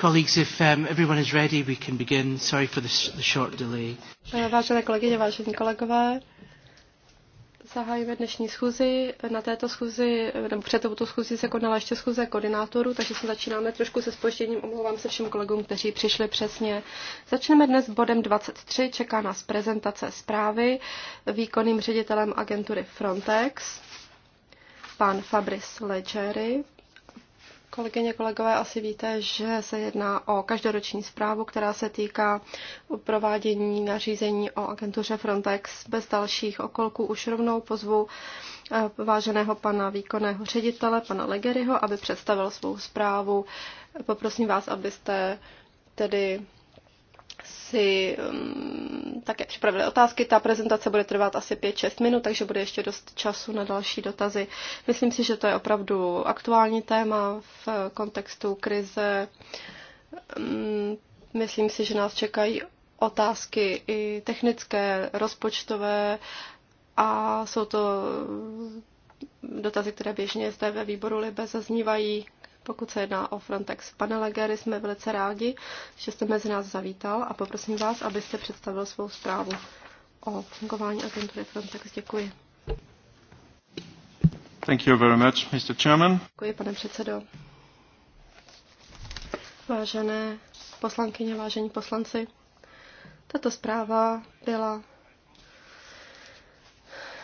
Colleagues, if um, everyone is ready, we can begin. Sorry for the, the short delay. Eh, vážené kolegyně, vážení kolegové, zahájíme dnešní schůzi. Na této schůzi, nebo před touto schůzi se konala ještě schůze koordinátorů, takže se začínáme trošku se spožděním. Omlouvám se všem kolegům, kteří přišli přesně. Začneme dnes bodem 23. Čeká nás prezentace zprávy výkonným ředitelem agentury Frontex, pan Fabrice Leggeri. Kolegyně, kolegové, asi víte, že se jedná o každoroční zprávu, která se týká provádění nařízení o agentuře Frontex. Bez dalších okolků už rovnou pozvu eh, váženého pana výkonného ředitele, pana Legeryho, aby představil svou zprávu. Poprosím vás, abyste tedy si um, také připravili otázky. Ta prezentace bude trvat asi 5-6 minut, takže bude ještě dost času na další dotazy. Myslím si, že to je opravdu aktuální téma v kontextu krize. Um, myslím si, že nás čekají otázky i technické, rozpočtové a jsou to dotazy, které běžně zde ve výboru Libe zaznívají pokud se jedná o Frontex. Pane Legery, jsme velice rádi, že jste mezi nás zavítal a poprosím vás, abyste představil svou zprávu o fungování agentury Frontex. Děkuji. Thank you very much, Mr. Chairman. Děkuji, pane předsedo. Vážené poslankyně, vážení poslanci, tato zpráva byla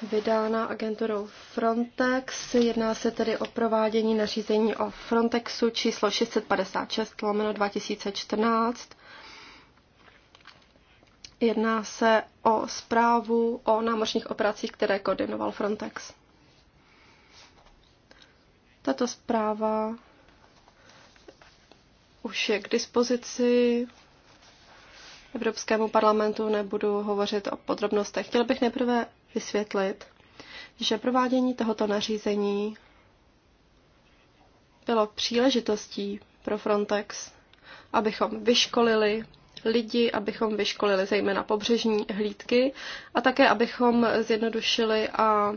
vydána agenturou Frontex. Jedná se tedy o provádění nařízení o Frontexu číslo 656 lomeno 2014. Jedná se o zprávu o námořních operacích, které koordinoval Frontex. Tato zpráva už je k dispozici Evropskému parlamentu, nebudu hovořit o podrobnostech. Chtěl bych nejprve vysvětlit, že provádění tohoto nařízení bylo příležitostí pro Frontex, abychom vyškolili lidi, abychom vyškolili zejména pobřežní hlídky a také abychom zjednodušili a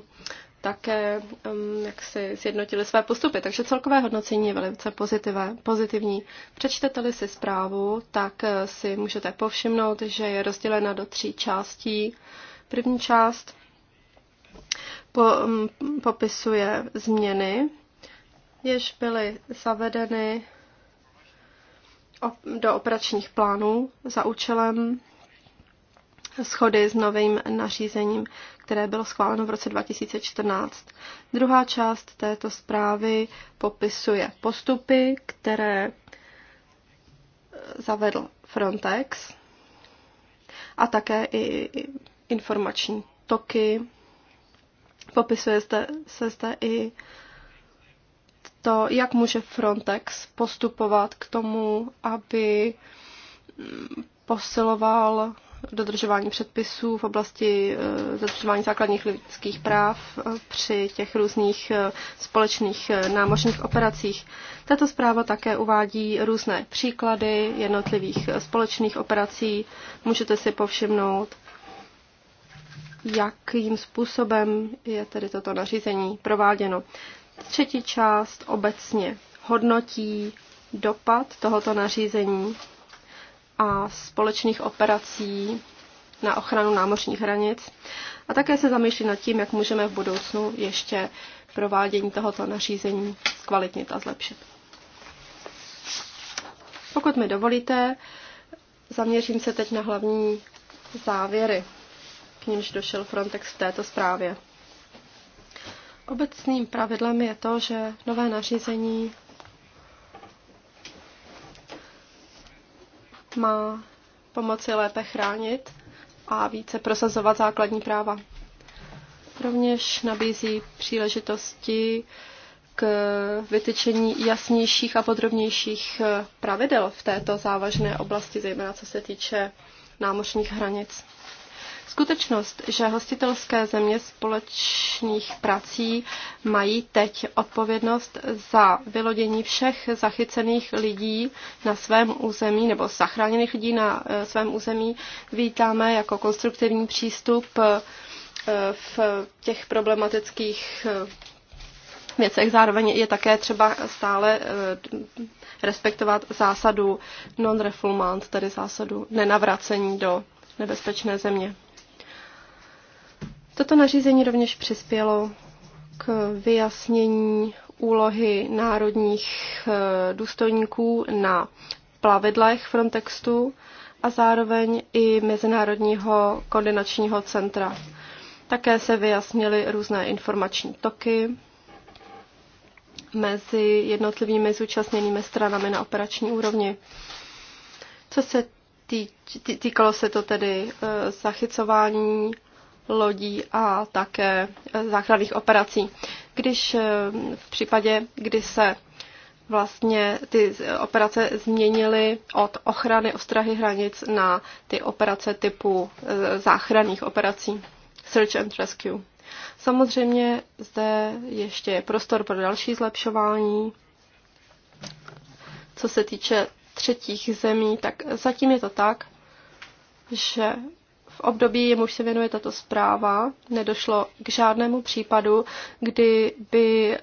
také um, jak si zjednotili své postupy. Takže celkové hodnocení je velice pozitivé, pozitivní. Přečtete-li si zprávu, tak eh, si můžete povšimnout, že je rozdělena do tří částí. První část po, mm, popisuje změny, jež byly zavedeny do operačních plánů za účelem schody s novým nařízením, které bylo schváleno v roce 2014. Druhá část této zprávy popisuje postupy, které zavedl Frontex a také i informační toky Popisuje zde, se zde i to, jak může Frontex postupovat k tomu, aby mm, posiloval dodržování předpisů v oblasti eh, dodržování základních lidských práv eh, při těch různých eh, společných námořních operacích. Tato zpráva také uvádí různé příklady jednotlivých společných operací. Můžete si povšimnout, jakým způsobem je tedy toto nařízení prováděno. Třetí část obecně hodnotí dopad tohoto nařízení a společných operací na ochranu námořních hranic a také se zamýšlí nad tím, jak můžeme v budoucnu ještě provádění tohoto nařízení zkvalitnit a zlepšit. Pokud mi dovolíte, zaměřím se teď na hlavní závěry k nímž došel Frontex v této zprávě. Obecným pravidlem je to, že nové nařízení má pomoci lépe chránit a více prosazovat základní práva. Rovněž nabízí příležitosti k vytyčení jasnějších a podrobnějších pravidel v této závažné oblasti, zejména co se týče námořních hranic. Skutečnost, že hostitelské země společných prací mají teď odpovědnost za vylodění všech zachycených lidí na svém území nebo zachráněných lidí na eh, svém území, vítáme jako konstruktivní přístup eh, v těch problematických eh, věcech. Zároveň je také třeba stále respektovat zásadu non-refoulement, tedy zásadu nenavracení do nebezpečné země. Toto nařízení rovněž přispělo k vyjasnění úlohy národních eh, důstojníků na plavidlech Frontextu a zároveň i Mezinárodního koordinačního centra. Také se vyjasnily různé informační toky mezi jednotlivými zúčastněnými stranami na operační úrovni. Co se tý, tý, týkalo se to tedy eh, zachycování lodí a také záchranných operací. Když eh, v případě, kdy se vlastně ty operace změnily od ochrany ostrahy hranic na ty operace typu eh, záchranných operací, search and rescue. Samozřejmě zde ještě je prostor pro další zlepšování. Co se týče třetích zemí, tak zatím je to tak, že v období, jemuž se věnuje tato zpráva, nedošlo k žádnému případu, kdy by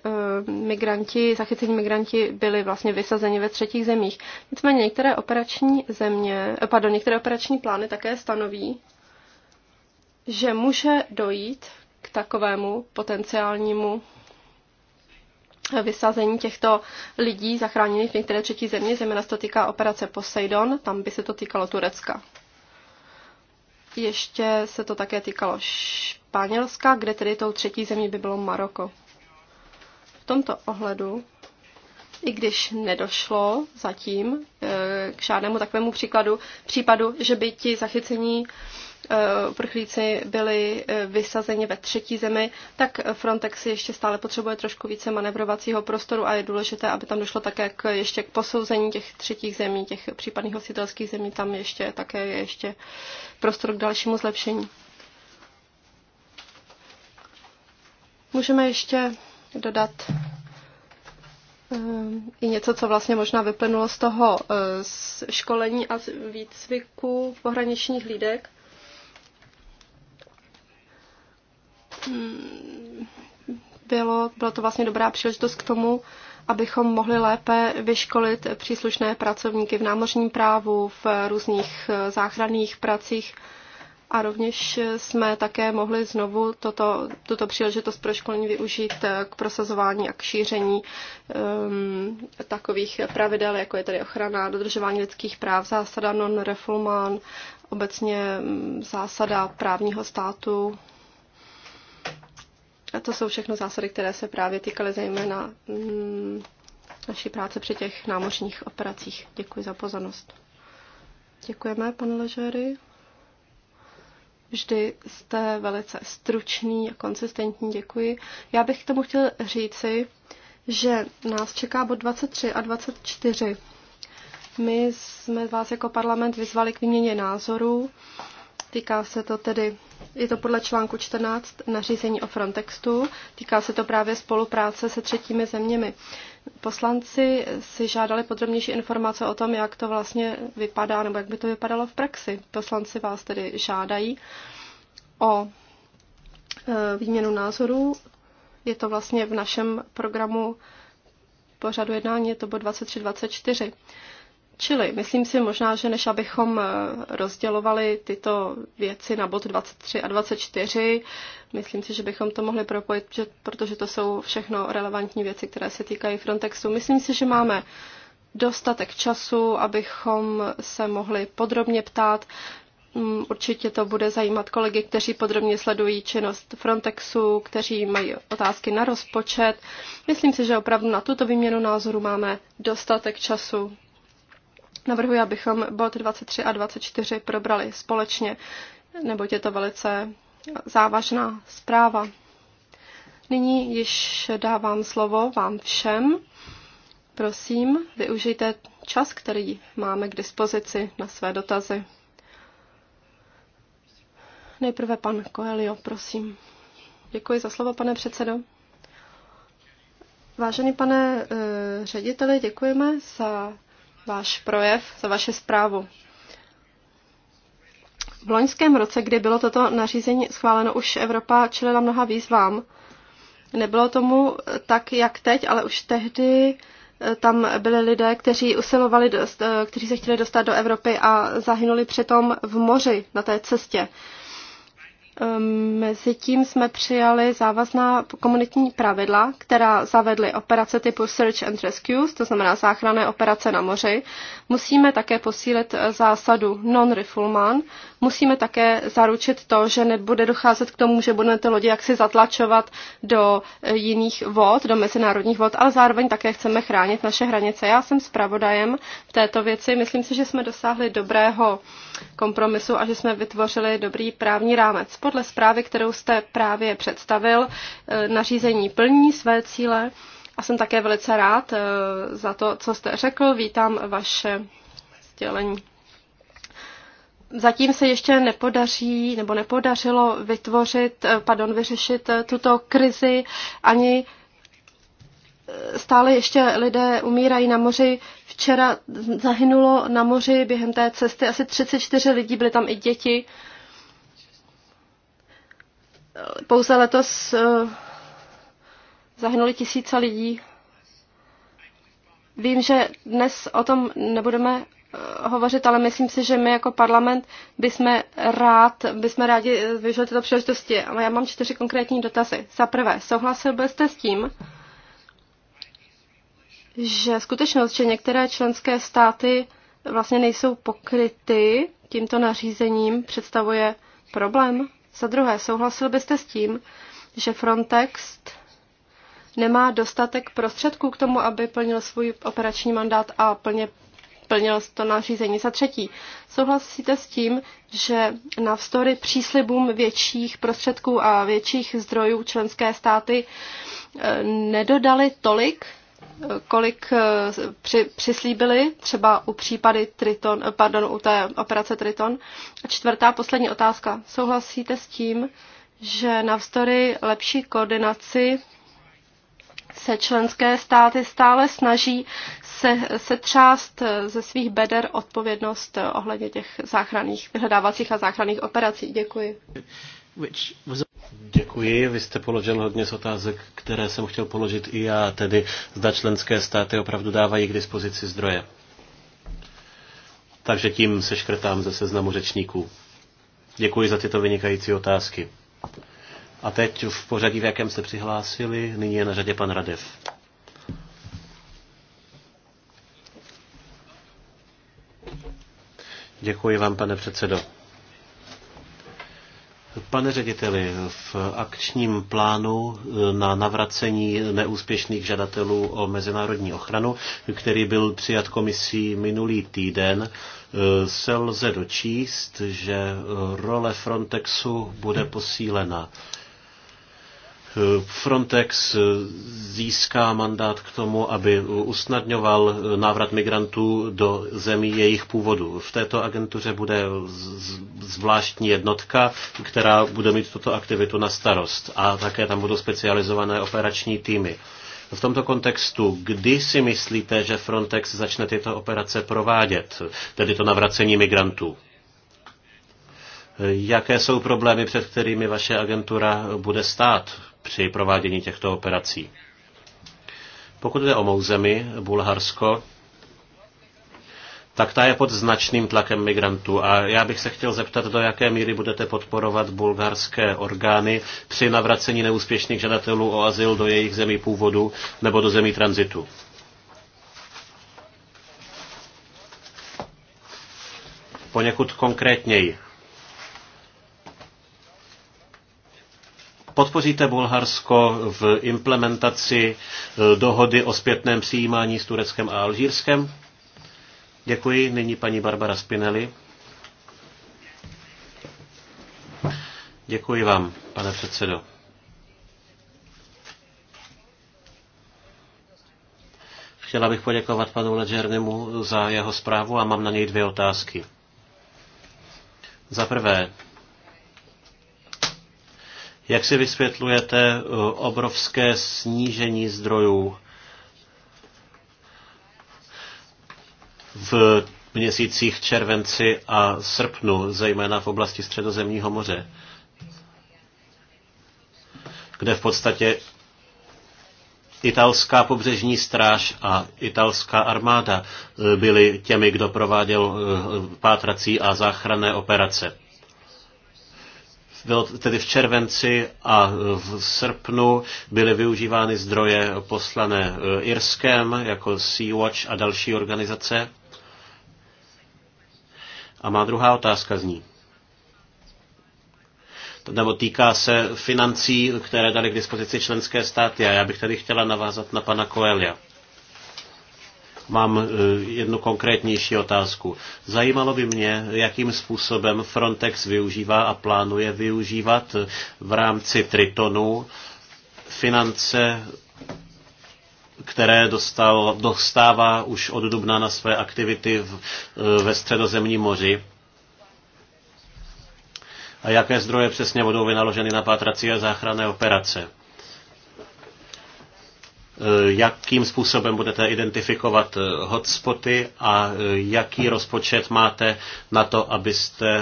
eh, migranti, zachycení migranti byli vlastně vysazeni ve třetích zemích. Nicméně některé operační země, eh, pardon, některé operační plány také stanoví, že může dojít k takovému potenciálnímu eh, vysazení těchto lidí zachráněných v některé třetí země, zejména se to týká operace Poseidon, tam by se to týkalo Turecka ještě se to také týkalo Španělska, kde tedy tou třetí zemí by bylo Maroko. V tomto ohledu, i když nedošlo zatím eh, k žádnému takovému příkladu, případu, že by ti zachycení Eh, uprchlíci byli eh, vysazeni ve třetí zemi, tak Frontex ještě stále potřebuje trošku více manevrovacího prostoru a je důležité, aby tam došlo také k, ještě k posouzení těch třetích zemí, těch případných hostitelských zemí, tam ještě také je ještě prostor k dalšímu zlepšení. Můžeme ještě dodat eh, i něco, co vlastně možná vyplynulo z toho z školení a z výcviku pohraničních lídek. bylo, bylo to vlastně dobrá příležitost k tomu, abychom mohli lépe vyškolit příslušné pracovníky v námořním právu, v různých eh, záchranných pracích. A rovněž jsme také mohli znovu toto, tuto příležitost pro školní využít eh, k prosazování a k šíření um, takových pravidel, jako je tady ochrana, dodržování lidských práv, zásada non refulman obecně mm, zásada právního státu, a to jsou všechno zásady, které se právě týkaly zejména mm, naší práce při těch námořních operacích. Děkuji za pozornost. Děkujeme, pane Ležery. Vždy jste velice stručný a konsistentní, děkuji. Já bych k tomu chtěl říci, že nás čeká bod 23 a 24. My jsme vás jako parlament vyzvali k výměně názorů Týká se to tedy, je to podle článku 14 nařízení o Frontextu, týká se to právě spolupráce se třetími zeměmi. Poslanci si žádali podrobnější informace o tom, jak to vlastně vypadá, nebo jak by to vypadalo v praxi. Poslanci vás tedy žádají o e, výměnu názorů. Je to vlastně v našem programu pořadu jednání, je to bod 23-24. Čili myslím si možná, že než abychom eh, rozdělovali tyto věci na bod 23 a 24, myslím si, že bychom to mohli propojit, protože to jsou všechno relevantní věci, které se týkají Frontexu. Myslím si, že máme dostatek času, abychom se mohli podrobně ptát. Mm, určitě to bude zajímat kolegy, kteří podrobně sledují činnost Frontexu, kteří mají otázky na rozpočet. Myslím si, že opravdu na tuto výměnu názoru máme dostatek času. Navrhuji, abychom bod 23 a 24 probrali společně, neboť je to velice závažná zpráva. Nyní již dávám slovo vám všem. Prosím, využijte čas, který máme k dispozici na své dotazy. Nejprve pan Coelho, prosím. Děkuji za slovo, pane předsedo. Vážený pane e, řediteli, děkujeme za váš projev, za vaše zprávu. V loňském roce, kdy bylo toto nařízení schváleno, už Evropa čelila mnoha výzvám. Nebylo tomu tak, jak teď, ale už tehdy eh, tam byli lidé, kteří usilovali, eh, kteří se chtěli dostat do Evropy a zahynuli přitom v moři na té cestě. Ehm, Mezitím jsme přijali závazná komunitní pravidla, která zavedly operace typu Search and Rescue, to znamená záchranné operace na moři. Musíme také posílit eh, zásadu non-refoulement. Musíme také zaručit to, že nebude docházet k tomu, že budeme ty lodi jaksi zatlačovat do eh, jiných vod, do mezinárodních vod, ale zároveň také chceme chránit naše hranice. Já jsem zpravodajem v této věci. Myslím si, že jsme dosáhli dobrého kompromisu a že jsme vytvořili dobrý právní rámec. Podle zprávy, kterou jste právě představil, e, nařízení plní své cíle a jsem také velice rád e, za to, co jste řekl. Vítám vaše sdělení. Zatím se ještě nepodaří nebo nepodařilo vytvořit, e, pardon, vyřešit tuto krizi ani stále ještě lidé umírají na moři. Včera zahynulo na moři během té cesty asi 34 lidí, byly tam i děti. Uh, pouze letos eh, zahynuli tisíce lidí. Vím, že dnes o tom nebudeme eh, hovořit, ale myslím si, že my jako parlament bychom rád, bychom rádi eh, využili tyto příležitosti. Ale já mám čtyři konkrétní dotazy. Za prvé, souhlasil byste s tím, že skutečnost, že některé členské státy vlastně nejsou pokryty tímto nařízením, představuje problém? Za druhé, souhlasil byste s tím, že Frontex nemá dostatek prostředků k tomu, aby plnil svůj operační mandát a plně plnil to nařízení. Za třetí, souhlasíte s tím, že navzdory příslibům větších prostředků a větších zdrojů členské státy eh, nedodali tolik, kolik eh, při, přislíbili, třeba u případy Triton, eh, pardon, u té operace Triton. A čtvrtá, poslední otázka. Souhlasíte s tím, že navzdory lepší koordinaci se členské státy stále snaží se, se třást eh, ze svých beder odpovědnost ohledně těch záchranných, vyhledávacích a záchranných operací. Děkuji. Which was... Děkuji. Vy jste položil hodně z otázek, které jsem chtěl položit i já, tedy zda členské státy opravdu dávají k dispozici zdroje. Takže tím se škrtám ze seznamu řečníků. Děkuji za tyto vynikající otázky. A teď v pořadí, v jakém se přihlásili, nyní je na řadě pan Radev. Děkuji vám, pane předsedo. Pane řediteli, v akčním plánu e, na navracení neúspěšných žadatelů o mezinárodní ochranu, který byl přijat komisí minulý týden, e, se lze dočíst, že role Frontexu bude posílena. Frontex získá mandát k tomu, aby usnadňoval návrat migrantů do zemí jejich původu. V této agentuře bude zvláštní jednotka, která bude mít tuto aktivitu na starost a také tam budou specializované operační týmy. V tomto kontextu, kdy si myslíte, že Frontex začne tyto operace provádět, tedy to navracení migrantů? Jaké jsou problémy, před kterými vaše agentura bude stát? při provádění těchto operací. Pokud jde o mou zemi, Bulharsko, tak ta je pod značným tlakem migrantů. A já bych se chtěl zeptat, do jaké míry budete podporovat bulharské orgány při navracení neúspěšných žadatelů o azyl do jejich zemí původu nebo do zemí tranzitu. Poněkud konkrétněji. Podpoříte Bulharsko v implementaci e, dohody o zpětném přijímání s Tureckem a Alžírskem? Děkuji. Nyní paní Barbara Spinelli. Děkuji vám, pane předsedo. Chtěla bych poděkovat panu Ledžernemu za jeho zprávu a mám na něj dvě otázky. Za prvé, jak si vysvětlujete eh, obrovské snížení zdrojů v měsících červenci a srpnu, zejména v oblasti Středozemního moře, kde v podstatě italská pobřežní stráž a italská armáda eh, byly těmi, kdo prováděl eh, pátrací a záchranné operace bylo tedy v červenci a v srpnu byly využívány zdroje poslané eh, Irskem jako Sea-Watch a další organizace. A má druhá otázka zní nebo týká se financí, které dali k dispozici členské státy. A já bych tady chtěla navázat na pana Coelia. Mám e, jednu konkrétnější otázku. Zajímalo by mě, jakým způsobem Frontex využívá a plánuje využívat e, v rámci Tritonu finance které dostal, dostává už od dubna na své aktivity v, e, ve středozemním moři. A jaké zdroje přesně budou vynaloženy na pátrací a záchranné operace? Eh, jakým způsobem budete identifikovat eh, hotspoty a eh, jaký rozpočet máte na to, abyste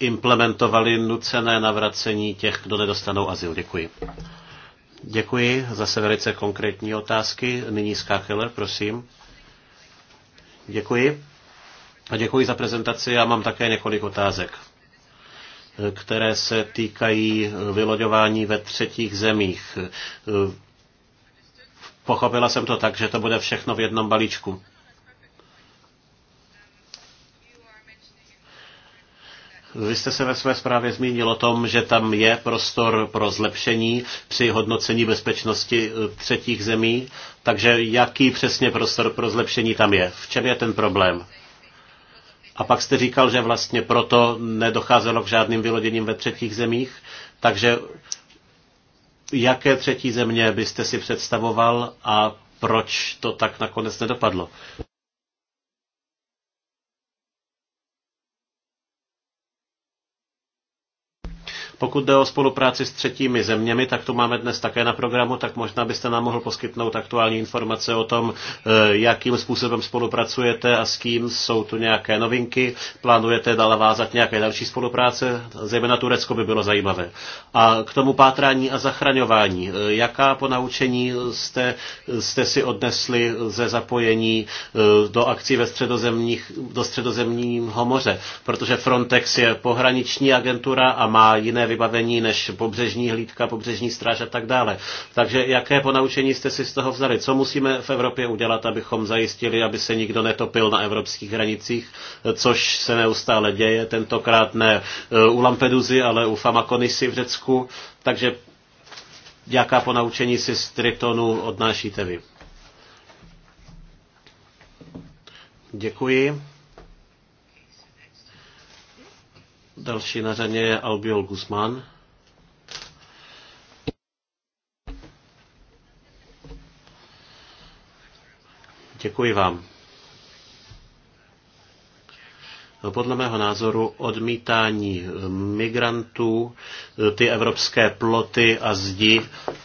implementovali nucené navracení těch, kdo nedostanou azyl. Děkuji. Děkuji. Zase velice konkrétní otázky. Nyní Skákeller, prosím. Děkuji. A děkuji za prezentaci. Já mám také několik otázek které se týkají eh, vyloďování ve třetích zemích. Eh, pochopila jsem to tak, že to bude všechno v jednom balíčku. Vy jste se ve své zprávě zmínil o tom, že tam je prostor pro zlepšení při hodnocení bezpečnosti eh, třetích zemí. Takže jaký přesně prostor pro zlepšení tam je? V čem je ten problém? A pak jste říkal, že vlastně proto nedocházelo k žádným vyloděním ve třetích zemích. Takže jaké třetí země byste si představoval a proč to tak nakonec nedopadlo? Pokud jde o spolupráci s třetími zeměmi, tak to máme dnes také na programu, tak možná byste nám mohl poskytnout aktuální informace o tom, eh, jakým způsobem spolupracujete a s kým jsou tu nějaké novinky, plánujete dále vázat nějaké další spolupráce, zejména Turecko by bylo zajímavé. A k tomu pátrání a zachraňování, eh, jaká ponaučení jste, jste si odnesli ze zapojení eh, do akcí ve středozemních, do středozemního moře, protože Frontex je pohraniční agentura a má jiné vybavení než pobřežní hlídka, pobřežní stráž a tak dále. Takže jaké ponaučení jste si z toho vzali? Co musíme v Evropě udělat, abychom zajistili, aby se nikdo netopil na evropských hranicích, což se neustále děje, tentokrát ne eh, u Lampeduzy, ale u Famakonisy v Řecku. Takže jaká ponaučení si z Tritonu odnášíte vy? Děkuji. Další na řadě je Albiol Guzman. Děkuji vám. Podle mého názoru odmítání migrantů, ty evropské ploty a zdi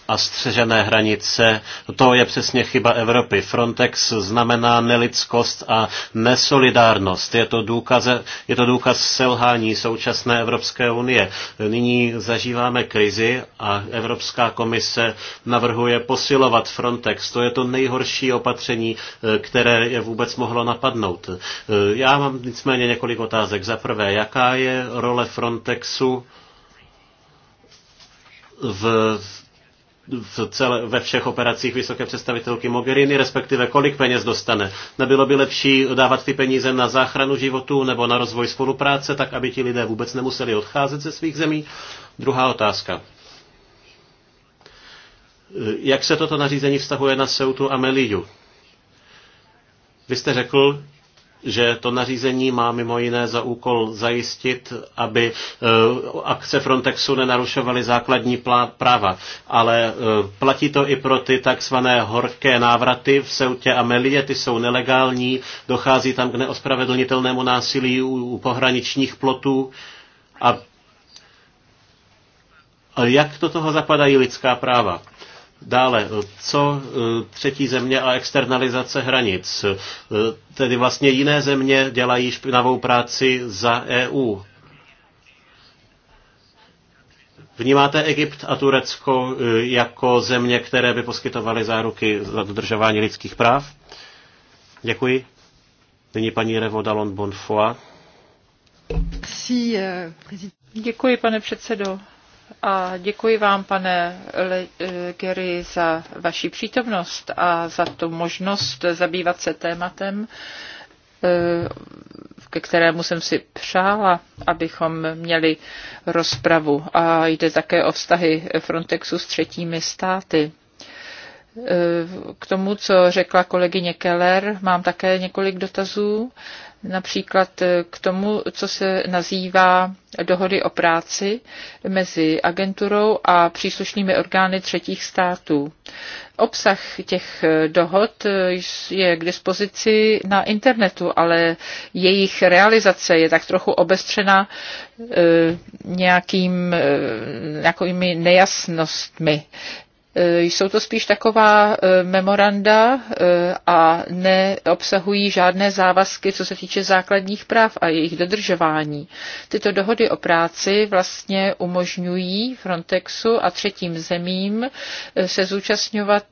a střežené hranice, to je přesně chyba Evropy. Frontex znamená nelidskost a nesolidárnost. Je to důkaz, je to důkaz selhání současné Evropské unie. Nyní zažíváme krizi a Evropská komise navrhuje posilovat Frontex. To je to nejhorší opatření, které je vůbec mohlo napadnout. Já mám nicméně několik několik otázek. Za prvé, jaká je role Frontexu v v celé, ve všech operacích vysoké představitelky Mogherini, respektive kolik peněz dostane. Nebylo by lepší dávat ty peníze na záchranu životů nebo na rozvoj spolupráce, tak aby ti lidé vůbec nemuseli odcházet ze svých zemí? Druhá otázka. Jak se toto nařízení vztahuje na Seutu a Meliju? Vy jste řekl, že to nařízení má mimo jiné za úkol zajistit, aby e, akce Frontexu nenarušovaly základní práva. Ale e, platí to i pro ty takzvané horké návraty v Seutě a Melie, ty jsou nelegální, dochází tam k neospravedlnitelnému násilí u pohraničních plotů a jak do toho zapadají lidská práva? Dále, eh, co eh, třetí země a externalizace hranic? Eh, tedy vlastně jiné země dělají špinavou práci za EU. Vnímáte Egypt a Turecko jako země, které by poskytovaly záruky za dodržování lidských práv? Děkuji. Nyní paní Revo Dalon Bonfoa. Děkuji, pane předsedo a děkuji vám, pane Legery, za vaši přítomnost a za tu možnost zabývat se tématem, eh, ke kterému jsem si přála, abychom měli rozpravu. A jde také o vztahy Frontexu s třetími státy. Eh, k tomu, co řekla kolegyně Keller, mám také několik dotazů, například eh, k tomu, co se nazývá dohody o práci mezi agenturou a příslušnými orgány třetích států. Obsah těch eh, dohod je k dispozici na internetu, ale jejich realizace je tak trochu obestřena nějakým, nějakými nejasnostmi. Eh, jsou to spíš taková eh, memoranda eh, a neobsahují žádné závazky, co se týče základních práv a jejich dodržování. Tyto dohody o práci vlastně umožňují Frontexu a třetím zemím se zúčastňovat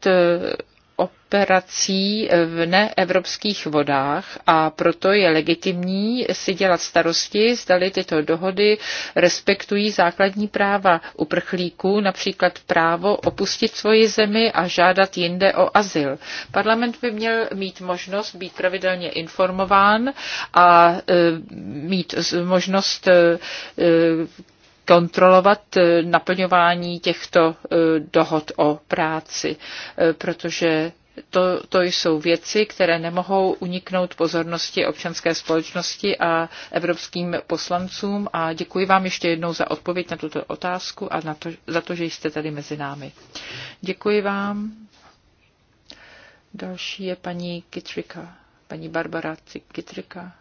operací v neevropských vodách a proto je legitimní si dělat starosti, zdali tyto dohody respektují základní práva uprchlíků, například právo opustit svoji zemi a žádat jinde o azyl. Parlament by měl mít možnost být pravidelně informován a e, mít možnost e, kontrolovat e, naplňování těchto dohod o práci, protože to, to jsou věci, které nemohou uniknout pozornosti občanské společnosti a evropským poslancům. A děkuji vám ještě jednou za odpověď na tuto otázku a na to, za to, že jste tady mezi námi. Děkuji vám. Další je paní Kitrika, paní Barbara Kitrika.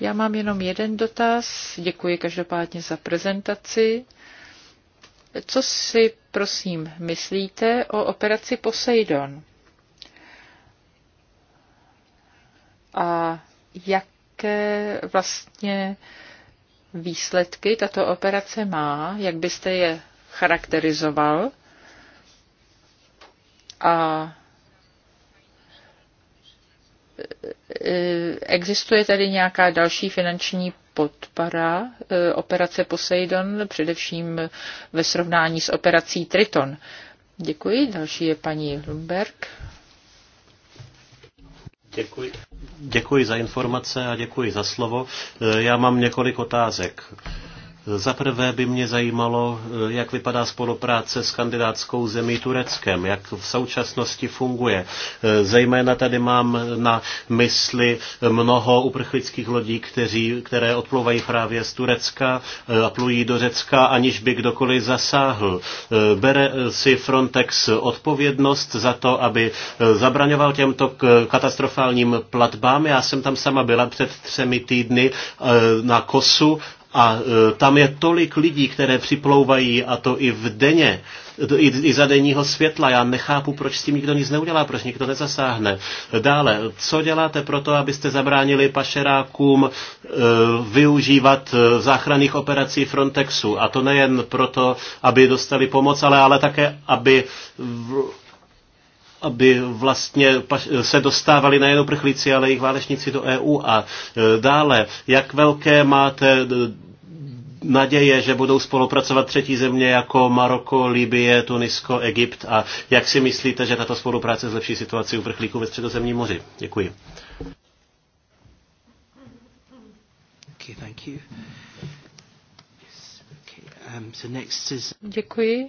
Já mám jenom jeden dotaz. Děkuji každopádně za prezentaci. Co si prosím myslíte o operaci Poseidon? a jaké vlastně výsledky tato operace má, jak byste je charakterizoval a e, existuje tady nějaká další finanční podpora e, operace Poseidon, především ve srovnání s operací Triton. Děkuji. Další je paní Lumberg. Děkuji. Děkuji za informace a děkuji za slovo. E, já mám několik otázek. Za prvé by mě zajímalo, eh, jak vypadá spolupráce s kandidátskou zemí Tureckem, jak v současnosti funguje. Eh, zejména tady mám na mysli mnoho uprchlických lodí, kteří, které odplouvají právě z Turecka eh, a plují do Řecka, aniž by kdokoliv zasáhl. Bere si Frontex odpovědnost za to, aby zabraňoval těmto katastrofálním platbám. Já jsem tam sama byla před třemi týdny na Kosu a e, tam je tolik lidí, které připlouvají, a to i v denně, i, i za denního světla. Já nechápu, proč s tím nikdo nic neudělá, proč nikdo nezasáhne. Dále, co děláte pro to, abyste zabránili pašerákům e, využívat e, záchranných operací Frontexu? A to nejen proto, aby dostali pomoc, ale, ale také, aby v, aby vlastně se dostávali nejen prchlíci, ale i válečníci do EU. A e, dále, jak velké máte e, naděje, že budou spolupracovat třetí země jako Maroko, Libie, Tunisko, Egypt a jak si myslíte, že tato spolupráce zlepší situaci uprchlíků ve středozemní moři? Děkuji. Okay, thank you. Um, Děkuji.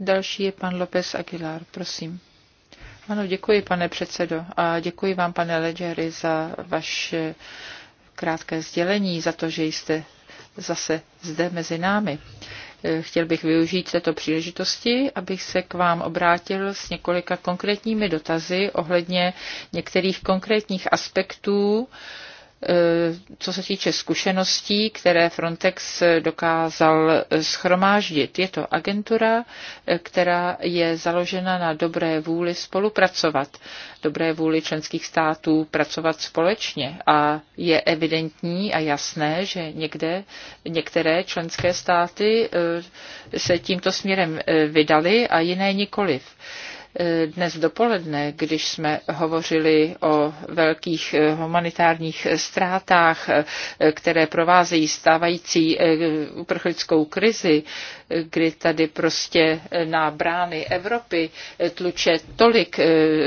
Další je pan López Aguilar, prosím. Ano, děkuji, pane předsedo. A děkuji vám, pane Ledgery, za vaše krátké sdělení, za to, že jste zase zde mezi námi. Chtěl bych využít této příležitosti, abych se k vám obrátil s několika konkrétními dotazy ohledně některých konkrétních aspektů, Eh, co se týče zkušeností, které Frontex dokázal schromáždit. Je to agentura, eh, která je založena na dobré vůli spolupracovat, dobré vůli členských států pracovat společně. A je evidentní a jasné, že někde, některé členské státy eh, se tímto směrem vydaly a jiné nikoliv dnes dopoledne, když jsme hovořili o velkých eh, humanitárních ztrátách, eh, které provázejí stávající eh, uprchlickou krizi, kdy tady prostě na brány Evropy tluče tolik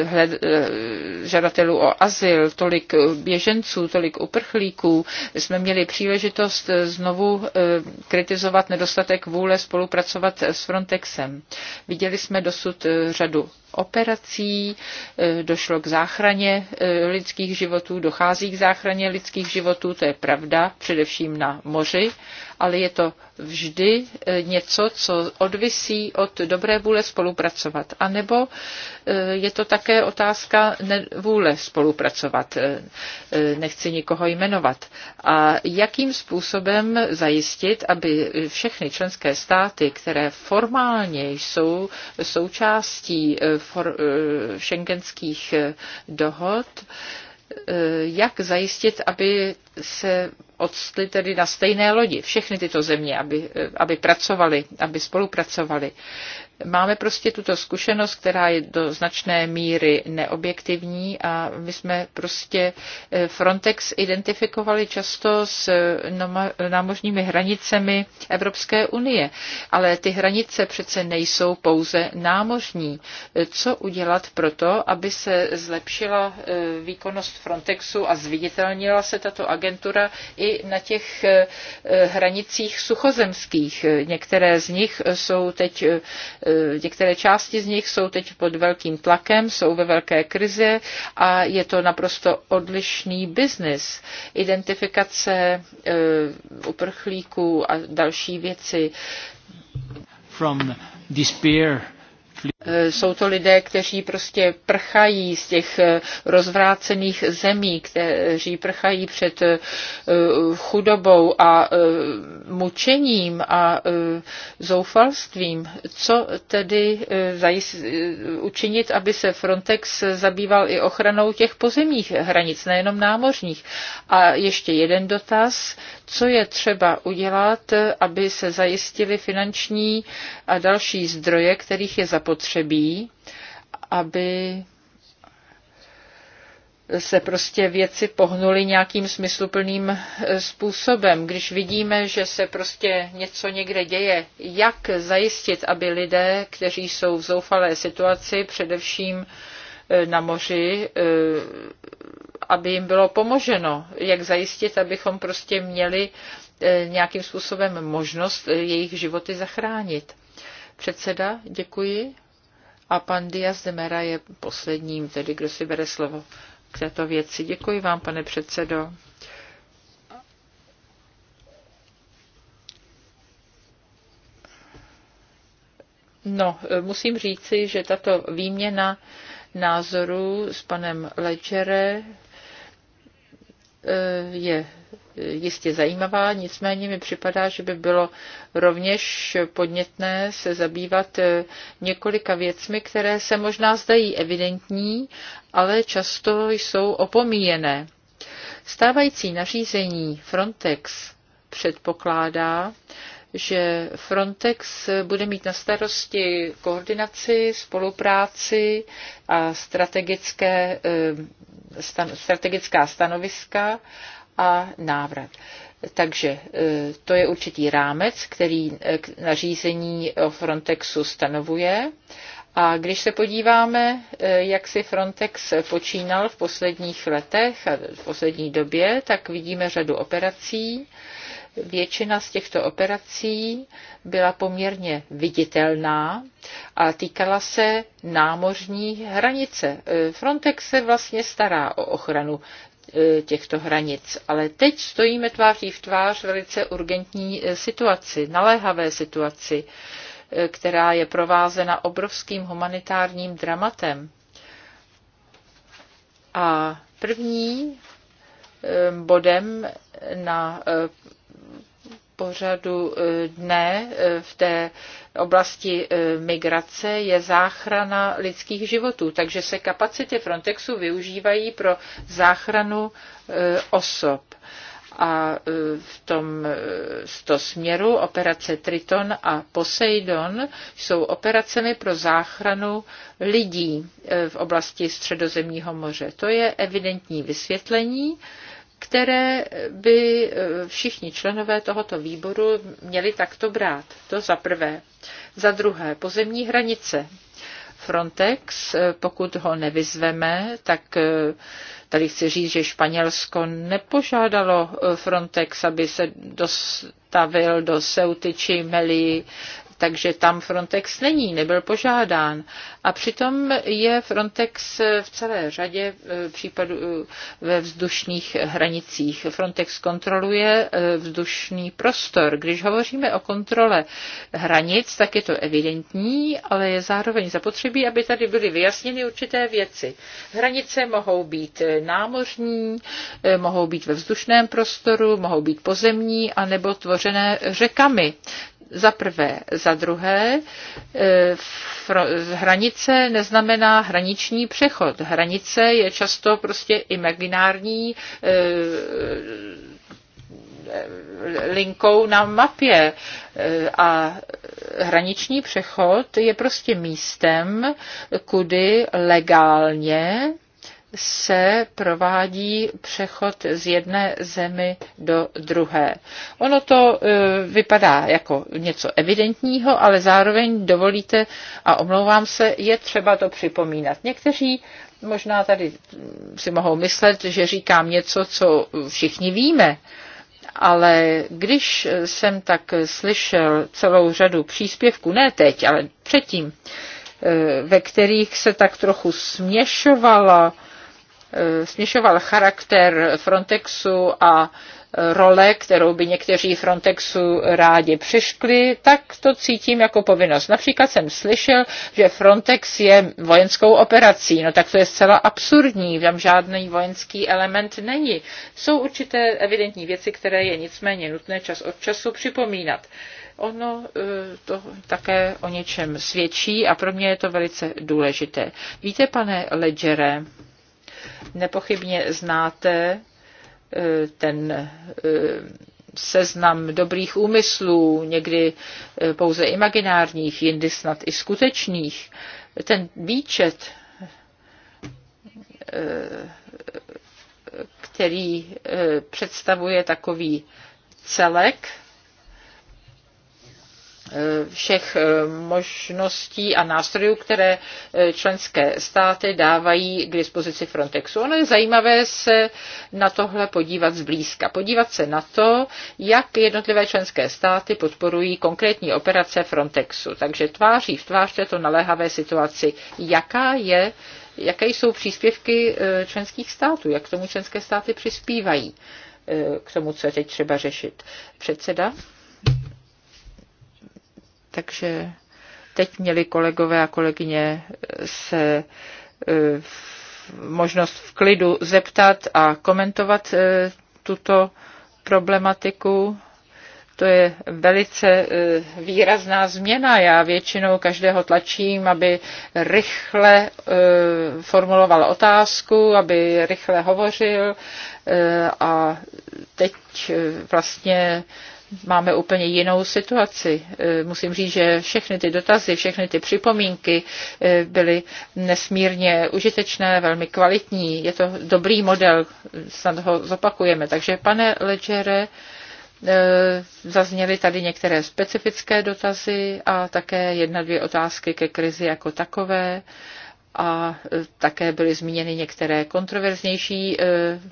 hled, žadatelů o azyl, tolik běženců, tolik uprchlíků, jsme měli příležitost znovu kritizovat nedostatek vůle spolupracovat s Frontexem. Viděli jsme dosud řadu operací, eh, došlo k záchraně eh, lidských životů, dochází k záchraně lidských životů, to je pravda, především na moři, ale je to vždy eh, něco, co odvisí od dobré vůle spolupracovat. A nebo je to také otázka vůle spolupracovat. Nechci nikoho jmenovat. A jakým způsobem zajistit, aby všechny členské státy, které formálně jsou součástí for, eh, šengenských eh, dohod, eh, jak zajistit, aby se odstly tedy na stejné lodi všechny tyto země, aby, aby pracovali, aby spolupracovali. Máme prostě tuto zkušenost, která je do značné míry neobjektivní a my jsme prostě eh, Frontex identifikovali často s eh, námořními hranicemi Evropské unie, ale ty hranice přece nejsou pouze námořní. Eh, co udělat proto, aby se zlepšila výkonnost Frontexu a zviditelnila se tato agentura i na těch hranicích suchozemských? Některé z nich jsou teď Eh, některé části z nich jsou teď pod velkým tlakem, jsou ve velké krizi a je to naprosto odlišný biznis. Identifikace eh, uprchlíků a další věci. From despair Eh, jsou to lidé, kteří prostě prchají z těch eh, rozvrácených zemí, kteří prchají před eh, chudobou a mučením a zoufalstvím. Co tedy učinit, aby se Frontex zabýval i ochranou těch pozemních hranic, nejenom námořních? A ještě jeden dotaz. Co je třeba udělat, aby se zajistili finanční a další zdroje, kterých je zapotřebí? zapotřebí, aby se prostě věci pohnuly nějakým smysluplným eh, způsobem. Když vidíme, že se prostě něco někde děje, jak zajistit, aby lidé, kteří jsou v zoufalé situaci, především eh, na moři, eh, aby jim bylo pomoženo, jak zajistit, abychom prostě měli nějakým způsobem možnost jejich životy zachránit. Předseda, děkuji a pan Diaz de Mera je posledním, tedy kdo si bere slovo k této věci. Děkuji vám, pane předsedo. No, musím říci, že tato výměna názorů s panem Ledgere eh, je jistě zajímavá, nicméně mi připadá, že by bylo rovněž podnětné se zabývat eh, několika věcmi, které se možná zdají evidentní, ale často jsou opomíjené. Stávající nařízení Frontex předpokládá, že Frontex bude mít na starosti koordinaci, spolupráci a strategické, eh, stan, strategická stanoviska a návrat. Takže e, to je určitý rámec, který e, nařízení Frontexu stanovuje. A když se podíváme, e, jak si Frontex počínal v posledních letech a v poslední době, tak vidíme řadu operací. Většina z těchto operací byla poměrně viditelná a týkala se námořní hranice. Frontex se vlastně stará o ochranu E, těchto hranic. Ale teď stojíme tváří v tvář velice urgentní e, situaci, naléhavé situaci, e, která je provázena obrovským humanitárním dramatem. A první bodem na pořadu e, dne e, v té oblasti e, migrace je záchrana lidských životů. Takže se kapacity Frontexu využívají pro záchranu osob. A v tom z to směru operace Triton a Poseidon jsou operacemi pro záchranu lidí v oblasti Středozemního moře. To je evidentní vysvětlení které by eh, všichni členové tohoto výboru měli takto brát. To za prvé. Za druhé, pozemní hranice. Frontex, eh, pokud ho nevyzveme, tak eh, tady chci říct, že Španělsko nepožádalo Frontex, aby se dostavil do Seuty či Meli takže tam Frontex není, nebyl požádán. A přitom je Frontex v celé řadě eh, případů eh, ve vzdušných hranicích. Frontex kontroluje eh, vzdušný prostor. Když hovoříme o kontrole hranic, tak je to evidentní, ale je zároveň zapotřebí, aby tady byly vyjasněny určité věci. Hranice mohou být námořní, mohou být ve vzdušném prostoru, mohou být pozemní, anebo tvořené řekami. Za prvé. Za druhé, e, hranice neznamená hraniční přechod. Hranice je často prostě imaginární e, e, linkou na mapě. A hraniční přechod je prostě místem, kudy legálně se provádí přechod z jedné zemi do druhé. Ono to e, vypadá jako něco evidentního, ale zároveň dovolíte, a omlouvám se, je třeba to připomínat. Někteří možná tady si mohou myslet, že říkám něco, co všichni víme, ale když jsem tak slyšel celou řadu příspěvků, ne teď, ale předtím, e, ve kterých se tak trochu směšovala Eh, směšoval charakter Frontexu a eh, role, kterou by někteří Frontexu rádi přeškli, tak to cítím jako povinnost. Například jsem slyšel, že Frontex je vojenskou operací. No tak to je zcela absurdní, tam žádný vojenský element není. Jsou určité evidentní věci, které je nicméně nutné čas od času připomínat. Ono eh, to také o něčem svědčí a pro mě je to velice důležité. Víte, pane Ledgere, Nepochybně znáte eh, ten eh, seznam dobrých úmyslů, někdy eh, pouze imaginárních, jindy snad i skutečných. Ten výčet, který představuje takový celek, Eh, všech eh, možností a nástrojů, které eh, členské státy dávají k dispozici Frontexu. Ono je zajímavé se na tohle podívat zblízka. Podívat se na to, jak jednotlivé členské státy podporují konkrétní operace Frontexu. Takže tváří v tvář této naléhavé situaci, jaká je jaké jsou příspěvky členských států, jak k tomu členské státy přispívají, k tomu, co je teď třeba řešit. Předseda? Takže teď měli kolegové a kolegyně se eh, možnost v klidu zeptat a komentovat eh, tuto problematiku. To je velice eh, výrazná změna. Já většinou každého tlačím, aby rychle formuloval otázku, aby rychle hovořil a teď vlastně máme úplně jinou situaci. E, musím říct, že všechny ty dotazy, všechny ty připomínky e, byly nesmírně užitečné, velmi kvalitní. Je to dobrý model, snad ho zopakujeme. Takže, pane Ledžere, e, zazněly tady některé specifické dotazy a také jedna, dvě otázky ke krizi jako takové a e, také byly zmíněny některé kontroverznější e,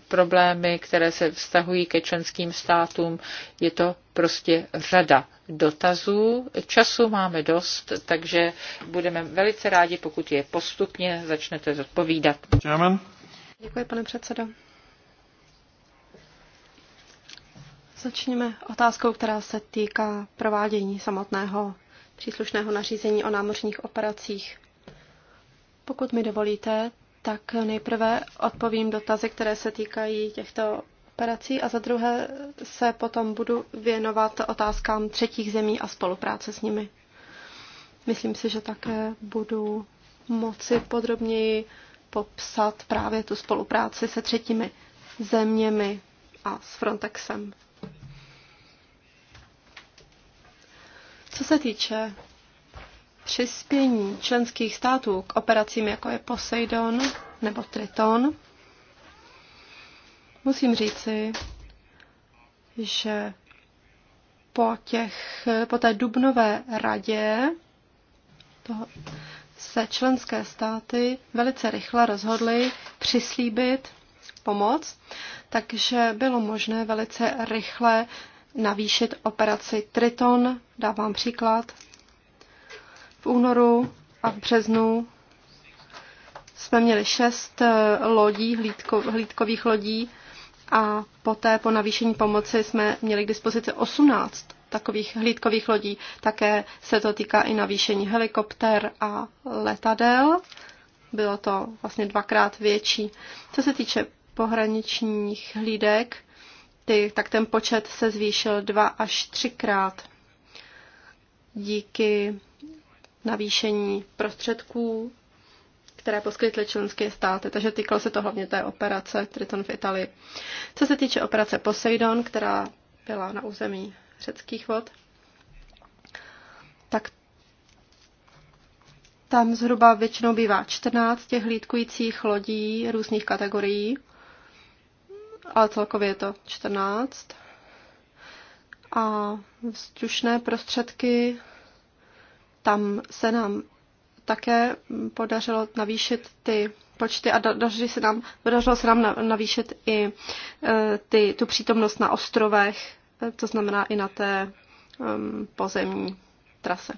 problémy, které se vztahují ke členským státům. Je to prostě řada dotazů. Času máme dost, takže budeme velice rádi, pokud je postupně začnete zodpovídat. Chairman. Děkuji, pane předsedo. Začněme otázkou, která se týká provádění samotného příslušného nařízení o námořních operacích. Pokud mi dovolíte, tak nejprve odpovím dotazy, které se týkají těchto operací a za druhé se potom budu věnovat otázkám třetích zemí a spolupráce s nimi. Myslím si, že také budu moci podrobněji popsat právě tu spolupráci se třetími zeměmi a s Frontexem. Co se týče přispění členských států k operacím, jako je Poseidon nebo Triton, musím říci, že po, těch, po té dubnové radě toho, se členské státy velice rychle rozhodly přislíbit pomoc, takže bylo možné velice rychle navýšit operaci Triton, dávám příklad, v únoru a v březnu jsme měli šest eh, lodí, hlídko, hlídkových lodí a poté po navýšení pomoci jsme měli k dispozici 18 takových hlídkových lodí. Také se to týká i navýšení helikopter a letadel. Bylo to vlastně dvakrát větší. Co se týče pohraničních hlídek, ty, tak ten počet se zvýšil dva až třikrát díky navýšení prostředků, které poskytly členské státy, takže týkalo se to hlavně té operace Triton v Italii. Co se týče operace Poseidon, která byla na území řeckých vod, tak tam zhruba většinou bývá 14 těch hlídkujících lodí různých kategorií, ale celkově je to 14. A vzdušné prostředky tam se nám také podařilo navýšit ty počty a daří se nám, podařilo se nám navýšit i e, ty, tu přítomnost na ostrovech, e, to znamená i na té pozemní trase.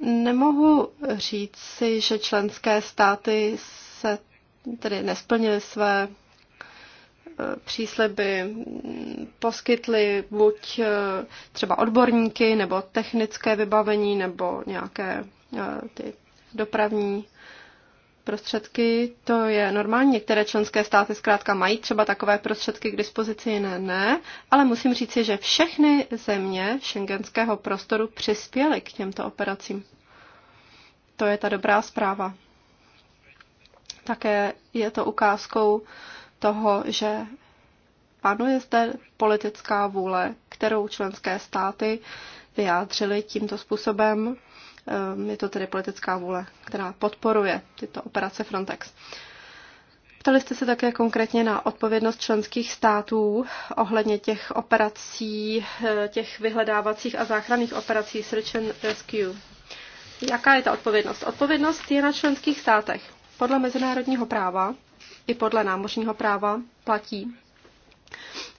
Nemohu říct si, že členské státy se tedy nesplnily své Eh, přísliby poskytly buď eh, třeba odborníky nebo technické vybavení nebo nějaké eh, ty dopravní prostředky, to je normální. Některé členské státy zkrátka mají třeba takové prostředky k dispozici, jiné ne, ale musím říci, že všechny země šengenského prostoru přispěly k těmto operacím. To je ta dobrá zpráva. Také je to ukázkou toho, že panuje zde politická vůle, kterou členské státy vyjádřily tímto způsobem. Ehm, je to tedy politická vůle, která podporuje tyto operace Frontex. Ptali jste se také konkrétně na odpovědnost členských států ohledně těch operací, eh, těch vyhledávacích a záchranných operací Search and Rescue. Jaká je ta odpovědnost? Odpovědnost je na členských státech. Podle mezinárodního práva i podle námořního práva platí,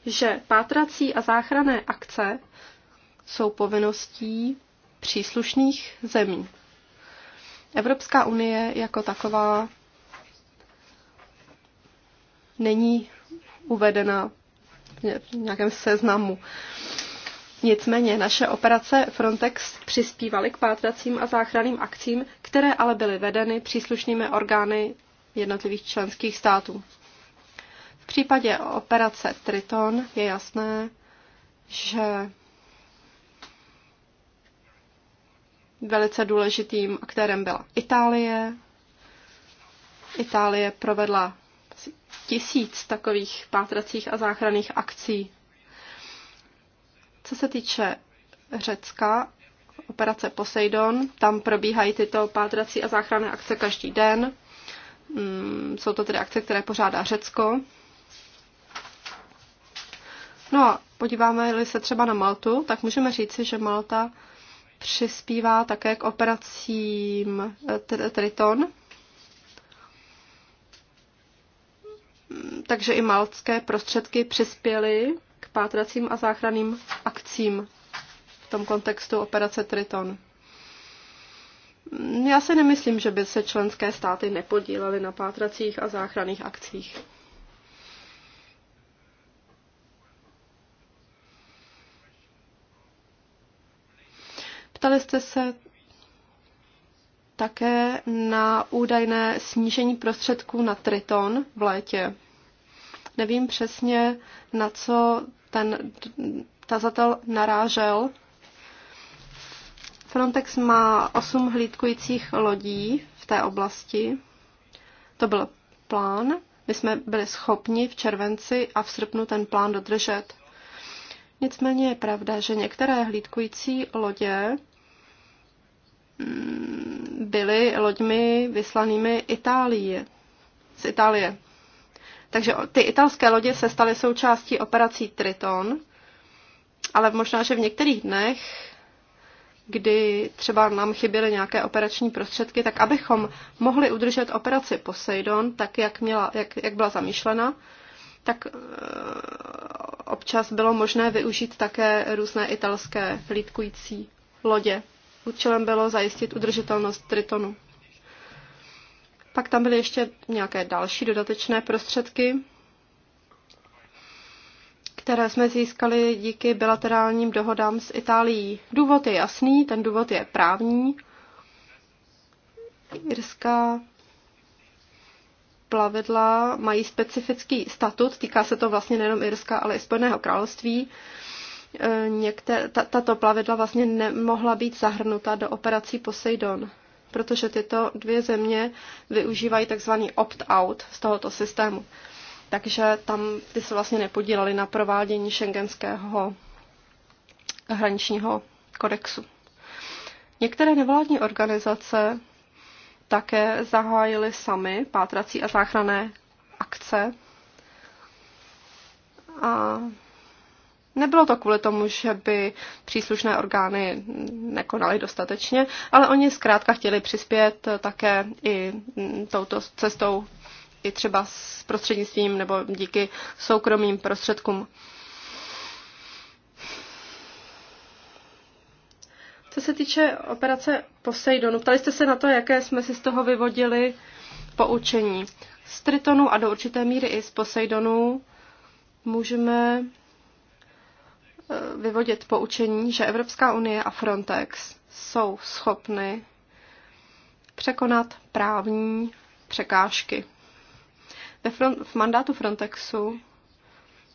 že pátrací a záchranné akce jsou povinností příslušných zemí. Evropská unie jako taková není uvedena v nějakém seznamu. Nicméně naše operace Frontex přispívaly k pátracím a záchranným akcím, které ale byly vedeny příslušnými orgány jednotlivých členských států. V případě operace Triton je jasné, že velice důležitým aktérem byla Itálie. Itálie provedla tisíc takových pátracích a záchranných akcí. Co se týče Řecka, operace Poseidon, tam probíhají tyto pátrací a záchranné akce každý den. Mm, jsou to tedy akce, které pořádá Řecko. No a podíváme-li se třeba na Maltu, tak můžeme říci, že Malta přispívá také k operacím eh, Triton. Takže i maltské prostředky přispěly k pátracím a záchranným akcím v tom kontextu operace Triton. Já si nemyslím, že by se členské státy nepodílely na pátracích a záchranných akcích. Ptali jste se také na údajné snížení prostředků na Triton v létě. Nevím přesně, na co ten tazatel narážel, Frontex má osm hlídkujících lodí v té oblasti. To byl plán. My jsme byli schopni v červenci a v srpnu ten plán dodržet. Nicméně je pravda, že některé hlídkující lodě mm, byly loďmi vyslanými Itálie, z Itálie. Takže ty italské lodě se staly součástí operací Triton, ale možná, že v některých dnech kdy třeba nám chyběly nějaké operační prostředky, tak abychom mohli udržet operaci Poseidon tak, jak, měla, jak, jak byla zamýšlena, tak eh, občas bylo možné využít také různé italské hlídkující lodě. Účelem bylo zajistit udržitelnost Tritonu. Pak tam byly ještě nějaké další dodatečné prostředky, které jsme získali díky bilaterálním dohodám s Itálií. Důvod je jasný, ten důvod je právní. Irská plavidla mají specifický statut, týká se to vlastně nejenom Irska, ale i Spojeného království. E, Některé, tato plavidla vlastně nemohla být zahrnuta do operací Poseidon, protože tyto dvě země využívají tzv. opt-out z tohoto systému takže tam ty se vlastně nepodíleli na provádění šengenského hraničního kodexu. Některé nevládní organizace také zahájily sami pátrací a záchranné akce. A nebylo to kvůli tomu, že by příslušné orgány nekonaly dostatečně, ale oni zkrátka chtěli přispět také i touto cestou i třeba s prostřednictvím nebo díky soukromým prostředkům. Co se týče operace Poseidonu, ptali jste se na to, jaké jsme si z toho vyvodili poučení. Z Tritonu a do určité míry i z Poseidonu můžeme eh, vyvodit poučení, že Evropská unie a Frontex jsou schopny překonat právní překážky. Ve front, v mandátu Frontexu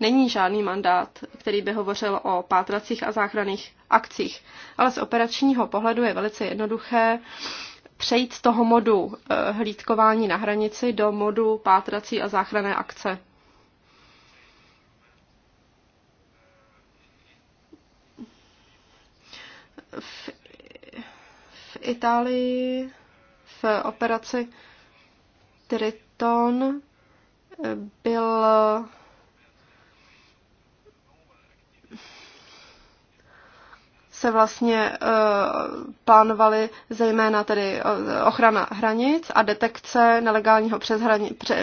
není žádný mandát, který by hovořil o pátracích a záchranných akcích, ale z operačního pohledu je velice jednoduché přejít z toho modu eh, hlídkování na hranici do modu pátrací a záchranné akce. V, v Itálii v operaci Triton byl se vlastně eh, plánovaly zejména tedy eh, ochrana hranic a detekce nelegálního, pře,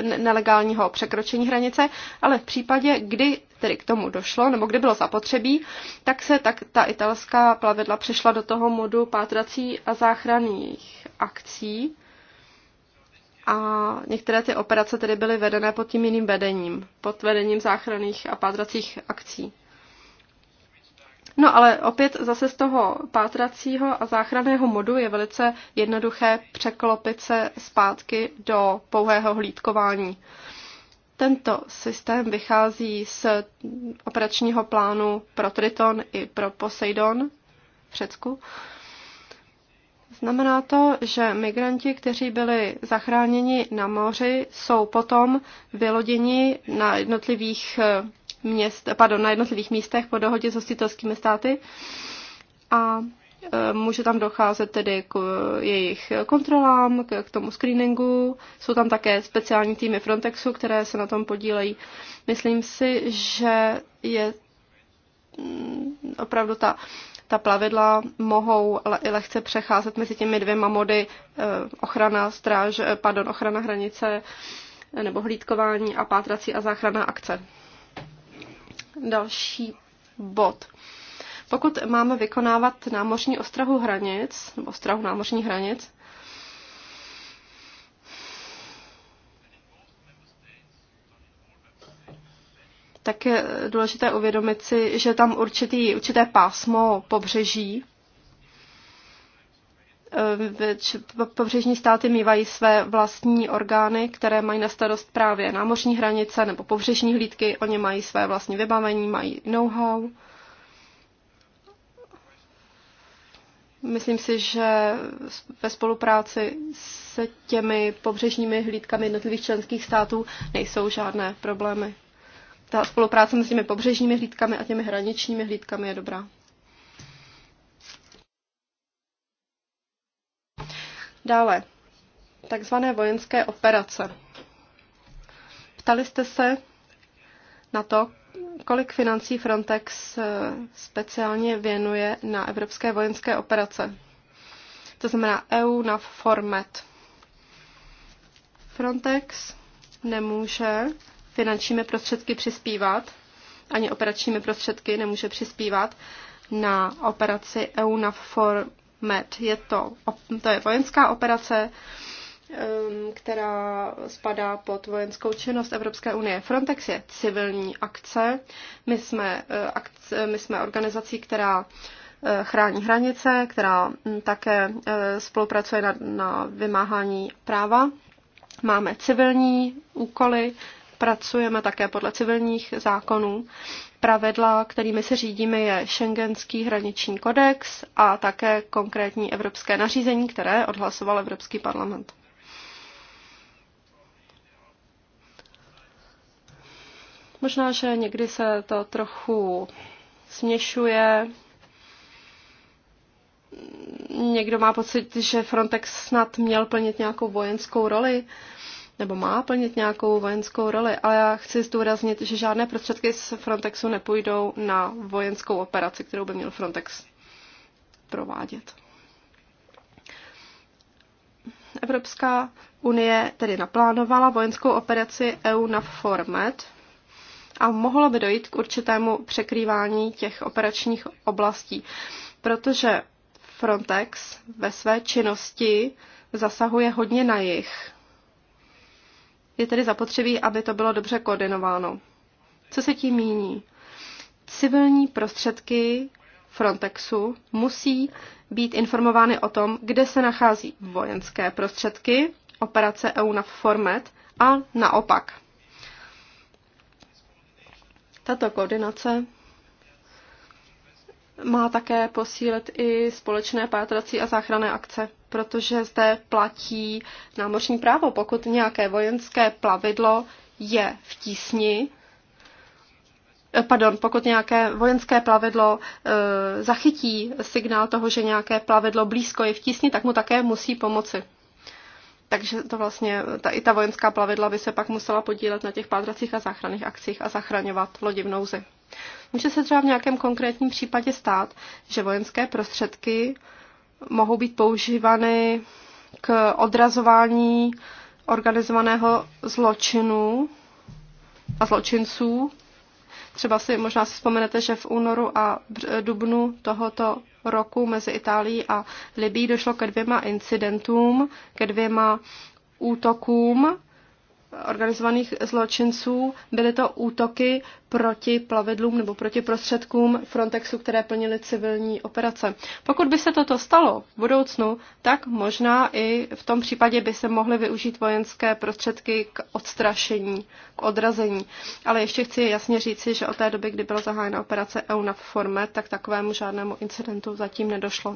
nelegálního překročení hranice, ale v případě, kdy tedy k tomu došlo, nebo kdy bylo zapotřebí, tak se tak ta italská plavidla přišla do toho modu pátrací a záchranných akcí a některé ty operace tedy byly vedené pod tím jiným vedením, pod vedením záchranných a pátracích akcí. No ale opět zase z toho pátracího a záchranného modu je velice jednoduché překlopit se zpátky do pouhého hlídkování. Tento systém vychází z operačního plánu pro Triton i pro Poseidon v Řecku. Znamená to, že migranti, kteří byli zachráněni na moři, jsou potom vyloděni na jednotlivých, eh, měst, pardon, na jednotlivých místech po dohodě s hostitelskými státy a eh, může tam docházet tedy k eh, jejich kontrolám, k tomu screeningu. Jsou tam také speciální týmy Frontexu, které se na tom podílejí. Myslím si, že je mm, opravdu ta ta plavidla mohou i lehce přecházet mezi těmi dvěma mody eh, ochrana stráž, eh, pardon, ochrana hranice eh, nebo hlídkování a pátrací a záchranná akce. Další bod. Pokud máme vykonávat námořní ostrahu hranic, nebo ostrahu námořních hranic, tak je důležité uvědomit si, že tam určitý, určité pásmo pobřeží. Eh, pobřežní státy mývají své vlastní orgány, které mají na starost právě námořní hranice nebo pobřežní hlídky. Oni mají své vlastní vybavení, mají know-how. Myslím si, že ve spolupráci se těmi pobřežními hlídkami jednotlivých členských států nejsou žádné problémy ta spolupráce mezi těmi pobřežními hlídkami a těmi hraničními hlídkami je dobrá. Dále, takzvané vojenské operace. Ptali jste se na to, kolik financí Frontex eh, speciálně věnuje na evropské vojenské operace. To znamená EU na format. Frontex nemůže finančními prostředky přispívat, ani operačními prostředky nemůže přispívat na operaci EUNAVFOR MED. Je to, to je vojenská operace, um, která spadá pod vojenskou činnost Evropské unie. Frontex je civilní akce. My jsme, eh, akce, my jsme organizací, která eh, chrání hranice, která mm, také eh, spolupracuje na, na vymáhání práva. Máme civilní úkoly, pracujeme také podle civilních zákonů. Pravidla, kterými se řídíme, je Schengenský hraniční kodex a také konkrétní evropské nařízení, které odhlasoval Evropský parlament. Možná, že někdy se to trochu směšuje. Někdo má pocit, že Frontex snad měl plnit nějakou vojenskou roli nebo má plnit nějakou vojenskou roli, ale já chci zdůraznit, že žádné prostředky z Frontexu nepůjdou na vojenskou operaci, kterou by měl Frontex provádět. Evropská unie tedy naplánovala vojenskou operaci EU na Format a mohlo by dojít k určitému překrývání těch operačních oblastí, protože Frontex ve své činnosti zasahuje hodně na jich je tedy zapotřebí, aby to bylo dobře koordinováno. Co se tím míní? Civilní prostředky Frontexu musí být informovány o tom, kde se nachází vojenské prostředky, operace EU na Formet a naopak. Tato koordinace má také posílit i společné pátrací a záchranné akce, protože zde platí námořní právo. Pokud nějaké vojenské plavidlo je v tísni, eh, pardon, pokud nějaké vojenské plavidlo e, zachytí signál toho, že nějaké plavidlo blízko je v tísni, tak mu také musí pomoci. Takže to vlastně, ta, i ta vojenská plavidla by se pak musela podílet na těch pátracích a záchranných akcích a zachraňovat lodi v nouzi. Může se třeba v nějakém konkrétním případě stát, že vojenské prostředky mohou být používány k odrazování organizovaného zločinu a zločinců. Třeba si možná si vzpomenete, že v únoru a dubnu tohoto roku mezi Itálií a Libí došlo ke dvěma incidentům, ke dvěma útokům, organizovaných zločinců. Byly to útoky proti plavidlům nebo proti prostředkům Frontexu, které plnily civilní operace. Pokud by se toto stalo v budoucnu, tak možná i v tom případě by se mohly využít vojenské prostředky k odstrašení, k odrazení. Ale ještě chci jasně říci, že od té doby, kdy byla zahájena operace EUNAV forme, tak takovému žádnému incidentu zatím nedošlo.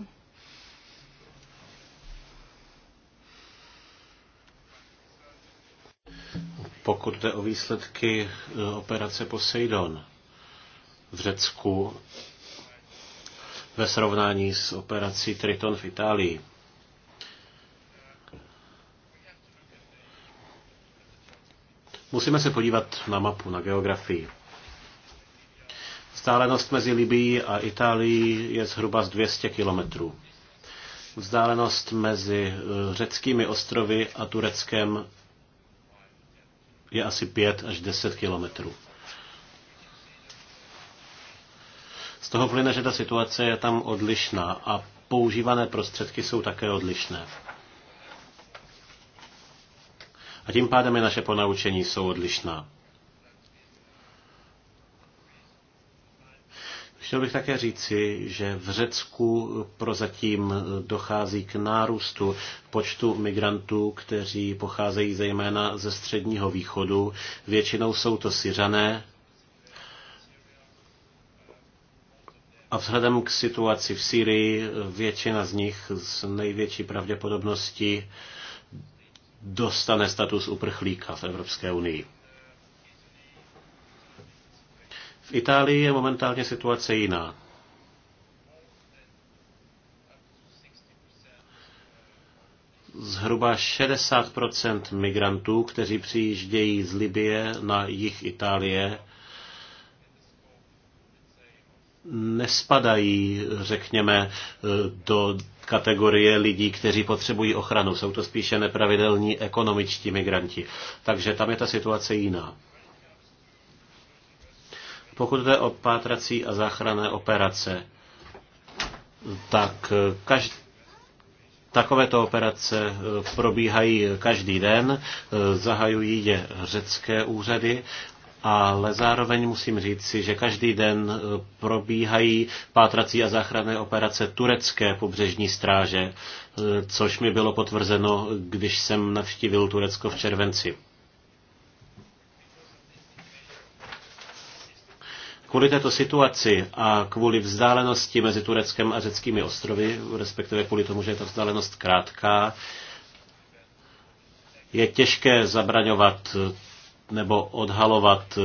Pokud jde o výsledky eh, operace Poseidon v Řecku ve srovnání s operací Triton v Itálii, Musíme se podívat na mapu, na geografii. Vzdálenost mezi Libií a Itálií je zhruba z 200 kilometrů. Vzdálenost mezi eh, řeckými ostrovy a Tureckem je asi 5 až 10 kilometrů. Z toho plyne, že ta situace je tam odlišná a používané prostředky jsou také odlišné. A tím pádem i naše ponaučení jsou odlišná. Chtěl bych také říci, že v Řecku prozatím dochází k nárůstu počtu migrantů, kteří pocházejí zejména ze středního východu. Většinou jsou to Syřané, A vzhledem k situaci v Syrii většina z nich s největší pravděpodobností dostane status uprchlíka v Evropské unii. V Itálii je momentálně situace jiná. Zhruba 60 migrantů, kteří přijíždějí z Libie na jih Itálie, nespadají, řekněme, do kategorie lidí, kteří potřebují ochranu. Jsou to spíše nepravidelní ekonomičtí migranti. Takže tam je ta situace jiná. Pokud jde o pátrací a záchranné operace, tak eh, každý Takovéto operace eh, probíhají každý den, eh, zahajují je řecké úřady, ale zároveň musím říci, že každý den probíhají pátrací a záchranné operace turecké pobřežní stráže, což mi bylo potvrzeno, když jsem navštívil Turecko v červenci. Kvůli této situaci a kvůli vzdálenosti mezi Tureckem a řeckými ostrovy, respektive kvůli tomu, že je ta vzdálenost krátká, je těžké zabraňovat nebo odhalovat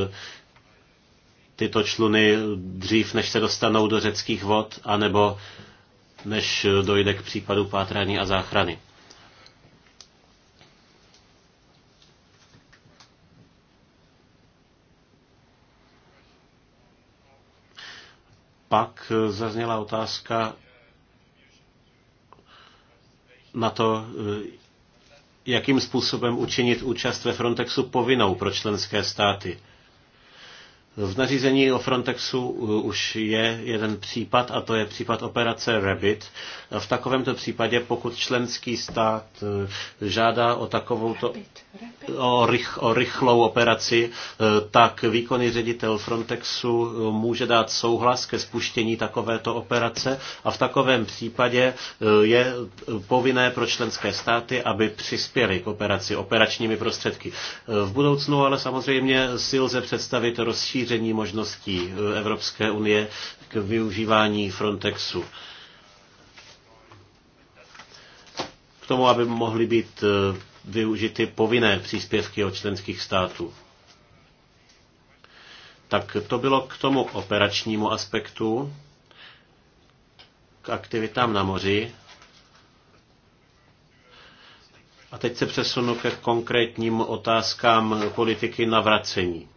tyto čluny dřív, než se dostanou do řeckých vod, anebo než dojde k případu pátrání a záchrany. Pak eh, zazněla otázka na to, eh, jakým způsobem učinit účast ve Frontexu povinnou pro členské státy. V nařízení o Frontexu uh, už je jeden případ a to je případ operace Rabbit. V takovémto případě, pokud členský stát uh, žádá o takovou to, o, rych, o rychlou operaci, uh, tak výkonný ředitel Frontexu může dát souhlas ke spuštění takovéto operace a v takovém případě je povinné pro členské státy, aby přispěli k operaci operačními prostředky. V budoucnu ale samozřejmě si lze představit rozšíření rozšíření možností eh, Evropské unie k využívání Frontexu. K tomu, aby mohly být eh, využity povinné příspěvky od členských států. Tak to bylo k tomu operačnímu aspektu, k aktivitám na moři. A teď se přesunu ke konkrétním otázkám politiky navracení.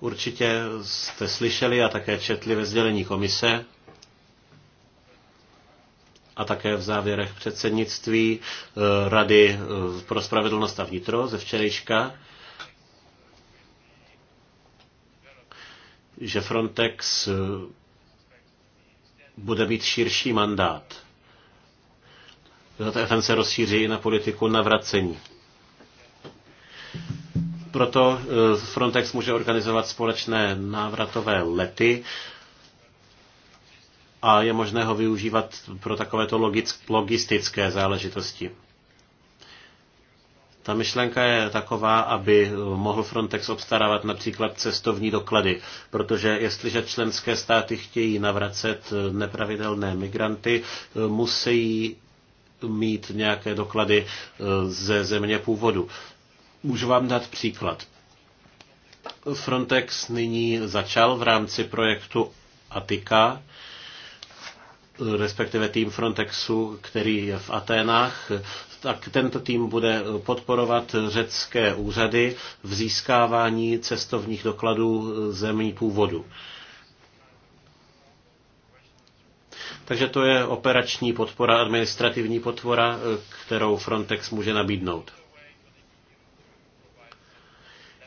Určitě jste slyšeli a také četli ve sdělení komise a také v závěrech předsednictví eh, Rady eh, pro spravedlnost a vnitro ze včerejška, že Frontex eh, bude mít širší mandát. Ten se rozšíří i na politiku navracení. Proto eh, Frontex může organizovat společné návratové lety a je možné ho využívat pro takovéto logistické záležitosti. Ta myšlenka je taková, aby mohl Frontex obstarávat například cestovní doklady, protože jestliže členské státy chtějí navracet eh, nepravidelné migranty, eh, musí mít nějaké doklady ze země původu. Můžu vám dát příklad. Frontex nyní začal v rámci projektu Atika, respektive tým Frontexu, který je v Aténách, tak tento tým bude podporovat řecké úřady v získávání cestovních dokladů zemí původu. Takže to je operační podpora, administrativní podpora, kterou Frontex může nabídnout.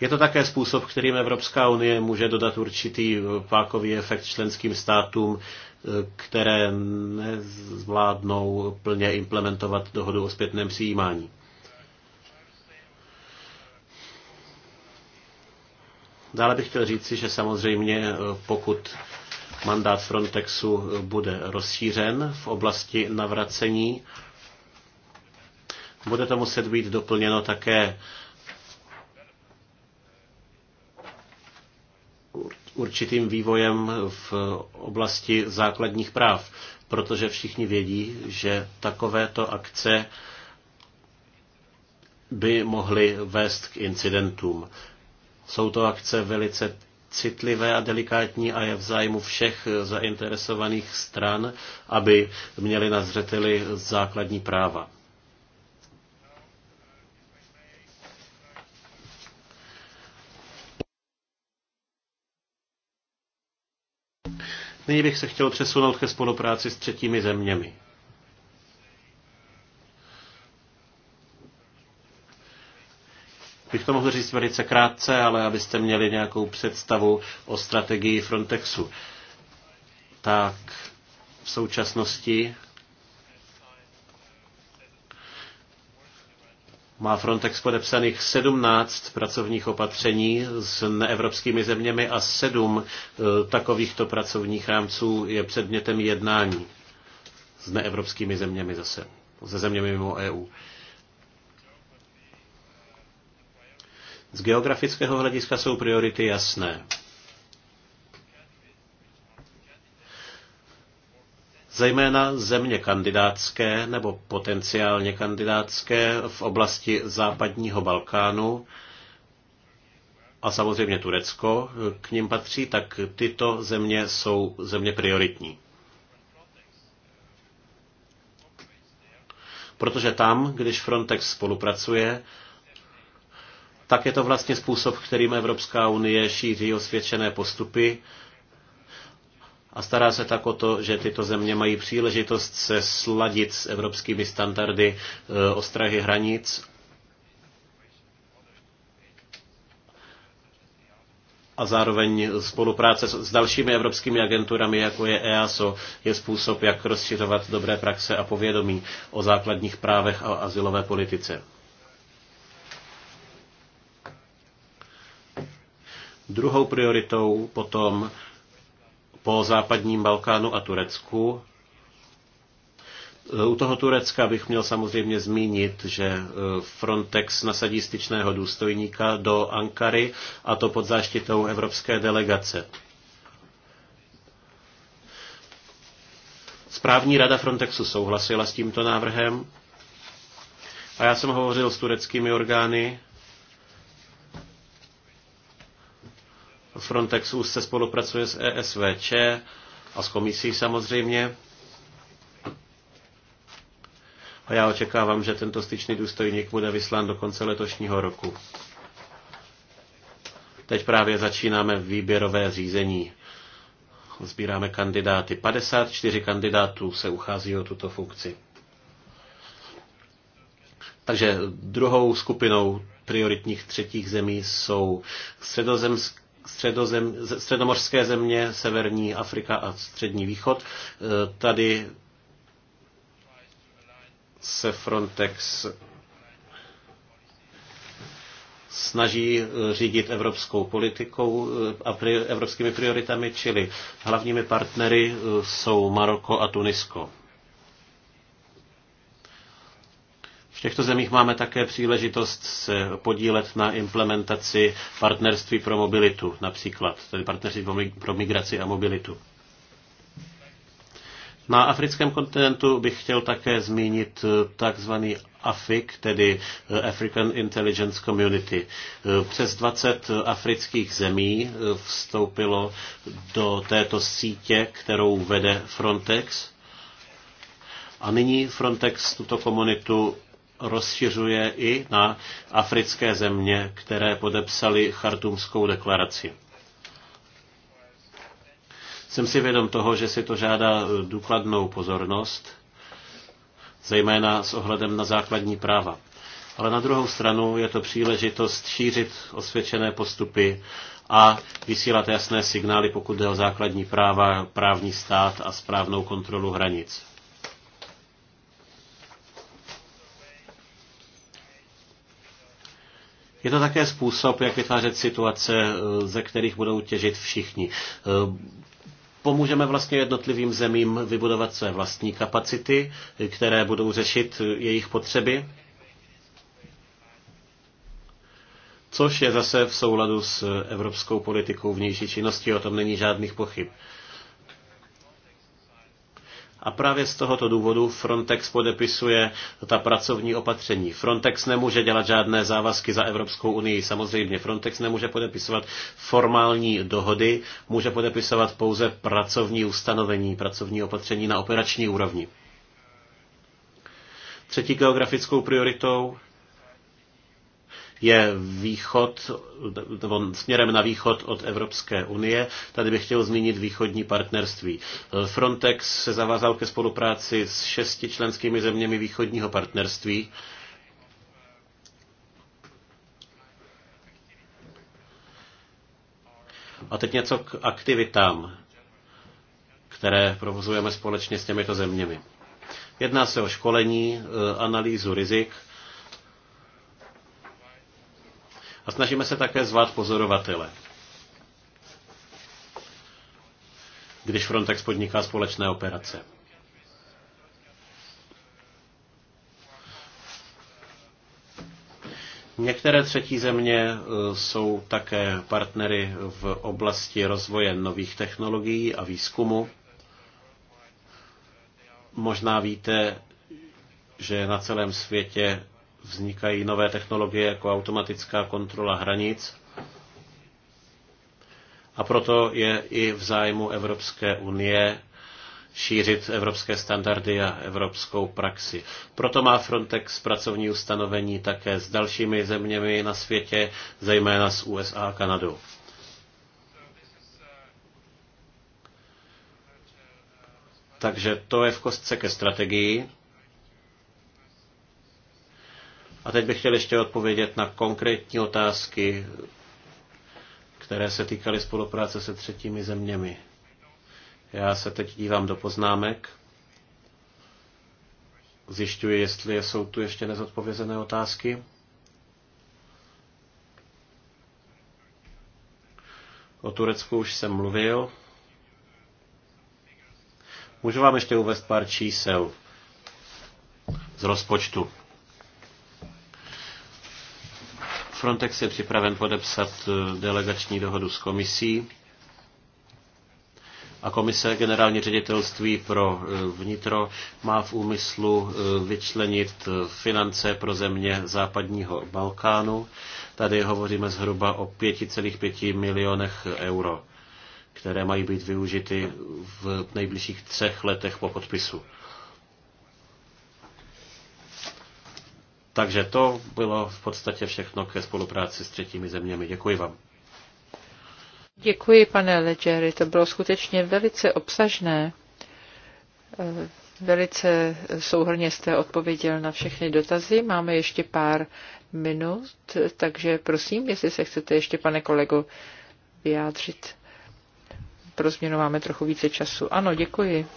Je to také způsob, kterým Evropská unie může dodat určitý pákový efekt členským státům, které nezvládnou plně implementovat dohodu o zpětném přijímání. Dále bych chtěl říci, že samozřejmě pokud mandát Frontexu bude rozšířen v oblasti navracení, bude to muset být doplněno také určitým vývojem v oblasti základních práv, protože všichni vědí, že takovéto akce by mohly vést k incidentům. Jsou to akce velice citlivé a delikátní a je v zájmu všech zainteresovaných stran, aby měli na zřeteli základní práva. Nyní bych se chtěl přesunout ke spolupráci s třetími zeměmi. Bych to mohl říct velice krátce, ale abyste měli nějakou představu o strategii Frontexu. Tak v současnosti Má Frontex podepsaných 17 pracovních opatření s neevropskými zeměmi a 7 e, takovýchto pracovních rámců je předmětem jednání s neevropskými zeměmi zase, se zeměmi mimo EU. Z geografického hlediska jsou priority jasné. zejména země kandidátské nebo potenciálně kandidátské v oblasti západního Balkánu a samozřejmě Turecko k ním patří, tak tyto země jsou země prioritní. Protože tam, když Frontex spolupracuje, tak je to vlastně způsob, kterým Evropská unie šíří osvědčené postupy a stará se tak o to, že tyto země mají příležitost se sladit s evropskými standardy eh, ostrahy hranic a zároveň spolupráce s dalšími evropskými agenturami, jako je EASO, je způsob, jak rozšiřovat dobré praxe a povědomí o základních právech a asilové politice. Druhou prioritou potom po západním Balkánu a Turecku. U toho Turecka bych měl samozřejmě zmínit, že e, Frontex nasadí styčného důstojníka do Ankary a to pod záštitou evropské delegace. Správní rada Frontexu souhlasila s tímto návrhem a já jsem hovořil s tureckými orgány Frontex už se spolupracuje s ESVČ a s komisí samozřejmě. A já očekávám, že tento styčný důstojník bude vyslán do konce letošního roku. Teď právě začínáme výběrové řízení. Zbíráme kandidáty. 54 kandidátů se uchází o tuto funkci. Takže druhou skupinou prioritních třetích zemí jsou středozemské středozem, středomořské země, severní Afrika a střední východ. E, tady se Frontex snaží e, řídit evropskou politikou e, a evropskými prioritami, čili hlavními partnery jsou Maroko a Tunisko. V těchto zemích máme také příležitost se podílet na implementaci partnerství pro mobilitu, například, tedy partnerství pro migraci a mobilitu. Na africkém kontinentu bych chtěl také zmínit eh, takzvaný AFIC, tedy eh, African Intelligence Community. Eh, přes 20 afrických zemí vstoupilo do této sítě, kterou vede Frontex. A nyní Frontex tuto komunitu rozšiřuje i na africké země, které podepsaly chartumskou deklaraci. Jsem si vědom toho, že si to žádá eh, důkladnou pozornost, zejména s ohledem na základní práva. Ale na druhou stranu je to příležitost šířit osvědčené postupy a vysílat jasné signály, pokud jde o základní práva, právní stát a správnou kontrolu hranic. Je to také způsob, jak vytvářet situace, eh, ze kterých budou těžit všichni eh, pomůžeme vlastně jednotlivým zemím vybudovat své vlastní kapacity, eh, které budou řešit jejich potřeby. Což je zase v souladu s evropskou politikou vnější činnosti, o tom není žádných pochyb. A právě z tohoto důvodu Frontex podepisuje ta pracovní opatření. Frontex nemůže dělat žádné závazky za Evropskou unii. Samozřejmě Frontex nemůže podepisovat formální dohody, může podepisovat pouze pracovní ustanovení, pracovní opatření na operační úrovni. Třetí geografickou prioritou je východ, nebo směrem na východ od Evropské unie. Tady bych chtěl zmínit východní partnerství. Frontex se zavázal ke spolupráci s šesti členskými zeměmi východního partnerství. A teď něco k aktivitám, které provozujeme společně s těmito zeměmi. Jedná se o školení, eh, analýzu rizik, A snažíme se také zvát pozorovatele. když Frontex podniká společné operace. Některé třetí země e, jsou také partnery v oblasti rozvoje nových technologií a výzkumu. Možná víte, že na celém světě vznikají nové technologie jako automatická kontrola hranic. A proto je i v zájmu Evropské unie šířit evropské standardy a evropskou praxi. Proto má Frontex pracovní ustanovení také s dalšími zeměmi na světě, zejména s USA a Kanadou. Takže to je v kostce ke strategii. A teď bych chtěl ještě odpovědět na konkrétní otázky, které se týkaly spolupráce se třetími zeměmi. Já se teď dívám do poznámek. Zjišťuji, jestli jsou tu ještě nezodpovězené otázky. O Turecku už jsem mluvil. Můžu vám ještě uvést pár čísel z rozpočtu. Frontex je připraven podepsat eh, delegační dohodu s komisí a komise generální ředitelství pro eh, vnitro má v úmyslu eh, vyčlenit finance pro země západního Balkánu. Tady hovoříme zhruba o 5,5 milionech euro, které mají být využity v nejbližších třech letech po podpisu. Takže to bylo v podstatě všechno ke spolupráci s třetími zeměmi. Děkuji vám. Děkuji, pane Ledgery, to bylo skutečně velice obsažné. Eh, velice souhrně jste odpověděl na všechny dotazy. Máme ještě pár minut, takže prosím, jestli se chcete ještě, pane kolego, vyjádřit. Pro změnu máme trochu více času. Ano, děkuji.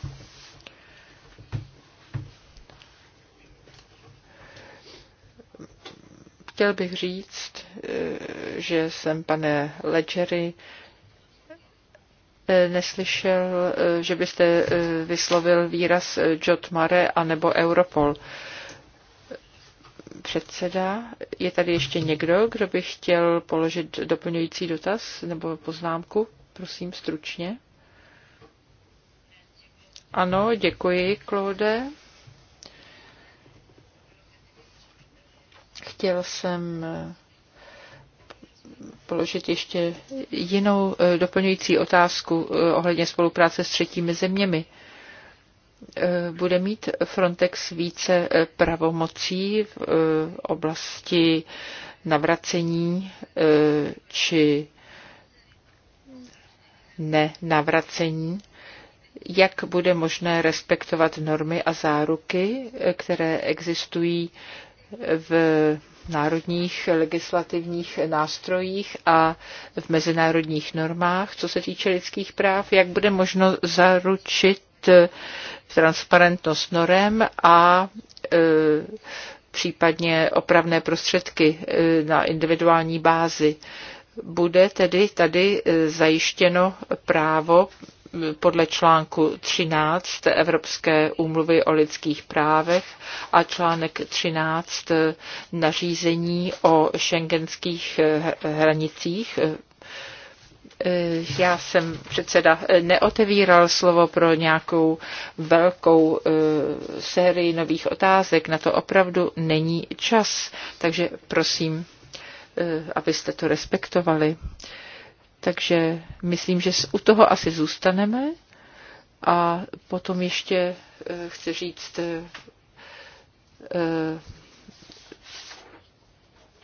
Chtěl bych říct, eh, že jsem, pane Ledgery, eh, neslyšel, eh, že byste vyslovil výraz Jot Mare anebo Europol. Předseda, je tady ještě někdo, kdo by chtěl položit doplňující dotaz nebo poznámku? Prosím, stručně. Ano, děkuji, Claude. Chtěl jsem eh, položit ještě jinou eh, doplňující otázku eh, ohledně spolupráce s třetími zeměmi. Bude mít Frontex více pravomocí v oblasti navracení či nenavracení? Jak bude možné respektovat normy a záruky, které existují v národních legislativních nástrojích a v mezinárodních normách, co se týče lidských práv, jak bude možno zaručit eh, transparentnost norem a eh, případně opravné prostředky eh, na individuální bázi. Bude tedy tady zajištěno právo podle článku 13 Evropské úmluvy o lidských právech a článek 13 nařízení o šengenských hranicích já jsem předseda neotevíral slovo pro nějakou velkou eh, sérii nových otázek. Na to opravdu není čas, takže prosím, eh, abyste to respektovali. Takže myslím, že u toho asi zůstaneme. A potom ještě eh, chci říct, eh, eh,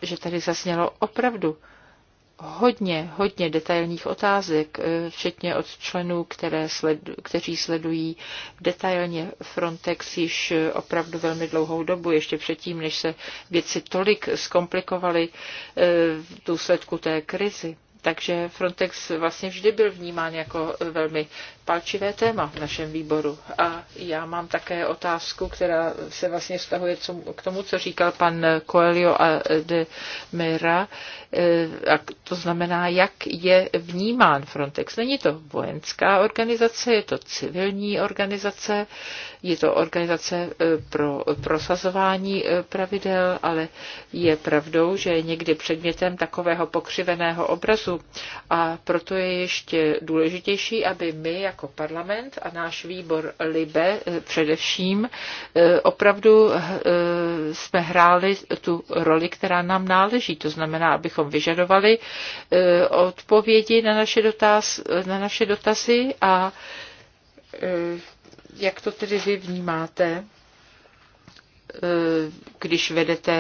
že tady zaznělo opravdu hodně, hodně detailních otázek, včetně od členů, které sledu, kteří sledují detailně Frontex již opravdu velmi dlouhou dobu, ještě předtím, než se věci tolik zkomplikovaly v důsledku té krizi. Takže Frontex vlastně vždy byl vnímán jako velmi palčivé téma v našem výboru. A já mám také otázku, která se vlastně vztahuje k tomu, co říkal pan Coelho a de Mera. E, a to znamená, jak je vnímán Frontex. Není to vojenská organizace, je to civilní organizace, je to organizace e, pro prosazování e, pravidel, ale je pravdou, že je někdy předmětem takového pokřiveného obrazu, času. A proto je ještě důležitější, aby my jako parlament a náš výbor LIBE eh, především eh, opravdu eh, jsme hráli tu roli, která nám náleží. To znamená, abychom vyžadovali odpovědi na naše, dotaz, na naše dotazy a jak to tedy vy vnímáte? když vedete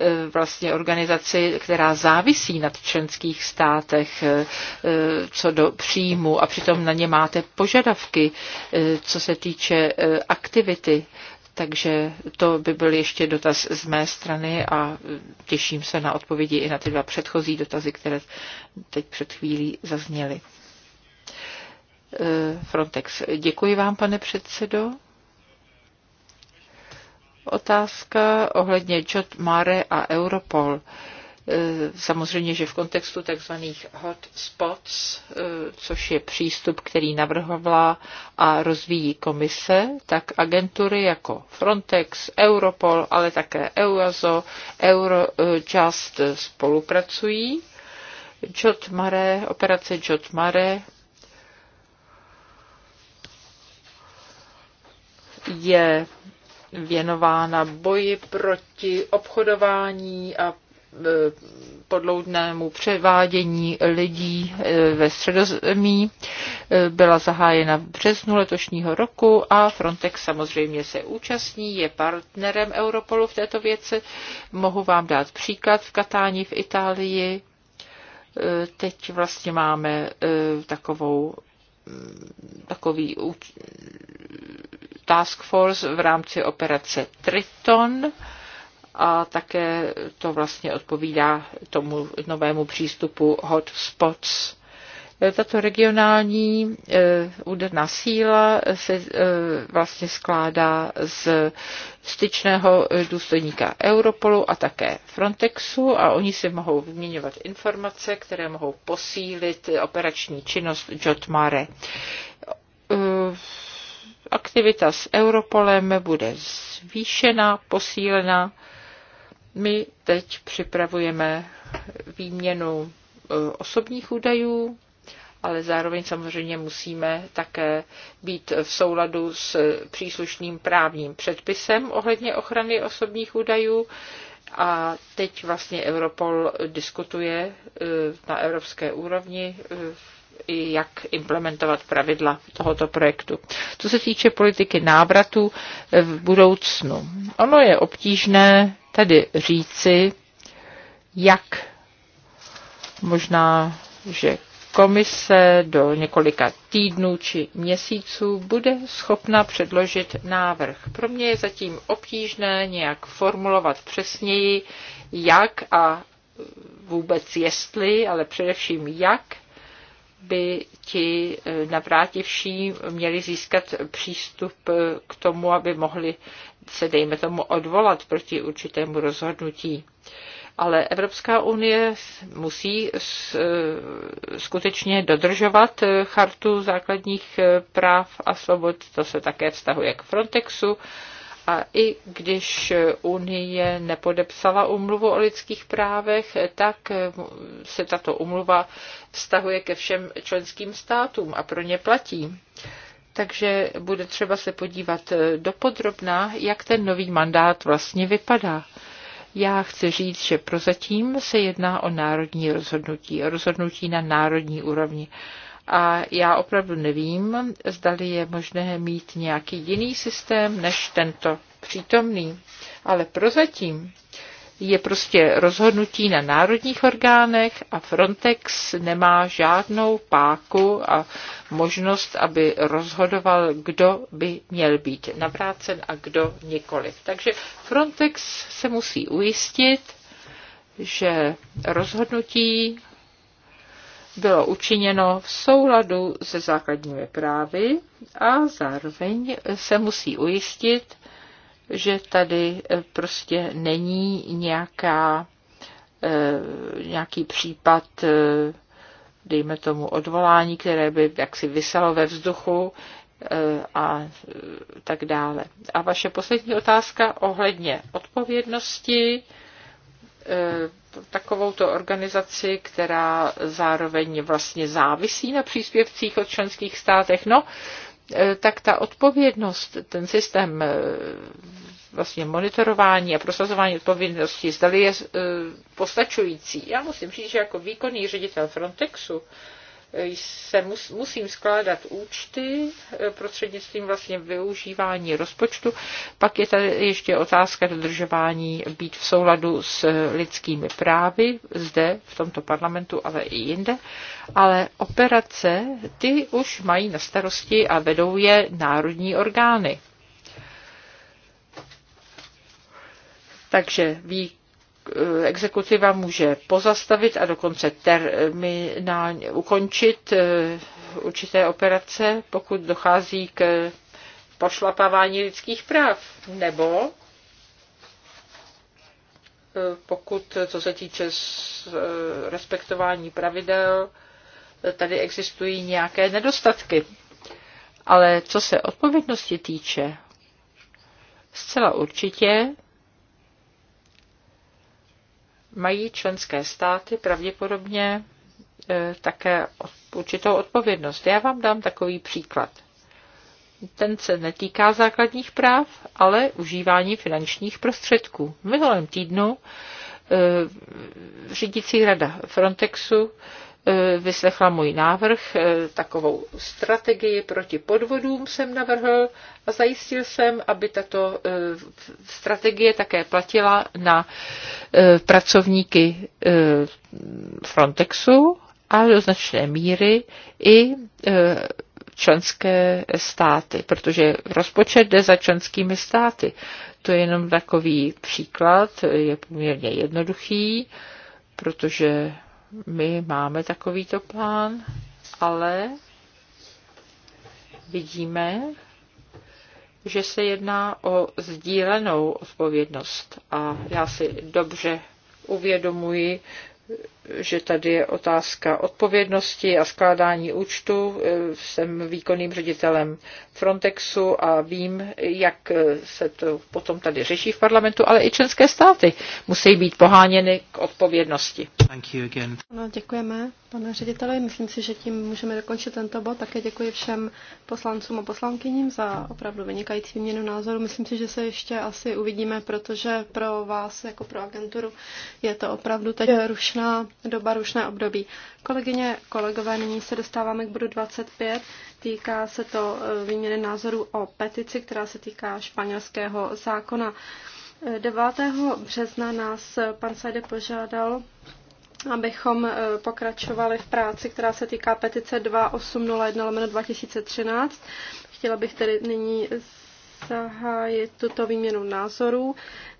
eh, vlastně organizaci, která závisí na členských státech eh, co do příjmu a přitom na ně máte požadavky, eh, co se týče aktivity. Takže to by byl ještě dotaz z mé strany a těším se na odpovědi i na ty dva předchozí dotazy, které teď před chvílí zazněly. Frontex. Děkuji vám, pane předsedo. Otázka ohledně Jot Mare a Europol. E, samozřejmě, že v kontextu tzv. hotspots, e, což je přístup, který navrhovala a rozvíjí komise, tak agentury jako Frontex, Europol, ale také EUASO, Eurojust spolupracují. Jot Mare, operace Jot Mare je věnována boji proti obchodování a e, podloudnému převádění lidí e, ve středozemí. E, byla zahájena v březnu letošního roku a Frontex samozřejmě se účastní, je partnerem Europolu v této věci. Mohu vám dát příklad v Katáni v Itálii. Teď vlastně máme takovou takový task force v rámci operace Triton a také to vlastně odpovídá tomu novému přístupu hotspots. Tato regionální eh, úderná síla se eh, vlastně skládá z styčného důstojníka Europolu a také Frontexu a oni si mohou vyměňovat informace, které mohou posílit operační činnost Jotmare eh, aktivita s Europolem bude zvýšena, posílena. My teď připravujeme výměnu osobních údajů ale zároveň samozřejmě musíme také být v souladu s příslušným právním předpisem ohledně ochrany osobních údajů. A teď vlastně Europol diskutuje e, na evropské úrovni e, jak implementovat pravidla tohoto projektu. Co se týče politiky návratu e, v budoucnu, ono je obtížné tady říci, jak možná, že komise do několika týdnů či měsíců bude schopna předložit návrh. Pro mě je zatím obtížné nějak formulovat přesněji, jak a vůbec jestli, ale především jak by ti eh, navrátivší měli získat přístup eh, k tomu, aby mohli se, dejme tomu, odvolat proti určitému rozhodnutí ale Evropská unie musí e, skutečně dodržovat e, chartu základních e, práv a svobod, to se také vztahuje k Frontexu. A i když Unie nepodepsala umluvu o lidských právech, tak se tato umluva vztahuje ke všem členským státům a pro ně platí. Takže bude třeba se podívat dopodrobná, jak ten nový mandát vlastně vypadá. Já chci říct, že prozatím se jedná o národní rozhodnutí, o rozhodnutí na národní úrovni. A já opravdu nevím, zdali je možné mít nějaký jiný systém než tento přítomný. Ale prozatím je prostě rozhodnutí na národních orgánech a Frontex nemá žádnou páku a možnost, aby rozhodoval, kdo by měl být navrácen a kdo nikoliv. Takže Frontex se musí ujistit, že rozhodnutí bylo učiněno v souladu se základními právy a zároveň se musí ujistit, že tady eh, prostě není nějaká, eh, nějaký případ, eh, dejme tomu, odvolání, které by jaksi vysalo ve vzduchu a tak dále. A vaše poslední otázka ohledně odpovědnosti takovouto organizaci, která zároveň vlastně závisí na příspěvcích od členských státech. No, tak ta odpovědnost, ten systém vlastně monitorování a prosazování odpovědnosti, zdali je e, postačující. Já musím říct, že jako výkonný ředitel Frontexu e, se mus, musím skládat účty e, prostřednictvím vlastně využívání rozpočtu. Pak je tady ještě otázka dodržování být v souladu s lidskými právy zde v tomto parlamentu, ale i jinde. Ale operace ty už mají na starosti a vedou je národní orgány. Takže ví, eh, exekutiva může pozastavit a dokonce terminálně ukončit eh, určité operace, pokud dochází k pošlapávání lidských práv, nebo eh, pokud, co se týče respektování pravidel, tady existují nějaké nedostatky. Ale co se odpovědnosti týče, zcela určitě mají členské státy pravděpodobně eh, také určitou odpovědnost. Já vám dám takový příklad. Ten se netýká základních práv, ale užívání finančních prostředků. V minulém týdnu eh, řídící rada Frontexu E, vyslechla můj návrh, e, takovou strategii proti podvodům jsem navrhl a zajistil jsem, aby tato e, strategie také platila na pracovníky Frontexu a do značné míry i členské státy, protože rozpočet jde za členskými státy. To je jenom takový příklad, je poměrně jednoduchý, protože my máme takovýto plán, ale vidíme, že se jedná o sdílenou odpovědnost. A já si dobře uvědomuji, že tady je otázka odpovědnosti a skládání účtu. Jsem výkonným ředitelem Frontexu a vím, jak se to potom tady řeší v parlamentu, ale i členské státy musí být poháněny k odpovědnosti. No, děkujeme, pane řediteli. Myslím si, že tím můžeme dokončit tento bod. Také děkuji všem poslancům a poslankyním za opravdu vynikající měnu názoru. Myslím si, že se ještě asi uvidíme, protože pro vás jako pro agenturu je to opravdu teď rušná doba rušné období. Kolegyně, kolegové, nyní se dostáváme k bodu 25. Týká se to e, výměny názorů o petici, která se týká španělského zákona. 9. E, března nás pan Sajde požádal, abychom e, pokračovali v práci, která se týká petice 2801 2013. Chtěla bych tedy nyní zahájit tuto výměnu názorů.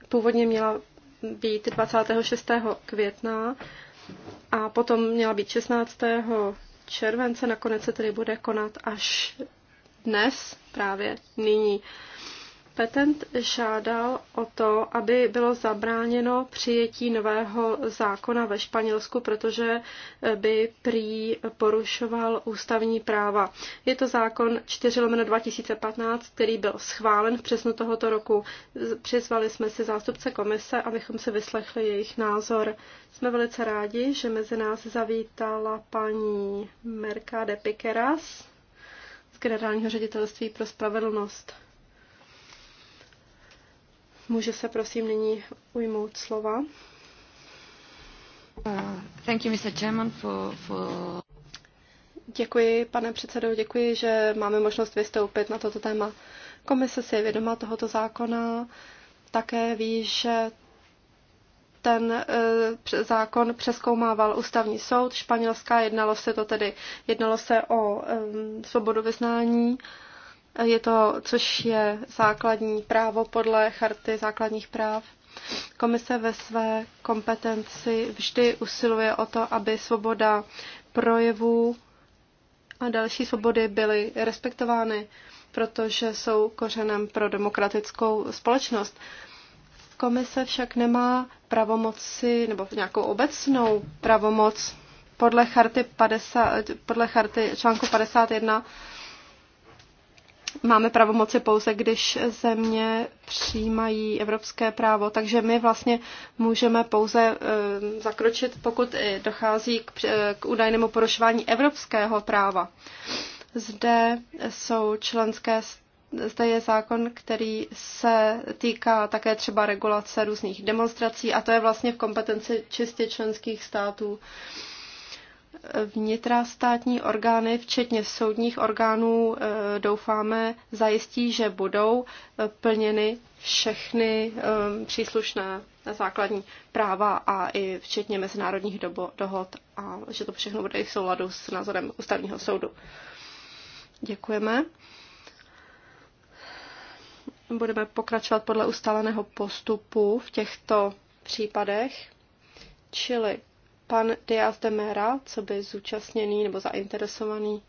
Původně měla být 26. května, a potom měla být 16. července, nakonec se tedy bude konat až dnes, právě nyní. Petent žádal o to, aby bylo zabráněno přijetí nového zákona ve Španělsku, protože eh, by prý porušoval ústavní práva. Je to zákon 4 2015, který byl schválen v přesnu tohoto roku. Přizvali jsme si zástupce komise, abychom se vyslechli jejich názor. Jsme velice rádi, že mezi nás zavítala paní Merka de Piqueras z Generálního ředitelství pro spravedlnost. Může se prosím nyní ujmout slova. Uh, thank you, Mr. Chairman, for, for... Děkuji, pane předsedo, děkuji, že máme možnost vystoupit na toto téma. Komise si je vědoma tohoto zákona, také ví, že ten uh, zákon přeskoumával ústavní soud Španělská, jednalo se to tedy, jednalo se o um, svobodu vyznání je to, což je základní právo podle Charty základních práv. Komise ve své kompetenci vždy usiluje o to, aby svoboda projevů a další svobody byly respektovány, protože jsou kořenem pro demokratickou společnost. Komise však nemá pravomoci nebo nějakou obecnou pravomoc podle charty, 50, podle charty článku 51 máme pravomoci pouze, když země přijímají evropské právo, takže my vlastně můžeme pouze eh, zakročit, pokud dochází k, eh, k údajnému porušování evropského práva. Zde jsou členské zde je zákon, který se týká také třeba regulace různých demonstrací a to je vlastně v kompetenci čistě členských států. Uh, vnitrostátní orgány, včetně soudních orgánů, eh, doufáme, zajistí, že budou eh, plněny všechny eh, příslušné základní práva a i včetně mezinárodních dobo, dohod a že to všechno bude i v souladu s názorem ústavního soudu. Děkujeme. Budeme pokračovat podle ustáleného postupu v těchto případech, čili pan Diaz de Mera, co by zúčastněný nebo zainteresovaný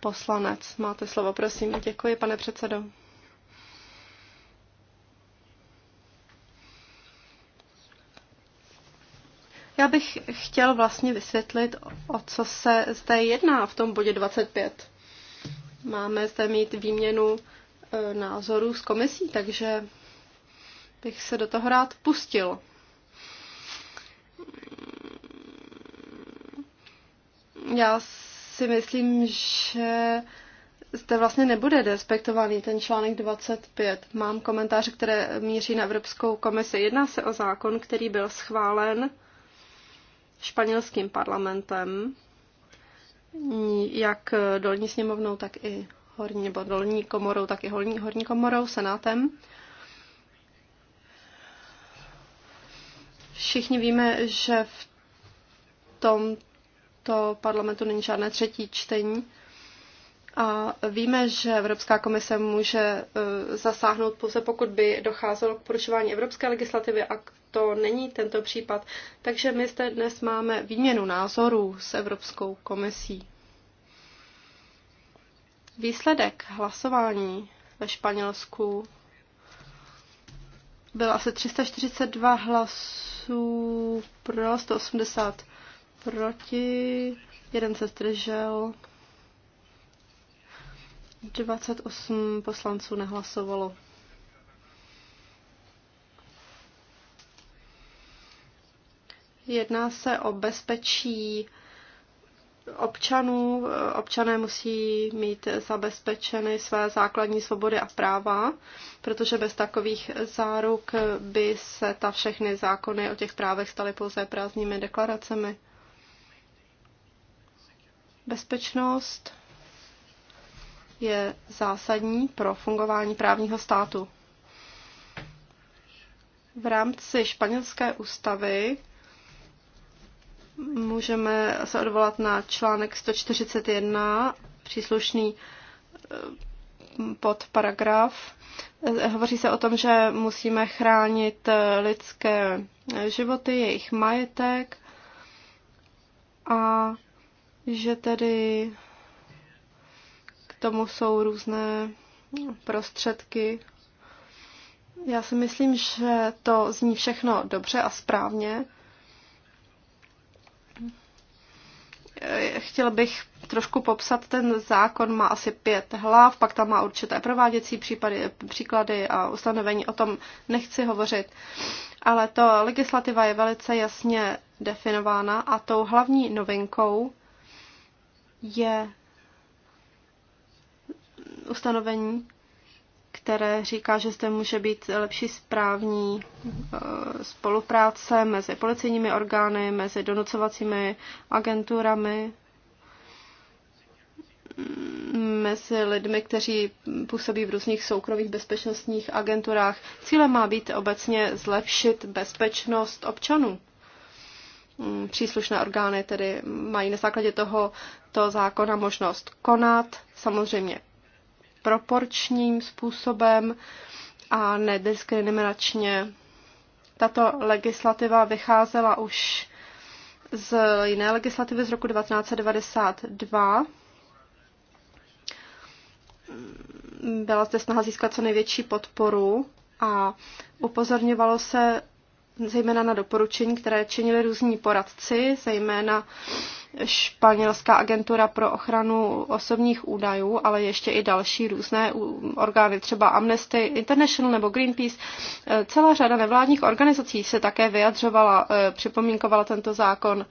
poslanec. Máte slovo, prosím. Děkuji, pane předsedo. Já bych chtěl vlastně vysvětlit, o co se zde jedná v tom bodě 25. Máme zde mít výměnu e, názorů s komisí, takže bych se do toho rád pustil. já si myslím, že zde vlastně nebude respektovaný ten článek 25. Mám komentáře, které míří na Evropskou komisi. Jedná se o zákon, který byl schválen španělským parlamentem, jak dolní sněmovnou, tak i horní, nebo dolní komorou, tak i horní, horní komorou, senátem. Všichni víme, že v tom to parlamentu není žádné třetí čtení. A víme, že Evropská komise může e, zasáhnout pouze pokud by docházelo k porušování evropské legislativy a to není tento případ. Takže my zde dnes máme výměnu názorů s Evropskou komisí. Výsledek hlasování ve Španělsku byl asi 342 hlasů pro 180 proti, jeden se zdržel. 28 poslanců nehlasovalo. Jedná se o bezpečí občanů. Občané musí mít zabezpečeny své základní svobody a práva, protože bez takových záruk by se ta všechny zákony o těch právech staly pouze prázdnými deklaracemi. Bezpečnost je zásadní pro fungování právního státu. V rámci španělské ústavy můžeme se odvolat na článek 141, příslušný eh, pod paragraf. Eh, hovoří se o tom, že musíme chránit eh, lidské životy, jejich majetek a že tedy k tomu jsou různé prostředky. Já si myslím, že to zní všechno dobře a správně. Chtěl bych trošku popsat ten zákon, má asi pět hlav, pak tam má určité prováděcí případy, příklady a ustanovení, o tom nechci hovořit. Ale to legislativa je velice jasně definována a tou hlavní novinkou je ustanovení, které říká, že zde může být lepší správní eh, spolupráce mezi policejními orgány, mezi donucovacími agenturami, mezi lidmi, kteří působí v různých soukromých bezpečnostních agenturách. Cílem má být obecně zlepšit bezpečnost občanů. Mm, příslušné orgány tedy mají na základě toho to zákona možnost konat, samozřejmě proporčním způsobem a nediskriminačně. Tato legislativa vycházela už z jiné legislativy z roku 1992. Byla zde snaha získat co největší podporu a upozorňovalo se zejména na doporučení, které činili různí poradci, zejména Španělská agentura pro ochranu osobních údajů, ale ještě i další různé orgány, třeba Amnesty International nebo Greenpeace. Eh, celá řada nevládních organizací se také vyjadřovala, eh, připomínkovala tento zákon.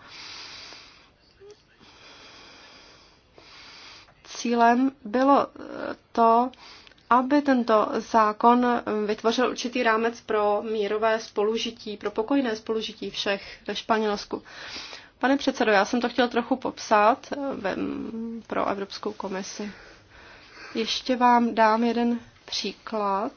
Cílem bylo eh, to, aby tento zákon vytvořil určitý rámec pro mírové spolužití, pro pokojné spolužití všech ve Španělsku. Pane předsedo, já jsem to chtěl trochu popsat eh, ve, pro Evropskou komisi. Ještě vám dám jeden příklad.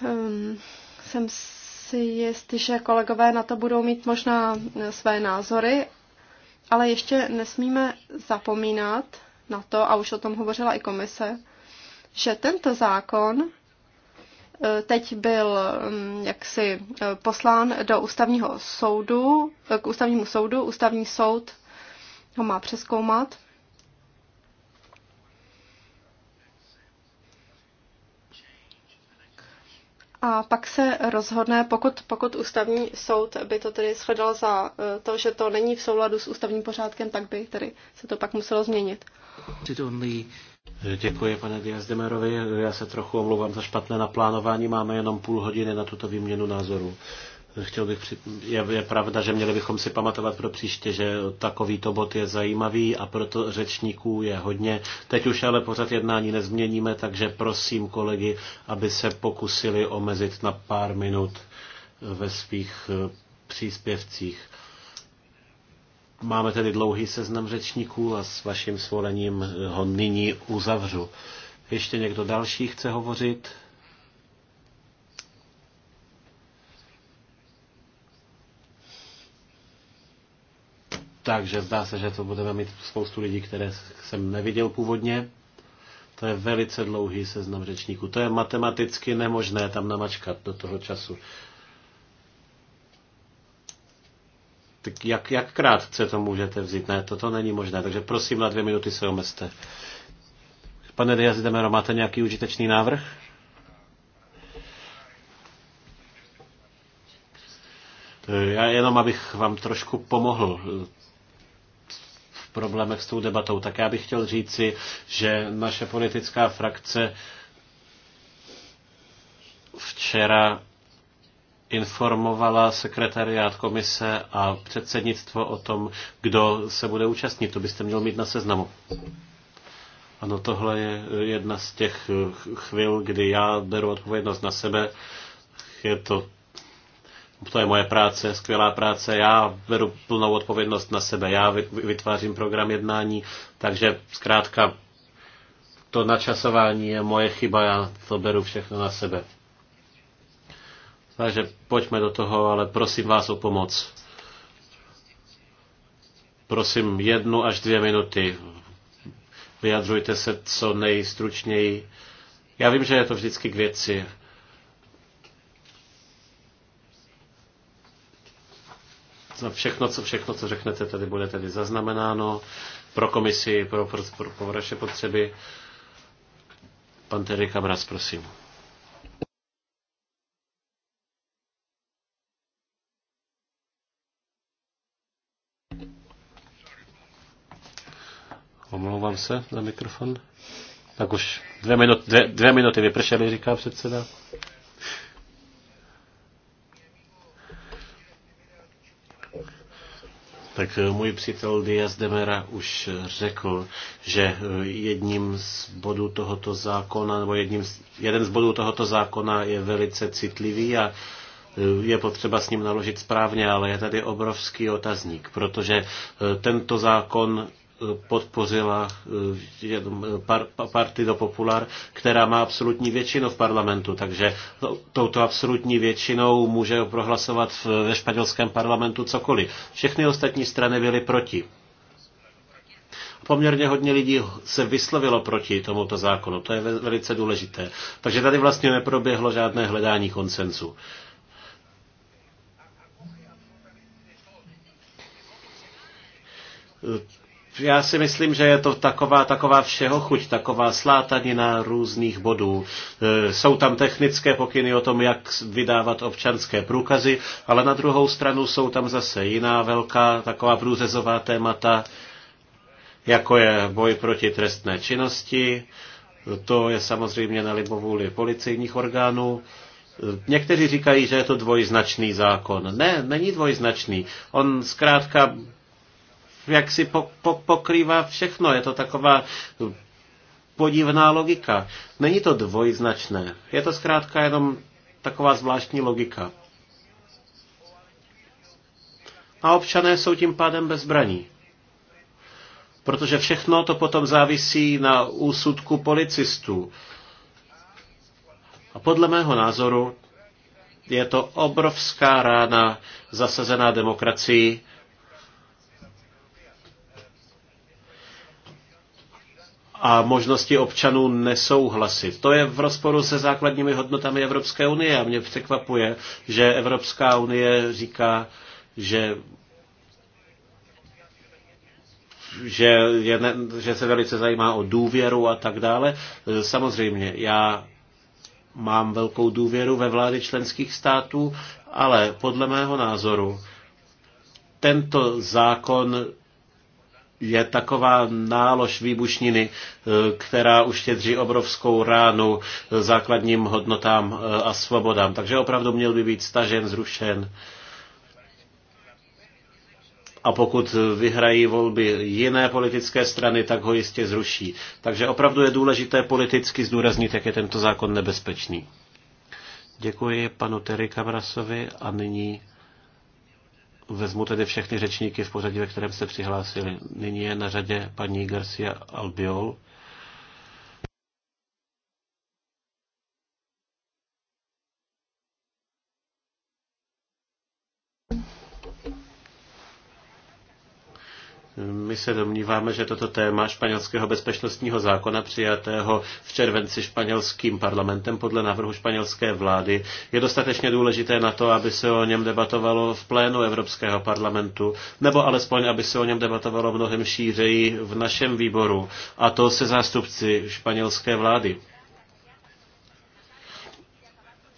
Um, jsem si jist, že kolegové na to budou mít možná své názory, ale ještě nesmíme zapomínat na to, a už o tom hovořila i komise, že tento zákon e, teď byl mm, jaksi e, poslán do ústavního soudu, e, k ústavnímu soudu, ústavní soud ho má přeskoumat. a pak se rozhodne, pokud, pokud ústavní soud by to tedy shledal za e, to, že to není v souladu s ústavním pořádkem, tak by tedy se to pak muselo změnit. Děkuji, pane Diazdemerovi. Já se trochu omlouvám za špatné naplánování. Máme jenom půl hodiny na tuto výměnu názorů. Chtěl bych při... je, je pravda, že měli bychom si pamatovat pro příště, že takovýto bod je zajímavý a proto řečníků je hodně. Teď už ale pořád jednání nezměníme, takže prosím kolegy, aby se pokusili omezit na pár minut ve svých eh, příspěvcích. Máme tedy dlouhý seznam řečníků a s vaším svolením eh, ho nyní uzavřu. Ještě někdo další chce hovořit? Takže zdá se, že to budeme mít spoustu lidí, které jsem neviděl původně. To je velice dlouhý seznam řečníků. To je matematicky nemožné tam namačkat do toho času. Tak jak, jak krátce to můžete vzít? Ne, toto není možné. Takže prosím, na dvě minuty se omezte. Pane Diaz Demero, máte nějaký užitečný návrh? Já jenom, abych vám trošku pomohl problémech s tou debatou, tak já bych chtěl říci, že naše politická frakce včera informovala sekretariát komise a předsednictvo o tom, kdo se bude účastnit. To byste měl mít na seznamu. Ano, tohle je jedna z těch chvil, kdy já beru odpovědnost na sebe. Je to to je moje práce, skvělá práce, já beru plnou odpovědnost na sebe, já vytvářím program jednání, takže zkrátka to načasování je moje chyba, já to beru všechno na sebe. Takže pojďme do toho, ale prosím vás o pomoc. Prosím jednu až dvě minuty. Vyjadřujte se co nejstručněji. Já vím, že je to vždycky k věci, všechno, co, všechno, co řeknete, tady bude tady zaznamenáno pro komisi, pro, pro, pro, pro vaše potřeby. Pan Terry Kamras, prosím. Omlouvám se na mikrofon. Tak už dvě, minuty, dvě, dvě minuty vypršely, říká předseda. Tak eh, můj přítel Diaz de Mera už řekl, že eh, jedním z bodů tohoto zákona, nebo jedním z, jeden z bodů tohoto zákona je velice citlivý a eh, je potřeba s ním naložit správně, ale je tady obrovský otazník, protože tento zákon podpořila eh, eh, Partido Popular, která má absolutní většinu v parlamentu, takže touto absolutní většinou může prohlasovat ve španělském parlamentu cokoliv. Všechny ostatní strany byly proti. Poměrně hodně lidí se vyslovilo proti tomuto zákonu, to je velice důležité. Takže tady vlastně neproběhlo žádné hledání Uh. Já si myslím, že je to taková, taková všeho chuť, taková slátanina různých bodů. E, jsou tam technické pokyny o tom, jak vydávat občanské průkazy, ale na druhou stranu jsou tam zase jiná velká, taková průřezová témata, jako je boj proti trestné činnosti, to je samozřejmě na libovůli policejních orgánů. Někteří říkají, že je to dvojznačný zákon. Ne, není dvojznačný. On zkrátka jak si po, po, pokrývá všechno. Je to taková podivná logika. Není to dvojznačné. Je to zkrátka jenom taková zvláštní logika. A občané jsou tím pádem bezbraní. Protože všechno to potom závisí na úsudku policistů. A podle mého názoru je to obrovská rána zasazená demokracii a možnosti občanů nesouhlasit. To je v rozporu se základními hodnotami Evropské unie a mě překvapuje, že Evropská unie říká, že že, je, že se velice zajímá o důvěru a tak dále. Samozřejmě, já mám velkou důvěru ve vlády členských států, ale podle mého názoru tento zákon je taková nálož výbušniny, eh, která uštědří obrovskou ránu eh, základním hodnotám eh, a svobodám. Takže opravdu měl by být stažen, zrušen. A pokud vyhrají volby jiné politické strany, tak ho jistě zruší. Takže opravdu je důležité politicky zdůraznit, jak je tento zákon nebezpečný. Děkuji panu Terry Kavrasovi a nyní Vezmu tedy všechny řečníky v pořadí, ve kterém se přihlásili. Nyní je na řadě paní Garcia Albiol My se domníváme, že toto téma španělského bezpečnostního zákona přijatého v červenci španělským parlamentem podle návrhu španělské vlády je dostatečně důležité na to, aby se o něm debatovalo v plénu Evropského parlamentu, nebo alespoň, aby se o něm debatovalo mnohem šířeji v našem výboru, a to se zástupci španělské vlády.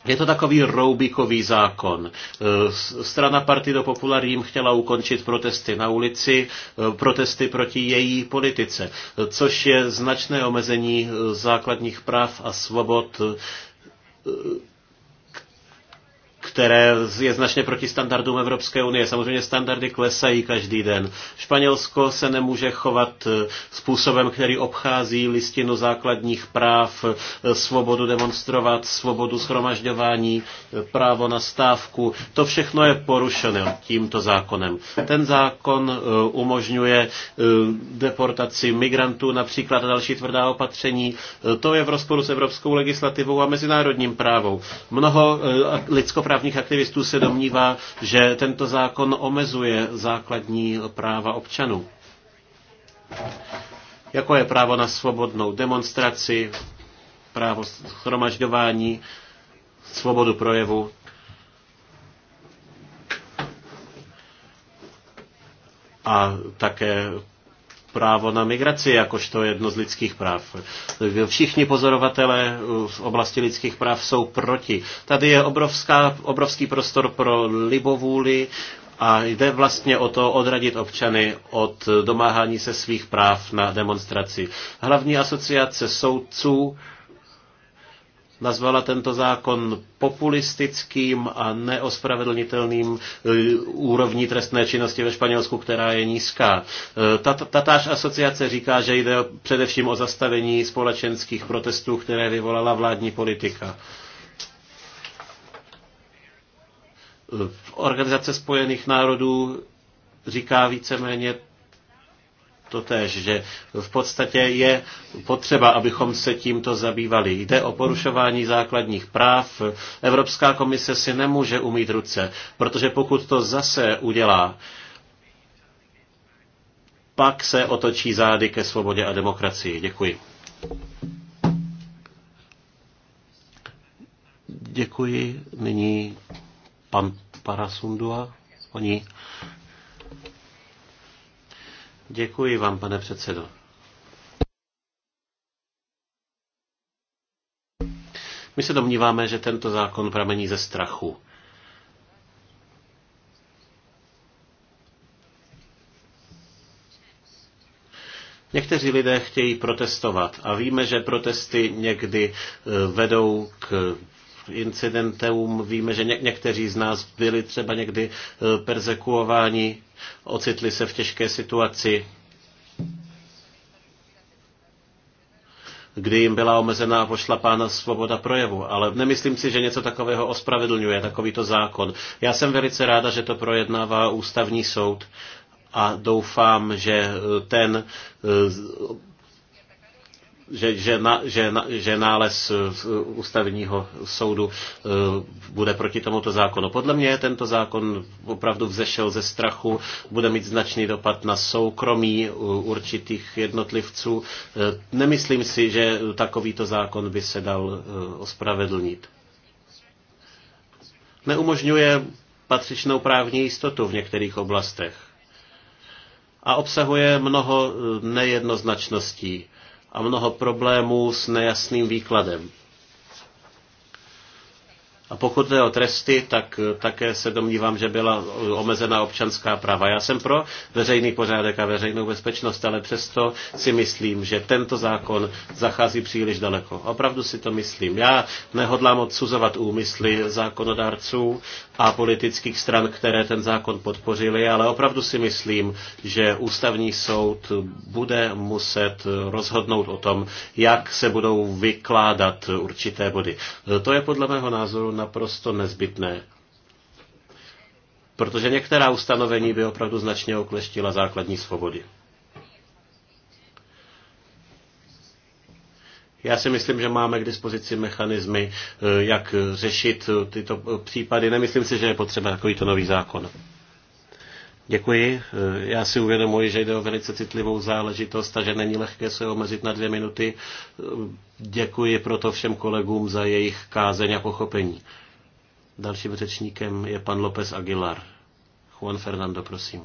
Je to takový roubikový zákon. E, strana Partido Popular jim chtěla ukončit protesty na ulici, e, protesty proti její politice, e, což je značné omezení základních práv a svobod které je značně proti standardům Evropské unie. Samozřejmě standardy klesají každý den. Španělsko se nemůže chovat eh, způsobem, který obchází listinu základních práv, eh, svobodu demonstrovat, svobodu schromažďování, eh, právo na stávku. To všechno je porušeno tímto zákonem. Ten zákon umožňuje deportaci migrantů, například další tvrdá opatření. To je v rozporu s evropskou legislativou a mezinárodním právou. Mnoho lidskoprávních právních aktivistů se domnívá, že tento zákon omezuje základní práva občanů. Jako je právo na svobodnou demonstraci, právo shromažďování, svobodu projevu. A také právo na migraci jakožto jedno z lidských práv. Všichni pozorovatelé v oblasti lidských práv jsou proti. Tady je obrovská, obrovský prostor pro libovůli a jde vlastně o to odradit občany od domáhání se svých práv na demonstraci. Hlavní asociace soudců nazvala tento zákon populistickým a neospravedlnitelným e, úrovní trestné činnosti ve Španělsku, která je nízká. E, tatáž asociace říká, že jde především o zastavení společenských protestů, které vyvolala vládní politika. E, organizace spojených národů říká víceméně to tež, že v podstatě je potřeba, abychom se tímto zabývali. Jde o porušování základních práv. Evropská komise si nemůže umít ruce, protože pokud to zase udělá, pak se otočí zády ke svobodě a demokracii. Děkuji. Děkuji. Nyní pan Parasundua. Oni. Děkuji vám, pane předsedo. My se domníváme, že tento zákon pramení ze strachu. Někteří lidé chtějí protestovat a víme, že protesty někdy eh, vedou k incidentům. Víme, že ně, někteří z nás byli třeba někdy eh, persekuováni, ocitli se v těžké situaci, kdy jim byla omezená a pošlapána svoboda projevu. Ale nemyslím si, že něco takového ospravedlňuje takovýto zákon. Já jsem velice ráda, že to projednává ústavní soud a doufám, že eh, ten eh, že, že, na, že, na, že nález eh, ústavního soudu eh, bude proti tomuto zákonu. Podle mě tento zákon opravdu vzešel ze strachu, bude mít značný dopad na soukromí eh, určitých jednotlivců. Nemyslím si, že takovýto zákon by se dal ospravedlnit. Neumožňuje patřičnou právní jistotu v některých oblastech a obsahuje mnoho nejednoznačností a mnoho problémů s nejasným výkladem. A pokud jde o tresty, tak eh, také se domnívám, že byla eh, omezena občanská práva. Já jsem pro veřejný pořádek a veřejnou bezpečnost, ale přesto si myslím, že tento zákon zachází příliš daleko. Opravdu si to myslím. Já nehodlám odsuzovat úmysly zákonodárců a politických stran, které ten zákon podpořili, ale opravdu si myslím, že ústavní soud bude muset rozhodnout o tom, jak se budou vykládat určité body. Eh, to je podle mého názoru naprosto nezbytné, protože některá ustanovení by opravdu značně okleštila základní svobody. Já si myslím, že máme k dispozici mechanismy, eh, jak řešit tyto eh, případy. Nemyslím si, že je potřeba takovýto nový zákon. Děkuji. Já si uvědomuji, že jde o velice citlivou záležitost a že není lehké se omezit na dvě minuty. Děkuji proto všem kolegům za jejich kázeň a pochopení. Dalším řečníkem je pan López Aguilar. Juan Fernando, prosím.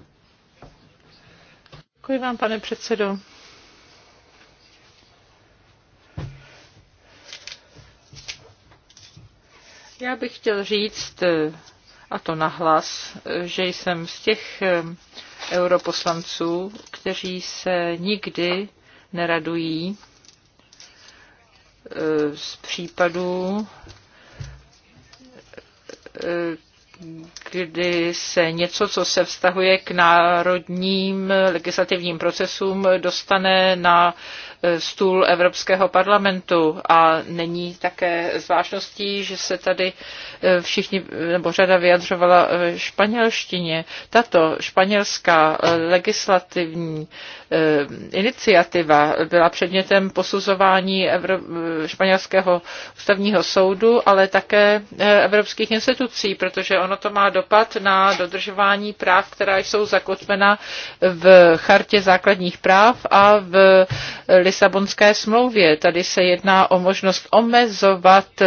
Děkuji vám, pane předsedo. Já bych chtěl říct a to nahlas, že jsem z těch eh, europoslanců, kteří se nikdy neradují eh, z případů, eh, kdy se něco, co se vztahuje k národním legislativním procesům, dostane na Eh, stůl Evropského parlamentu a není také zvláštností, že se tady eh, všichni, nebo řada vyjadřovala eh, španělštině. Tato španělská legislativní iniciativa byla předmětem posuzování Evro- španělského ústavního soudu, ale také evropských institucí, protože ono to má dopad na dodržování práv, která jsou zakotvena v chartě základních práv a v Lisabonské smlouvě. Tady se jedná o možnost omezovat eh,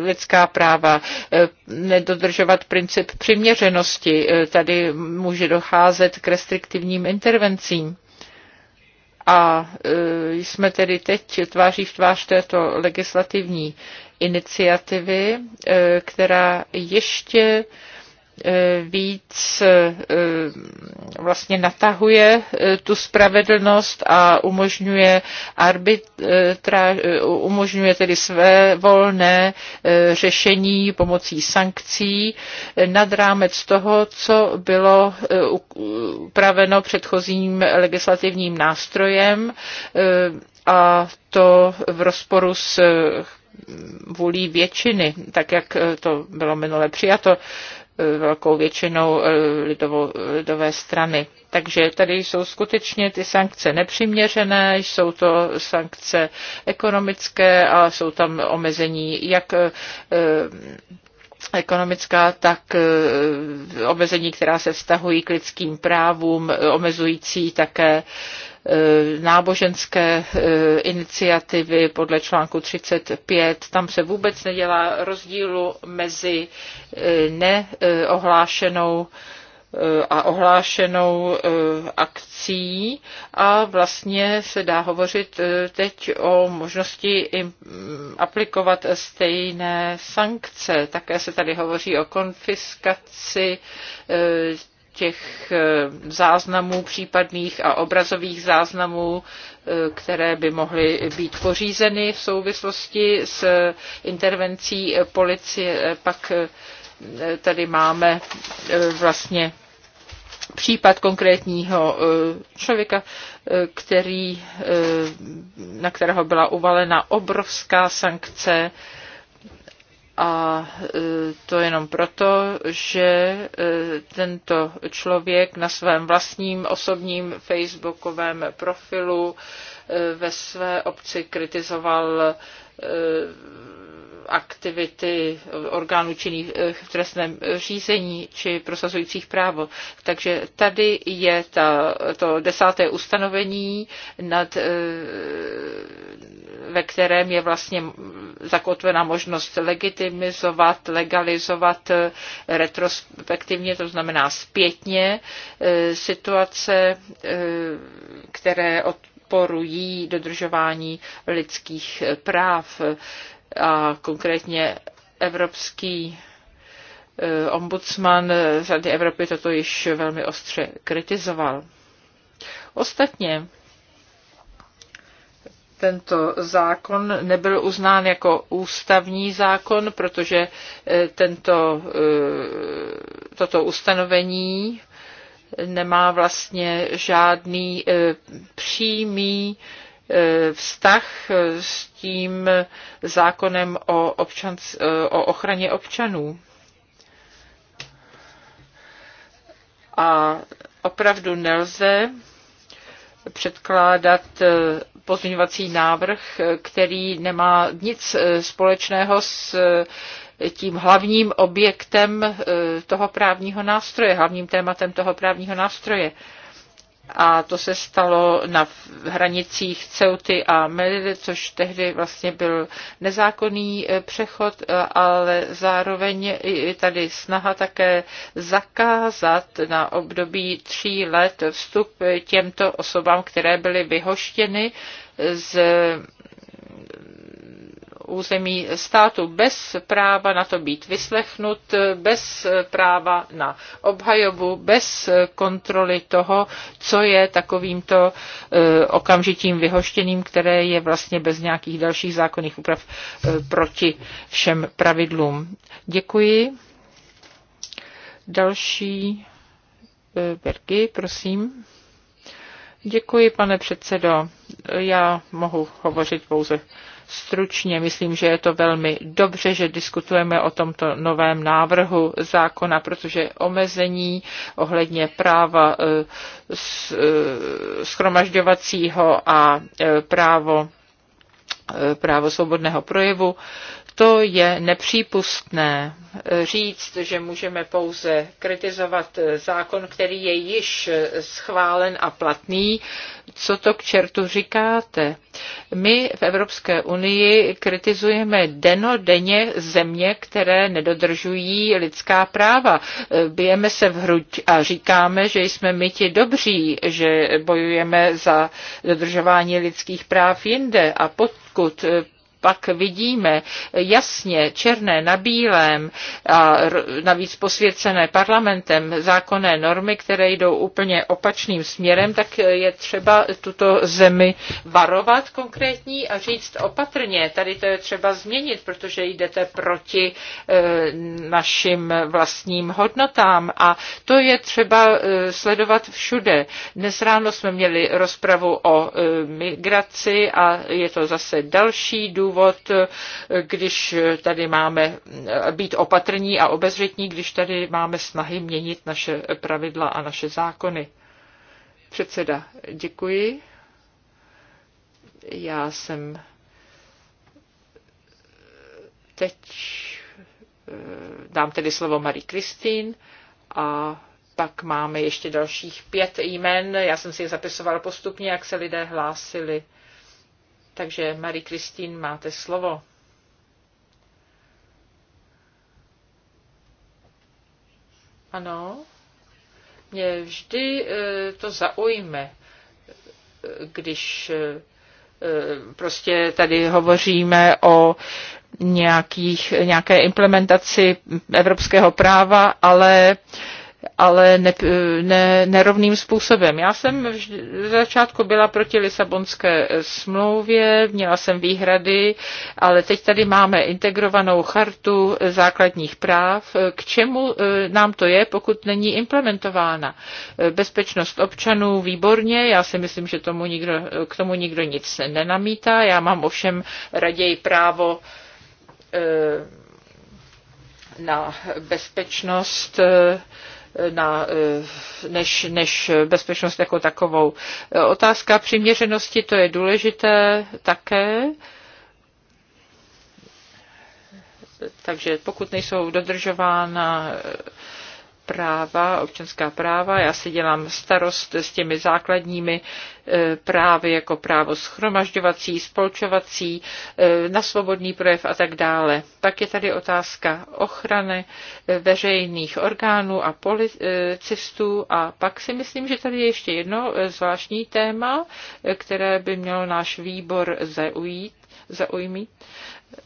lidská práva, eh, nedodržovat princip přiměřenosti. Eh, tady může docházet k restriktivním intervencím. A jsme tedy teď tváří v tvář této legislativní iniciativy, která ještě E, víc e, e, vlastně natahuje tu spravedlnost a umožňuje, arbitra, umožňuje tedy své volné řešení pomocí sankcí nad rámec toho, co bylo upraveno předchozím legislativním nástrojem a to v rozporu s vůlí většiny, tak jak eh, to bylo minule přijato eh, velkou většinou eh, lidovou, lidové strany. Takže tady jsou skutečně ty sankce nepřiměřené, jsou to sankce ekonomické a jsou tam omezení jak ekonomická, tak e, omezení, která se vztahují k lidským právům, e, omezující také e, náboženské iniciativy podle článku 35. Tam se vůbec nedělá rozdílu mezi neohlášenou Eh, a ohlášenou eh, akcí a vlastně se dá hovořit eh, teď o možnosti aplikovat stejné sankce. Také se tady hovoří o konfiskaci těch záznamů případných a obrazových záznamů, které by mohly být pořízeny v souvislosti s intervencí policie. Pak tady máme vlastně případ konkrétního eh, člověka, eh, který, eh, na kterého byla uvalena obrovská sankce a to jenom proto, že tento člověk na svém vlastním osobním facebookovém profilu ve své obci kritizoval aktivity orgánů činných eh, v trestném řízení či prosazujících právo. Takže tady je ta, to desáté ustanovení, nad, eh, ve kterém je vlastně zakotvena možnost legitimizovat, legalizovat eh, retrospektivně, to znamená zpětně, situace, které od dodržování lidských práv a konkrétně Evropský e, ombudsman řady Evropy toto již velmi ostře kritizoval. Ostatně tento zákon nebyl uznán jako ústavní zákon, protože e, tento, e, toto ustanovení nemá vlastně žádný přímý E, vztah e, s tím zákonem o, občans, e, o ochraně občanů. A opravdu nelze předkládat pozměňovací návrh, který nemá nic společného s tím hlavním objektem toho právního nástroje, hlavním tématem toho právního nástroje a to se stalo na hranicích Ceuty a Melide, což tehdy vlastně byl nezákonný e, přechod, e, ale zároveň i tady snaha také zakázat na období tří let vstup těmto osobám, které byly vyhoštěny z území státu bez práva na to být vyslechnut, bez práva na obhajobu, bez kontroly toho, co je takovýmto eh, okamžitým vyhoštěním, které je vlastně bez nějakých dalších zákonných úprav eh, proti všem pravidlům. Děkuji. Další eh, Bergy, prosím. Děkuji, pane předsedo. Já mohu hovořit pouze stručně. Myslím, že je to velmi dobře, že diskutujeme o tomto novém návrhu zákona, protože omezení ohledně práva e, e, schromažďovacího a e, právo právo svobodného projevu to je nepřípustné eh, říct, že můžeme pouze kritizovat eh, zákon, který je již eh, schválen a platný. Co to k čertu říkáte? My v Evropské unii kritizujeme denodenně země, které nedodržují lidská práva. Bijeme se v hruď a říkáme, že jsme my ti dobří, že bojujeme za dodržování lidských práv jinde a pod pak vidíme jasně černé na bílém a navíc posvěcené parlamentem zákonné normy, které jdou úplně opačným směrem, tak je třeba tuto zemi varovat konkrétní a říct opatrně, tady to je třeba změnit, protože jdete proti e, našim vlastním hodnotám a to je třeba e, sledovat všude. Dnes ráno jsme měli rozpravu o e, migraci a je to zase další důvod, důvod, když tady máme být opatrní a obezřetní, když tady máme snahy měnit naše pravidla a naše zákony. Předseda, děkuji. Já jsem teď dám tedy slovo Marie Kristýn a pak máme ještě dalších pět jmen. Já jsem si je zapisoval postupně, jak se lidé hlásili. Takže, Marie Kristín, máte slovo. Ano, mě vždy e, to zaujme, e, když e, prostě tady hovoříme o nějakých, nějaké implementaci evropského práva, ale ale ne, ne, nerovným způsobem. Já jsem v začátku byla proti Lisabonské smlouvě, měla jsem výhrady, ale teď tady máme integrovanou chartu základních práv. K čemu eh, nám to je, pokud není implementována? Eh, bezpečnost občanů výborně, já si myslím, že tomu nikdo, eh, k tomu nikdo nic nenamítá. Já mám ovšem raději právo na bezpečnost na, eh, než, než bezpečnost jako takovou. Otázka přiměřenosti, to je důležité také. Takže pokud nejsou dodržována práva, občanská práva. Já si dělám starost s těmi základními eh, právy, jako právo schromažďovací, spolčovací, eh, na svobodný projev a tak dále. Pak je tady otázka ochrany eh, veřejných orgánů a policistů a pak si myslím, že tady je ještě jedno zvláštní téma, které by mělo náš výbor zaujít zaujmí,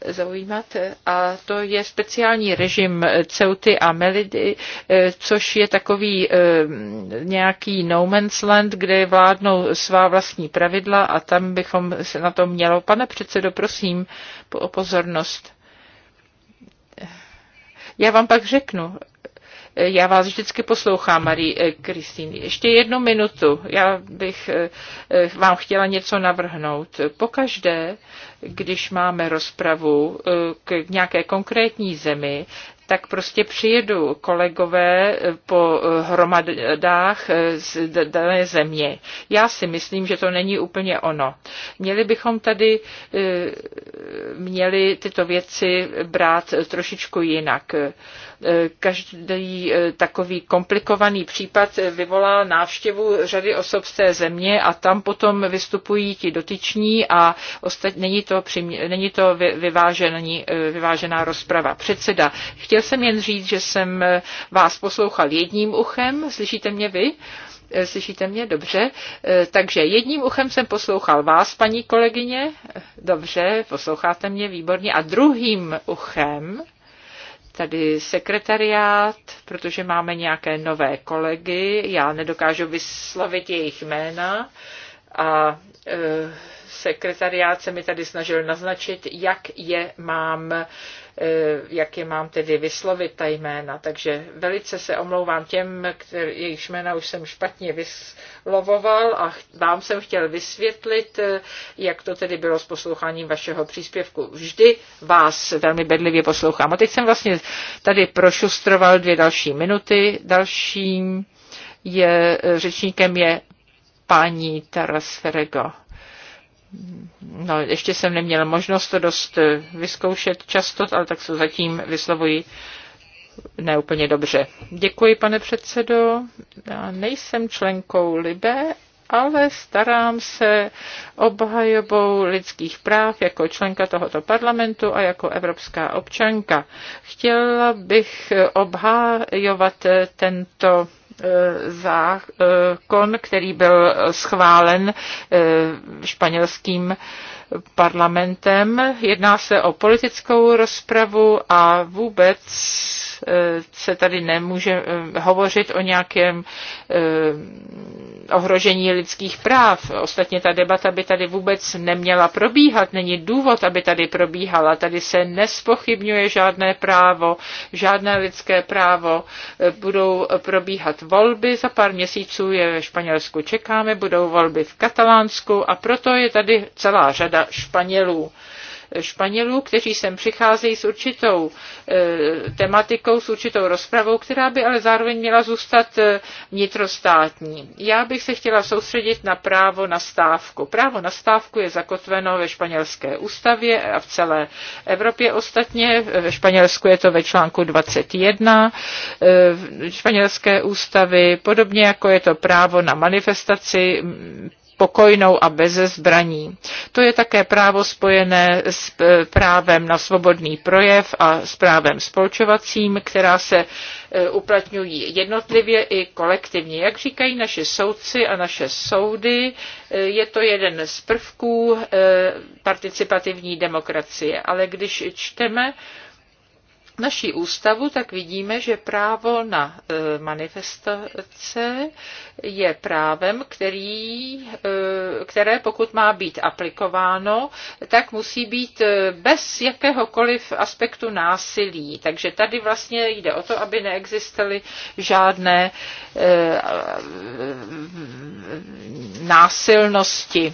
zaujímat. A to je speciální režim Ceuty a Melidy, eh, což je takový eh, nějaký no man's land, kde vládnou svá vlastní pravidla a tam bychom se na to mělo. Pane předsedo, prosím o pozornost. Já vám pak řeknu, eh, já vás vždycky poslouchám, Marie Kristýny. Ještě jednu minutu. Já bych vám chtěla něco navrhnout. Pokaždé, když máme rozpravu eh, k nějaké konkrétní zemi, tak prostě přijedu kolegové eh, po eh, hromadách z dané země. Já si myslím, že to není úplně ono. Měli bychom tady měli tyto věci brát trošičku jinak. Každý eh, takový komplikovaný případ vyvolá návštěvu řady osob z té země a tam potom vystupují ti dotyční a ostat... není to, přimě... není to vyvážený, eh, vyvážená rozprava. Předseda, chtěl jsem jen říct, že jsem eh, vás poslouchal jedním uchem, slyšíte mě vy? Slyšíte mě? Dobře. Takže jedním uchem jsem poslouchal vás, paní kolegyně. Dobře, posloucháte mě výborně. A druhým uchem tady sekretariát, protože máme nějaké nové kolegy, já nedokážu vyslovit jejich jména a eh, sekretariát se mi tady snažil naznačit, jak je mám eh, jak je mám tedy vyslovit ta jména. Takže velice se omlouvám těm, který, jejich jména už jsem špatně vyslovoval a vám jsem chtěl vysvětlit, eh, jak to tedy bylo s posloucháním vašeho příspěvku. Vždy vás velmi bedlivě poslouchám. A teď jsem vlastně tady prošustroval dvě další minuty. Dalším je, eh, řečníkem je paní Taras Ferego. No, ještě jsem neměl možnost to dost eh, vyzkoušet často, ale tak se zatím vyslovuji neúplně dobře. Děkuji, pane předsedo. Já nejsem členkou Libe, ale starám se obhajobou lidských práv jako členka tohoto parlamentu a jako evropská občanka. Chtěla bych obhajovat tento zákon, který byl schválen eh, španělským parlamentem. Jedná se o politickou rozpravu a vůbec eh, se tady nemůže eh, hovořit o nějakém eh, ohrožení lidských práv. Ostatně ta debata by tady vůbec neměla probíhat. Není důvod, aby tady probíhala. Tady se nespochybňuje žádné právo, žádné lidské právo. Budou probíhat volby. Za pár měsíců je ve Španělsku čekáme, budou volby v Katalánsku a proto je tady celá řada řada Španělů. Španělů, kteří sem přicházejí s určitou e, tematikou, s určitou rozpravou, která by ale zároveň měla zůstat e, vnitrostátní. Já bych se chtěla soustředit na právo na stávku. Právo na stávku je zakotveno ve španělské ústavě a v celé Evropě ostatně. E, ve Španělsku je to ve článku 21 e, španělské ústavy, podobně jako je to právo na manifestaci, pokojnou a beze zbraní. To je také právo spojené s eh, právem na svobodný projev a s právem spolčovacím, která se eh, uplatňují jednotlivě i kolektivně. Jak říkají naše soudci a naše soudy, eh, je to jeden z prvků participativní demokracie. Ale když čteme, naší ústavu, tak vidíme, že právo na manifestace je právem, který, které pokud má být aplikováno, tak musí být bez jakéhokoliv aspektu násilí. Takže tady vlastně jde o to, aby neexistovaly žádné násilnosti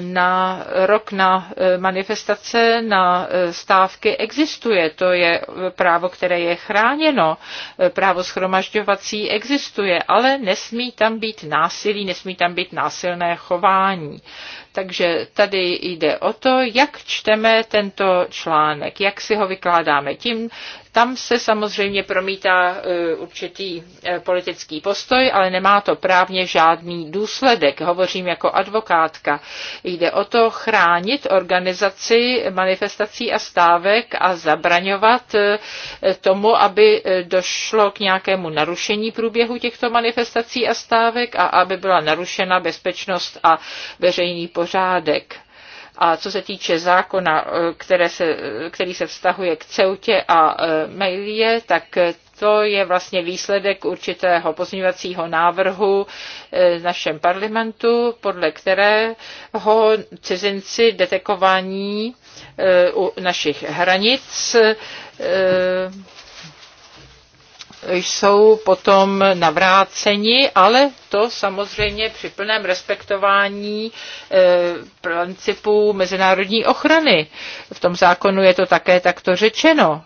na rok na eh, manifestace, na eh, stávky existuje. To je eh, právo, které je chráněno. Právo schromažďovací existuje, ale nesmí tam být násilí, nesmí tam být násilné chování. Takže tady jde o to, jak čteme tento článek, jak si ho vykládáme. Tím tam se samozřejmě promítá e, určitý e, politický postoj, ale nemá to právně žádný důsledek. Hovořím jako advokátka. Jde o to chránit organizaci manifestací a stávek a zabraňovat e, tomu, aby došlo k nějakému narušení průběhu těchto manifestací a stávek a aby byla narušena bezpečnost a veřejný pořádek. A co se týče zákona, eh, které se, eh, který se vztahuje k Ceutě a eh, Mailie, tak to je vlastně výsledek určitého pozměňovacího návrhu v našem parlamentu, podle kterého cizinci detekování u našich hranic jsou potom navráceni, ale to samozřejmě při plném respektování eh, principů mezinárodní ochrany. V tom zákonu je to také takto řečeno.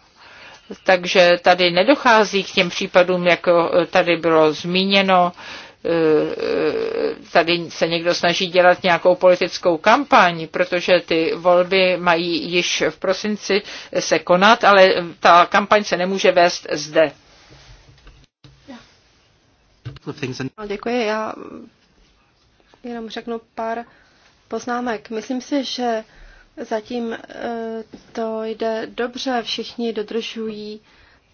Takže tady nedochází k těm případům, jako tady bylo zmíněno, eh, tady se někdo snaží dělat nějakou politickou kampaň, protože ty volby mají již v prosinci se konat, ale ta kampaň se nemůže vést zde. No, děkuji, já jenom řeknu pár poznámek. Myslím si, že zatím eh, to jde dobře, všichni dodržují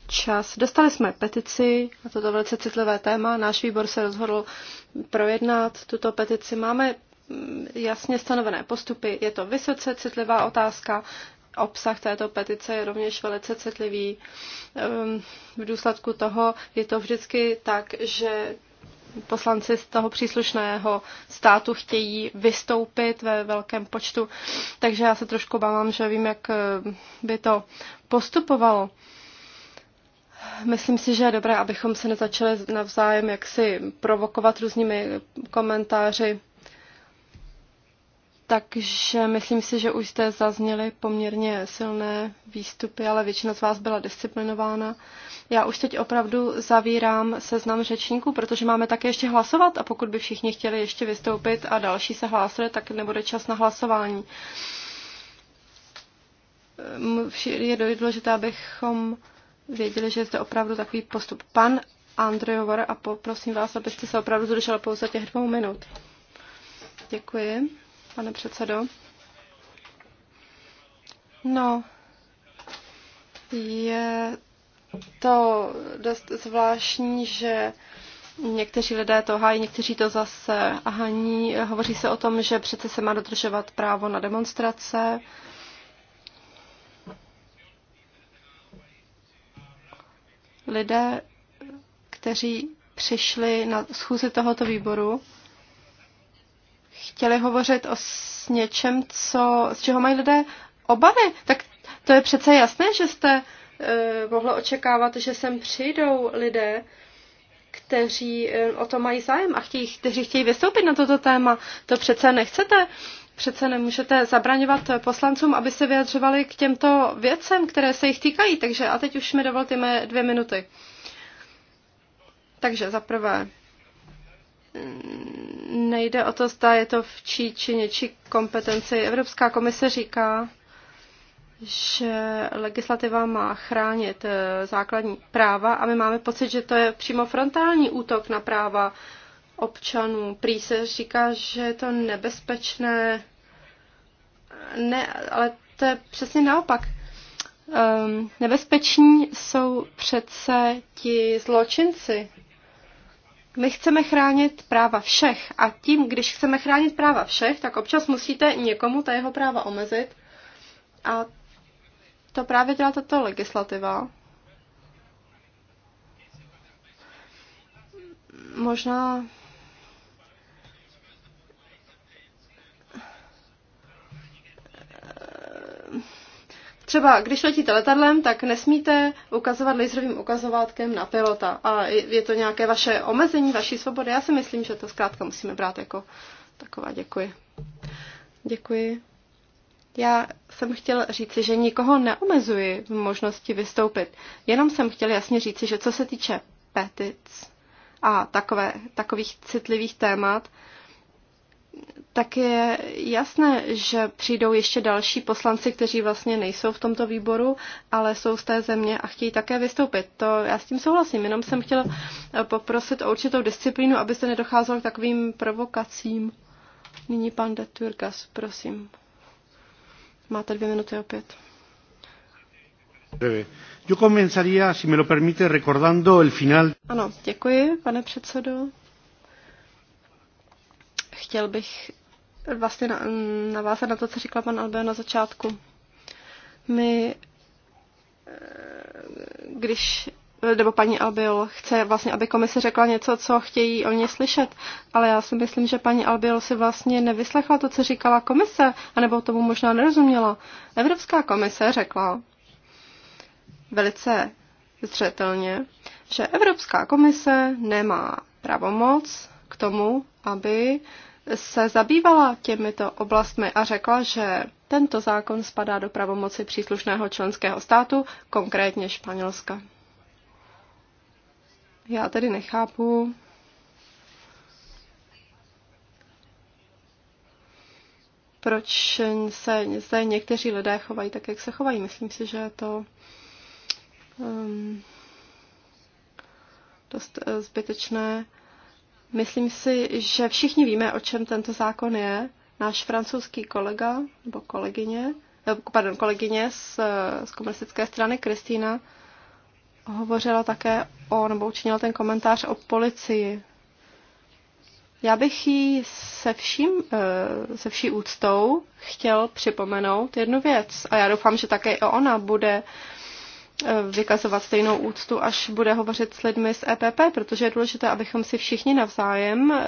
čas. Dostali jsme petici a toto velice citlivé téma. Náš výbor se rozhodl projednat tuto petici. Máme mm, jasně stanovené postupy. Je to vysoce citlivá otázka obsah této petice je rovněž velice citlivý. Ehm, v důsledku toho je to vždycky tak, že poslanci z toho příslušného státu chtějí vystoupit ve velkém počtu. Takže já se trošku bavám, že vím, jak eh, by to postupovalo. Myslím si, že je dobré, abychom se nezačali navzájem jaksi provokovat různými komentáři. Takže myslím si, že už jste zazněli poměrně silné výstupy, ale většina z vás byla disciplinována. Já už teď opravdu zavírám seznam řečníků, protože máme také ještě hlasovat a pokud by všichni chtěli ještě vystoupit a další se hlásili, tak nebude čas na hlasování. Ehm, je důležité, abychom věděli, že je zde opravdu takový postup. Pan Andrejovor a poprosím vás, abyste se opravdu zdržel pouze těch dvou minut. Děkuji pane předsedo. No, je to dost zvláštní, že Někteří lidé to hájí, někteří to zase hání. Hovoří se o tom, že přece se má dodržovat právo na demonstrace. Lidé, kteří přišli na schůzi tohoto výboru, chtěli hovořit o s něčem, co, z čeho mají lidé obavy, tak to je přece jasné, že jste uh, mohla očekávat, že sem přijdou lidé, kteří uh, o to mají zájem a chtějí, kteří chtějí vystoupit na toto téma. To přece nechcete. Přece nemůžete zabraňovat poslancům, aby se vyjadřovali k těmto věcem, které se jich týkají. Takže a teď už mi dovolte mé dvě minuty. Takže za prvé, nejde o to, zda je to v čí či něčí kompetenci. Evropská komise říká, že legislativa má chránit eh, základní práva a my máme pocit, že to je přímo frontální útok na práva občanů. Prý se říká, že je to nebezpečné. Ne, ale to je přesně naopak. Um, nebezpeční jsou přece ti zločinci, my chceme chránit práva všech a tím, když chceme chránit práva všech, tak občas musíte někomu ta jeho práva omezit a to právě dělá tato legislativa. Možná Třeba když letíte letadlem, tak nesmíte ukazovat laserovým ukazovátkem na pilota. A je to nějaké vaše omezení, vaší svobody? Já si myslím, že to zkrátka musíme brát jako taková. Děkuji. Děkuji. Já jsem chtěl říci, že nikoho neomezuji v možnosti vystoupit. Jenom jsem chtěl jasně říci, že co se týče petic a takové, takových citlivých témat, tak je jasné, že přijdou ještě další poslanci, kteří vlastně nejsou v tomto výboru, ale jsou z té země a chtějí také vystoupit. To já s tím souhlasím, jenom jsem chtěla eh, poprosit o určitou disciplínu, aby se nedocházelo k takovým provokacím. Nyní pan de Turgas, prosím. Máte dvě minuty opět. Yo comenzaría, si me lo permite, recordando el final. Ano, děkuji, pane předsedo chtěl bych vlastně mm, navázat na to, co říkal pan Albé na začátku. My, eh, když nebo paní Albiol chce vlastně, aby komise řekla něco, co chtějí oni slyšet, ale já si myslím, že paní Albiol si vlastně nevyslechla to, co říkala komise, anebo tomu možná nerozuměla. Evropská komise řekla velice zřetelně, že Evropská komise nemá pravomoc k tomu, aby uh, se zabývala těmito oblastmi a řekla, že tento zákon spadá do pravomoci příslušného členského státu, konkrétně Španělska. Já tedy nechápu, proč se zde někteří lidé chovají tak, jak se chovají. Myslím si, že je to um, dost eh, zbytečné. Myslím si, že všichni víme, o čem tento zákon je. Náš francouzský kolega nebo kolegyně, eh, pardon, kolegyně z, z komunistické strany Kristýna hovořila také o, nebo učinila ten komentář o policii. Já bych jí se, vším, eh, se vší úctou chtěl připomenout jednu věc a já doufám, že také i ona bude Eh, vykazovat stejnou úctu, až bude hovořit s lidmi z EPP, protože je důležité, abychom si všichni navzájem eh,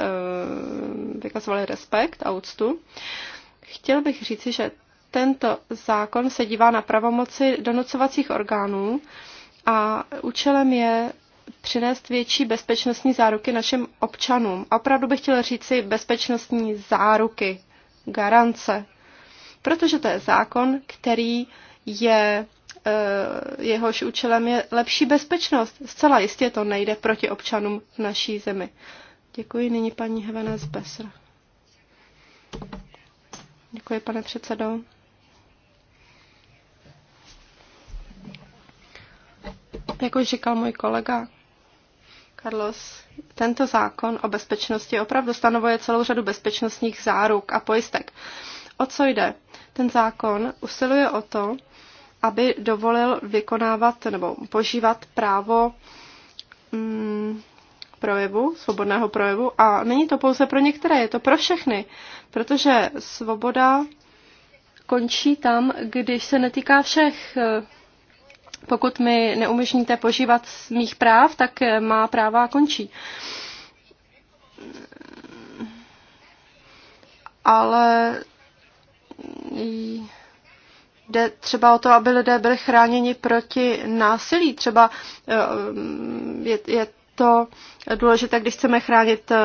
vykazovali respekt a úctu. Chtěl bych říci, že tento zákon se dívá na pravomoci donucovacích orgánů a účelem je přinést větší bezpečnostní záruky našim občanům. Opravdu bych chtěla říci bezpečnostní záruky, garance, protože to je zákon, který je Eh, jehož účelem je lepší bezpečnost. Zcela jistě to nejde proti občanům v naší zemi. Děkuji nyní paní z Besr. Děkuji, pane předsedo. Jak už říkal můj kolega Carlos, tento zákon o bezpečnosti opravdu stanovuje celou řadu bezpečnostních záruk a pojistek. O co jde? Ten zákon usiluje o to, aby dovolil vykonávat nebo požívat právo mm, projevu, svobodného projevu. A není to pouze pro některé, je to pro všechny, protože svoboda končí tam, když se netýká všech. Pokud mi neumožníte požívat mých práv, tak má práva končí. Ale Jde třeba o to, aby lidé byli chráněni proti násilí. Třeba eh, je, je to důležité, když chceme chránit eh,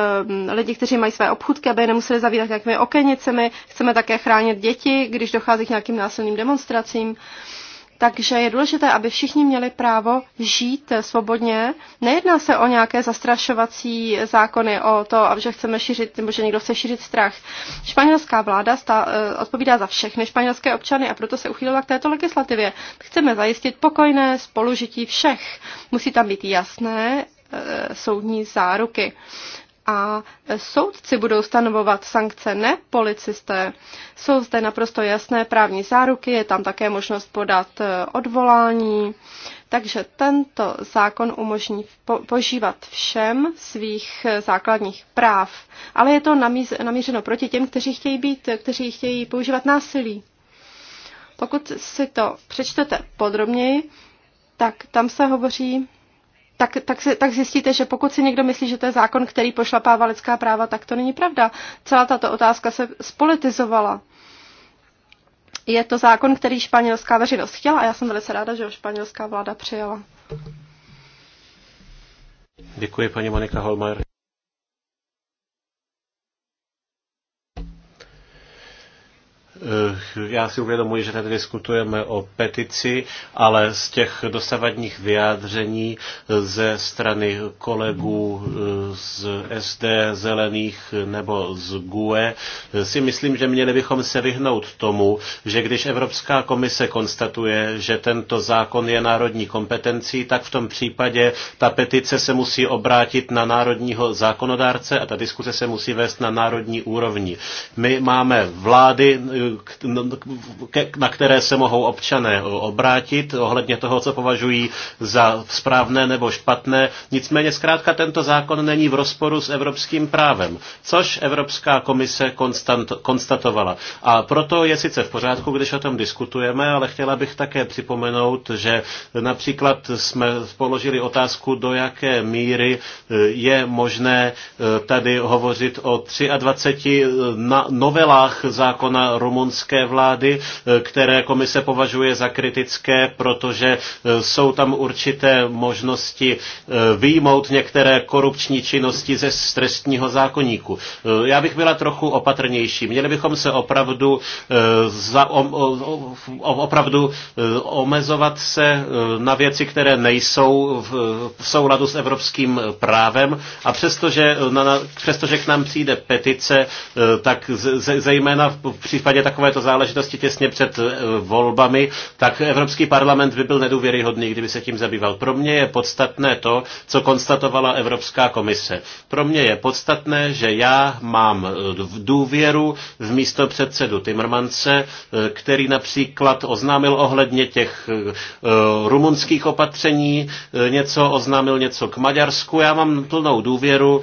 lidi, kteří mají své obchůdky, aby je nemuseli zavírat nějakými okenicemi. Chceme také chránit děti, když dochází k nějakým násilným demonstracím. Takže je důležité, aby všichni měli právo žít svobodně. Nejedná se o nějaké zastrašovací zákony, o to, že chceme šířit, nebo že někdo chce šířit strach. Španělská vláda stá, eh, odpovídá za všechny španělské občany a proto se uchýlila k této legislativě. Chceme zajistit pokojné spolužití všech. Musí tam být jasné eh, soudní záruky a soudci budou stanovovat sankce, ne policisté. Jsou zde naprosto jasné právní záruky, je tam také možnost podat e, odvolání, takže tento zákon umožní požívat všem svých e, základních práv, ale je to namířeno proti těm, kteří chtějí, být, kteří chtějí používat násilí. Pokud si to přečtete podrobněji, tak tam se hovoří tak, tak, se, tak zjistíte, že pokud si někdo myslí, že to je zákon, který pošlapává lidská práva, tak to není pravda. Celá tato otázka se spolitizovala. Je to zákon, který španělská veřejnost chtěla a já jsem velice ráda, že ho španělská vláda přijala. Děkuji, paní Monika Holmer. Eh, já si uvědomuji, že tady diskutujeme o petici, ale z těch dosavadních vyjádření eh, ze strany kolegů eh, z SD, Zelených nebo z GUE si myslím, že měli bychom se vyhnout tomu, že když Evropská komise konstatuje, že tento zákon je národní kompetencí, tak v tom případě ta petice se musí obrátit na národního zákonodárce a ta diskuse se musí vést na národní úrovni. My máme vlády, na které se mohou občané obrátit ohledně toho, co považují za správné nebo špatné. Nicméně zkrátka tento zákon není v rozporu s evropským právem, což Evropská komise konstant, konstatovala. A proto je sice v pořádku, když o tom diskutujeme, ale chtěla bych také připomenout, že například jsme položili otázku, do jaké míry eh, je možné eh, tady hovořit o 23 eh, novelách zákona Rum rumunské vlády, eh, které komise považuje za kritické, protože eh, jsou tam určité možnosti eh, výjmout některé korupční činnosti ze stresního zákoníku. Já bych byla trochu opatrnější. Měli bychom se opravdu, za, o, o, opravdu omezovat se na věci, které nejsou v, v souladu s evropským právem a přestože, na, přestože k nám přijde petice, tak ze, zejména v případě takovéto záležitosti těsně před eh, volbami, tak Evropský parlament by byl nedůvěryhodný, kdyby se tím zabýval. Pro mě je podstatné to, co konstatovala Evropská komise. Pro mě je podstatné, že já mám eh, důvěru v místo předsedu Timmermanse, eh, který například oznámil ohledně těch rumunských opatření, něco oznámil něco k Maďarsku. Já mám plnou důvěru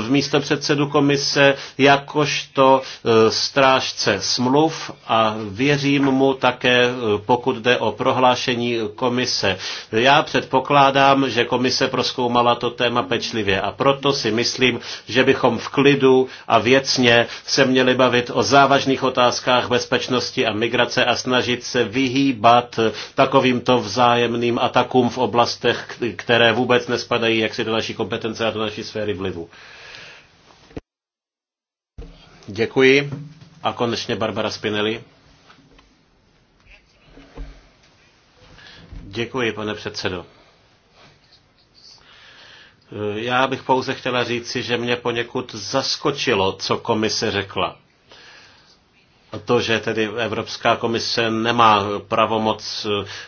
v místo předsedu komise jakožto strážce smluv mluv a věřím mu také, eh, pokud jde o prohlášení komise. Já předpokládám, že komise proskoumala to téma pečlivě a proto si myslím, že bychom v klidu a věcně se měli bavit o závažných otázkách bezpečnosti a migrace a snažit se vyhýbat takovýmto vzájemným atakům v oblastech, které vůbec nespadají jaksi do naší kompetence a do naší sféry vlivu. Děkuji. A konečně Barbara Spinelli. Děkuji, pane předsedo. Já bych pouze chtěla říci, že mě poněkud zaskočilo, co komise řekla. To, že tedy Evropská komise nemá pravomoc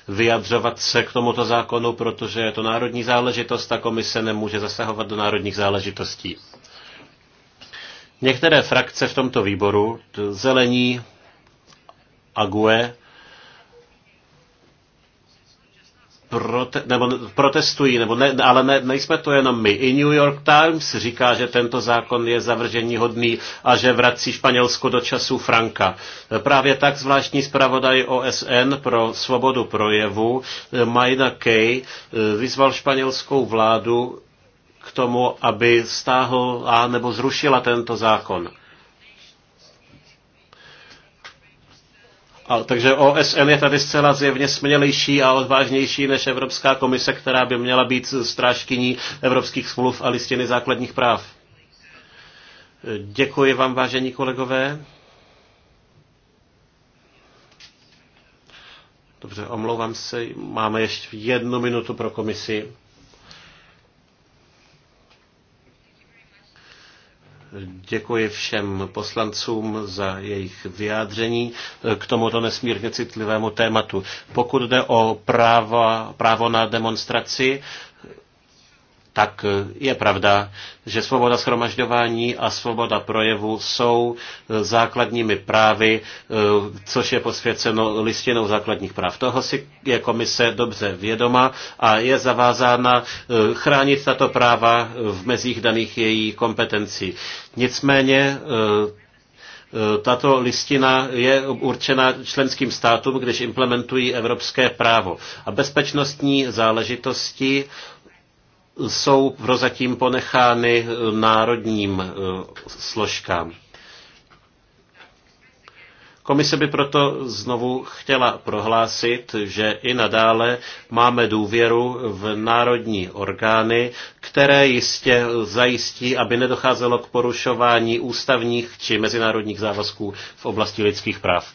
vyjadřovat se k tomuto zákonu, protože je to národní záležitost a komise nemůže zasahovat do národních záležitostí. Některé frakce v tomto výboru, zelení, AGUE, prote, nebo protestují, nebo ne, ale ne, nejsme to jenom my. I New York Times říká, že tento zákon je zavržení hodný a že vrací Španělsko do času Franka. Právě tak zvláštní zpravodaj OSN pro svobodu projevu eh, Majda Kay eh, vyzval španělskou vládu k tomu, aby stáhla nebo zrušila tento zákon. A, takže OSN je tady zcela zjevně smělejší a odvážnější než Evropská komise, která by měla být strážkyní evropských smluv a listiny základních práv. Děkuji vám, vážení kolegové. Dobře, omlouvám se, máme ještě jednu minutu pro komisi. Děkuji všem poslancům za jejich vyjádření k tomuto nesmírně citlivému tématu. Pokud jde o právo, právo na demonstraci, tak eh, je pravda, že svoboda schromažďování a svoboda projevu jsou eh, základními právy, eh, což je posvěceno listinou základních práv. Toho si je komise dobře vědoma a je zavázána chránit tato práva v mezích daných její kompetencí. Nicméně tato listina je určena členským státům, když implementují evropské právo. A bezpečnostní záležitosti jsou prozatím ponechány eh, národním eh, složkám. Komise by proto znovu chtěla prohlásit, že i nadále máme důvěru v národní orgány, které jistě zajistí, aby nedocházelo k porušování ústavních či mezinárodních závazků v oblasti lidských práv.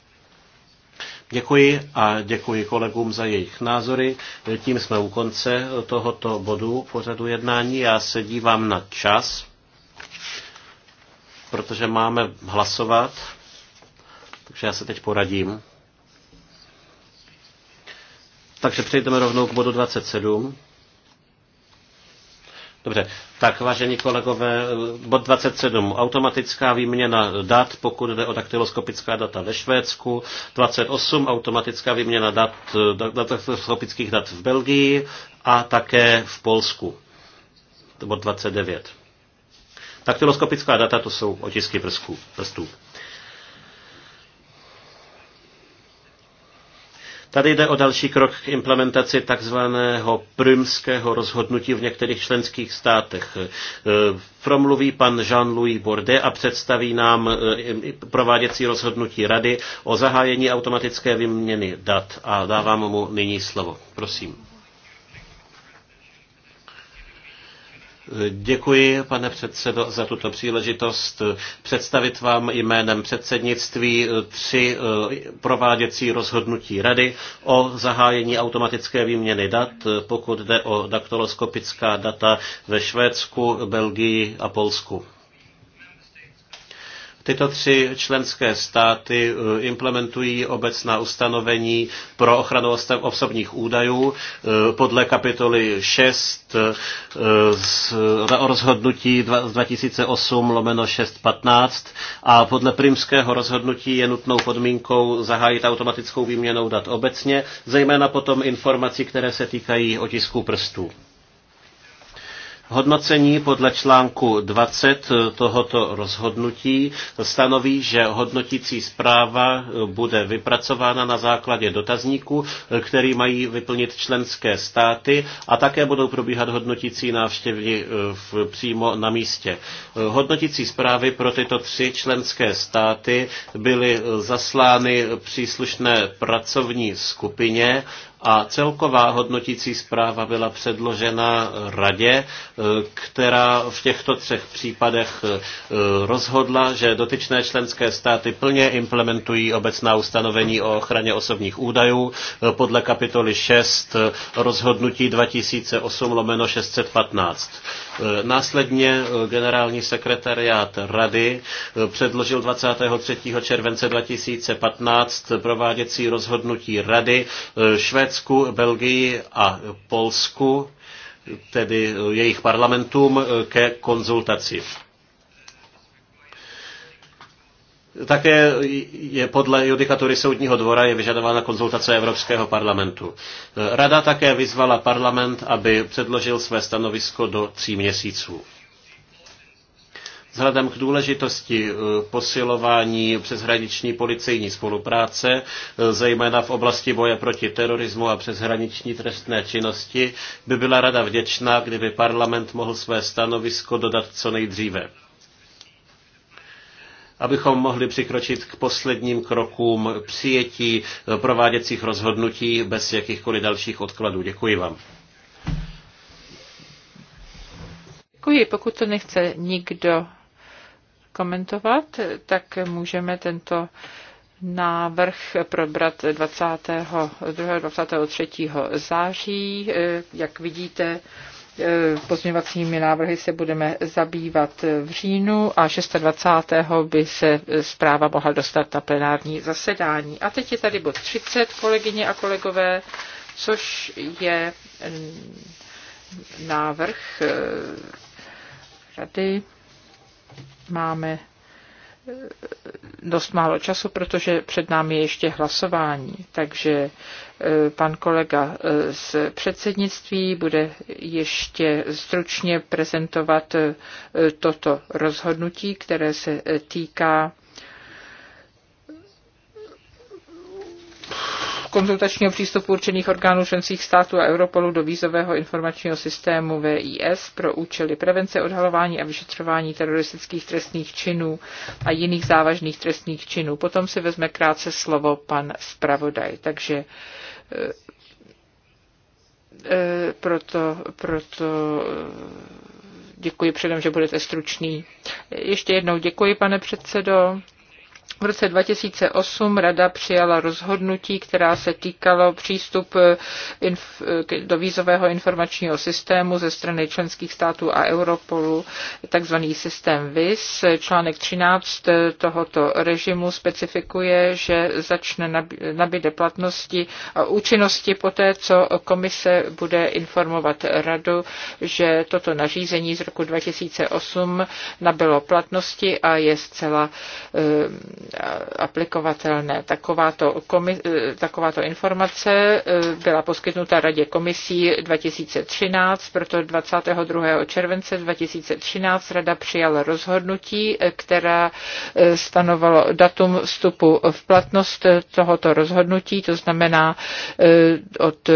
Děkuji a děkuji kolegům za jejich názory. Tím jsme u konce tohoto bodu pořadu jednání. Já se dívám na čas, protože máme hlasovat, takže já se teď poradím. Takže přejdeme rovnou k bodu 27. Dobře, tak vážení kolegové, bod 27, automatická výměna dat, pokud jde o daktyloskopická data ve Švédsku, 28, automatická výměna dat, daktyloskopických dat v Belgii a také v Polsku, bod 29. Daktyloskopická data to jsou otisky prstů. prstů. Tady jde o další krok k implementaci takzvaného prymského rozhodnutí v některých členských státech. E, promluví pan Jean-Louis Borde a představí nám e, prováděcí rozhodnutí rady o zahájení automatické vyměny dat. A dávám mu nyní slovo. Prosím. Děkuji, pane předsedo, za tuto příležitost představit vám jménem předsednictví tři eh, prováděcí rozhodnutí Rady o zahájení automatické výměny dat, pokud jde o daktyloskopická data ve Švédsku, Belgii a Polsku. Tyto tři členské státy eh, implementují obecná ustanovení pro ochranu osobních údajů eh, podle kapitoly 6 eh, z rozhodnutí 2008 lomeno 615 a podle primského rozhodnutí je nutnou podmínkou zahájit automatickou výměnou dat obecně, zejména potom informací, které se týkají otisků prstů. Hodnocení podle článku 20 tohoto rozhodnutí stanoví, že hodnotící zpráva bude vypracována na základě dotazníků, který mají vyplnit členské státy a také budou probíhat hodnotící návštěvy eh, v, přímo na místě. Hodnotící zprávy pro tyto tři členské státy byly zaslány příslušné pracovní skupině a celková hodnotící zpráva byla předložena radě, e, která v těchto třech případech e, rozhodla, že dotyčné členské státy plně implementují obecná ustanovení o ochraně osobních údajů e, podle kapitoly 6 rozhodnutí 2008 lomeno 615. Následně generální sekretariát rady předložil 23. července 2015 prováděcí rozhodnutí rady švéd Švédsku, Belgii a Polsku, tedy jejich parlamentům, ke konzultaci. Také je podle judikatury Soudního dvora je vyžadována konzultace Evropského parlamentu. Rada také vyzvala parlament, aby předložil své stanovisko do tří měsíců. Vzhledem k důležitosti eh, posilování přeshraniční policejní spolupráce, eh, zejména v oblasti boje proti terorismu a přeshraniční trestné činnosti, by byla rada vděčná, kdyby parlament mohl své stanovisko dodat co nejdříve abychom mohli přikročit k posledním krokům přijetí eh, prováděcích rozhodnutí bez jakýchkoliv dalších odkladů. Děkuji vám. Děkuji, pokud to nechce nikdo komentovat, tak můžeme tento návrh probrat 22. 23. září. Jak vidíte, pozměvacími návrhy se budeme zabývat v říjnu a 26. by se zpráva mohla dostat na plenární zasedání. A teď je tady bod 30, kolegyně a kolegové, což je návrh eh, rady máme eh, dost málo času, protože před námi je ještě hlasování. Takže eh, pan kolega eh, z předsednictví bude ještě stručně prezentovat toto rozhodnutí, které se týká konzultačního přístupu určených orgánů členských států a Europolu do vízového informačního systému VIS pro účely prevence odhalování a vyšetřování teroristických trestných činů a jiných závažných trestných činů. Potom si vezme krátce slovo pan zpravodaj. Takže eh, eh, proto, proto eh, děkuji předem, že budete stručný. Ještě jednou děkuji, pane předsedo. V roce 2008 Rada přijala rozhodnutí, která se týkalo přístup eh, eh, do vízového informačního systému ze strany členských států a Europolu, takzvaný systém VIS. Článek 13 eh, tohoto režimu specifikuje, že začne nabíde platnosti a účinnosti poté, co komise bude informovat Radu, že toto nařízení z roku 2008 nabilo platnosti a je zcela aplikovatelné. Takováto, komi, takováto informace eh, byla poskytnuta Radě komisí 2013, proto 22. července 2013 Rada přijala rozhodnutí, eh, která eh, stanovalo datum vstupu v platnost tohoto rozhodnutí, to znamená od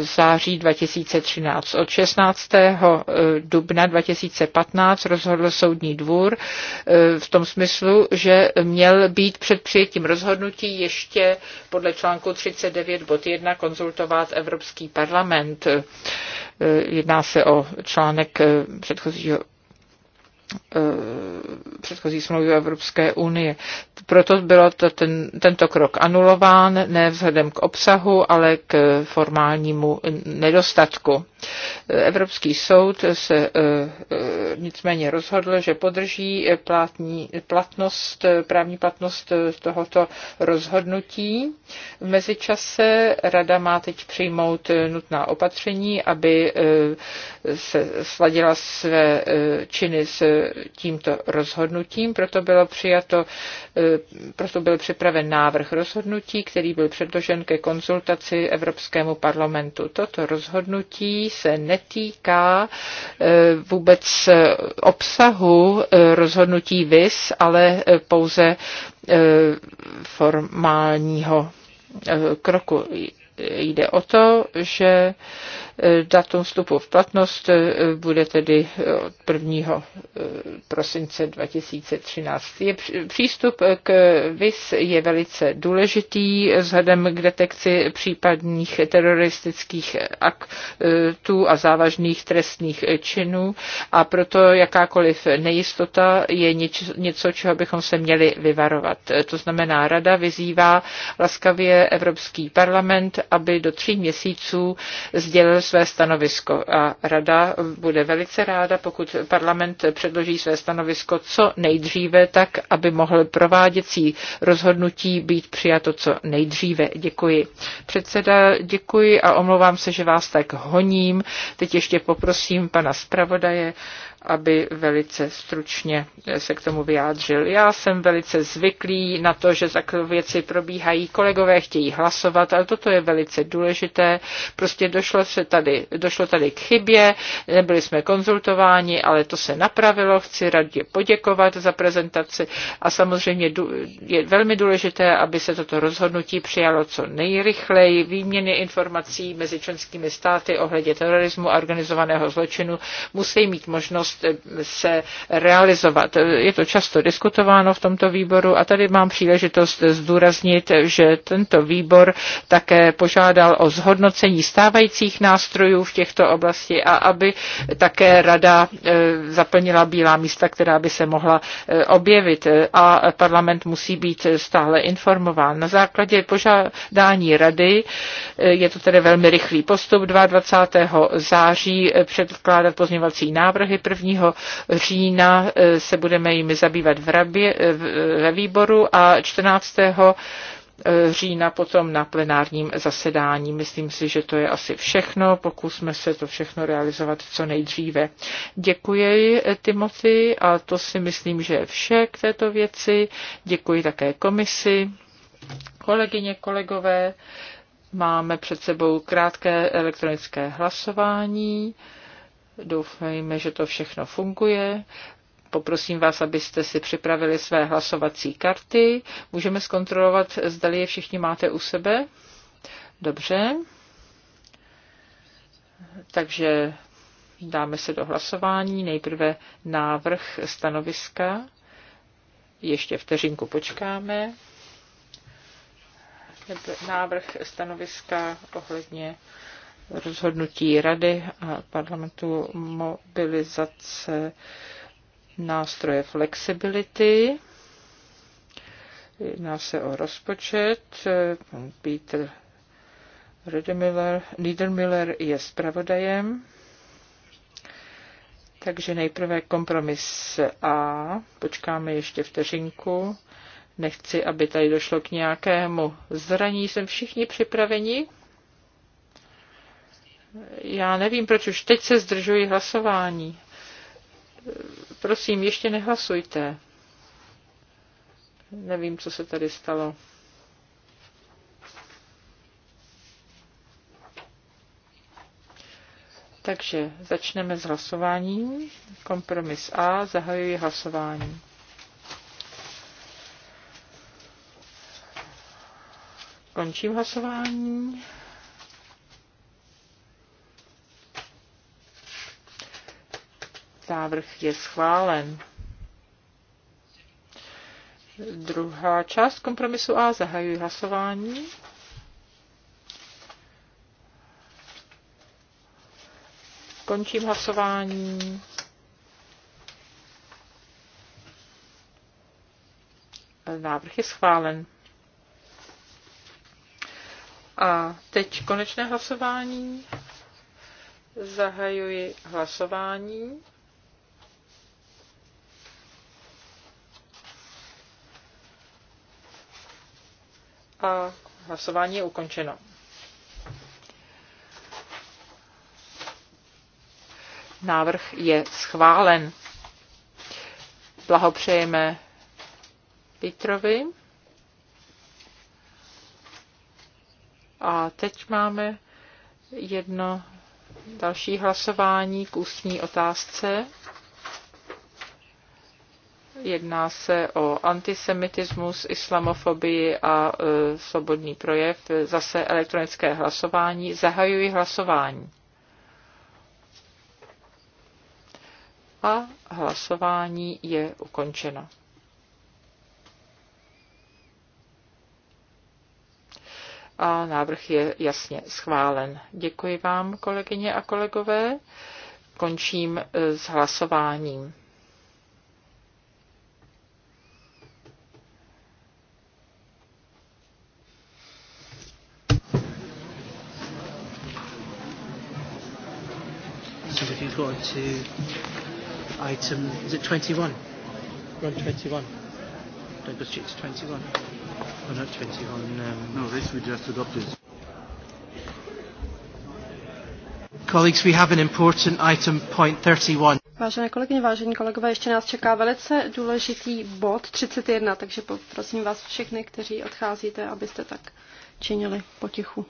září 2013. Od 16. dubna 2015 rozhodl soudní dvůr e, v tom smyslu, že měl být před přijetím rozhodnutí ještě podle článku 39 bod 1 konzultovat Evropský parlament. E, jedná se o článek e, předchozího Eh, předchozí smlouvy Evropské unie. Proto byl to ten, tento krok anulován, ne vzhledem k obsahu, ale k formálnímu nedostatku. Evropský soud se eh, eh, nicméně rozhodl, že podrží platní, platnost, právní platnost tohoto rozhodnutí. V mezičase rada má teď přijmout nutná opatření, aby se sladila své e, činy s tímto rozhodnutím, proto, bylo přijato, e, proto byl připraven návrh rozhodnutí, který byl předložen ke konzultaci Evropskému parlamentu. Toto rozhodnutí se netýká e, vůbec obsahu rozhodnutí VIS, ale pouze formálního kroku jde o to, že e, datum vstupu v platnost e, bude tedy od 1. E, prosince 2013. Je přístup k VIS je velice důležitý vzhledem k detekci případných teroristických aktů a závažných trestných činů a proto jakákoliv nejistota je něco, čeho bychom se měli vyvarovat. To znamená, Rada vyzývá laskavě Evropský parlament, aby do tří měsíců sdělil své stanovisko. A rada bude velice ráda, pokud parlament předloží své stanovisko co nejdříve, tak aby mohl prováděcí rozhodnutí být přijato co nejdříve. Děkuji. Předseda, děkuji a omlouvám se, že vás tak honím. Teď ještě poprosím pana zpravodaje aby velice stručně se k tomu vyjádřil. Já jsem velice zvyklý na to, že takové věci probíhají, kolegové chtějí hlasovat, ale toto je velice důležité. Prostě došlo, se tady, došlo tady k chybě, nebyli jsme konzultováni, ale to se napravilo. Chci radě poděkovat za prezentaci a samozřejmě je velmi důležité, aby se toto rozhodnutí přijalo co nejrychleji. Výměny informací mezi členskými státy ohledně terorismu a organizovaného zločinu musí mít možnost Eh, se realizovat. Je to často diskutováno v tomto výboru a tady mám příležitost zdůraznit, že tento výbor také požádal o zhodnocení stávajících nástrojů v těchto oblasti a aby také rada eh, zaplnila bílá místa, která by se mohla eh, objevit a parlament musí být stále informován. Na základě požádání rady je to tedy velmi rychlý postup 22. září předkládat pozměňovací návrhy první 1. října eh, se budeme jimi zabývat v rabě, eh, eh, ve výboru a 14 října potom na plenárním zasedání. Myslím si, že to je asi všechno. Pokusme se to všechno realizovat co nejdříve. Děkuji Timothy a to si myslím, že je vše k této věci. Děkuji také komisi, kolegyně, kolegové. Máme před sebou krátké elektronické hlasování. Doufejme, že to všechno funguje. Poprosím vás, abyste si připravili své hlasovací karty. Můžeme zkontrolovat, zda je všichni máte u sebe. Dobře. Takže dáme se do hlasování. Nejprve návrh stanoviska. Ještě vteřinku počkáme. Návrh stanoviska ohledně rozhodnutí Rady a parlamentu mobilizace nástroje flexibility. Jedná se o rozpočet. Peter Riedemiller, Niedermiller je zpravodajem. Takže nejprve kompromis A. Počkáme ještě vteřinku. Nechci, aby tady došlo k nějakému zraní. Jsem všichni připraveni? Já nevím, proč už teď se zdržuji hlasování. Prosím, ještě nehlasujte. Nevím, co se tady stalo. Takže začneme s hlasováním. Kompromis A, zahajuji hlasování. Končím hlasování. Návrh je schválen. Druhá část kompromisu A. Zahajuji hlasování. Končím hlasování. Návrh je schválen. A teď konečné hlasování. Zahajuji hlasování. a hlasování je ukončeno. Návrh je schválen. Blahopřejeme Petrovi. A teď máme jedno další hlasování k ústní otázce. Jedná se o antisemitismus, islamofobii a e, svobodný projev, zase elektronické hlasování. Zahajuji hlasování. A hlasování je ukončeno. A návrh je jasně schválen. Děkuji vám, kolegyně a kolegové. Končím e, s hlasováním. go on to item, is it 21? Run 21. Don't go straight to 21. Oh, not 21. Um, no, this we just adopted. Colleagues, we have an important item, point 31. Vážené kolegyně, vážení kolegové, ještě nás čeká velice důležitý bod 31, takže poprosím vás všechny, kteří odcházíte, abyste tak činili potichu.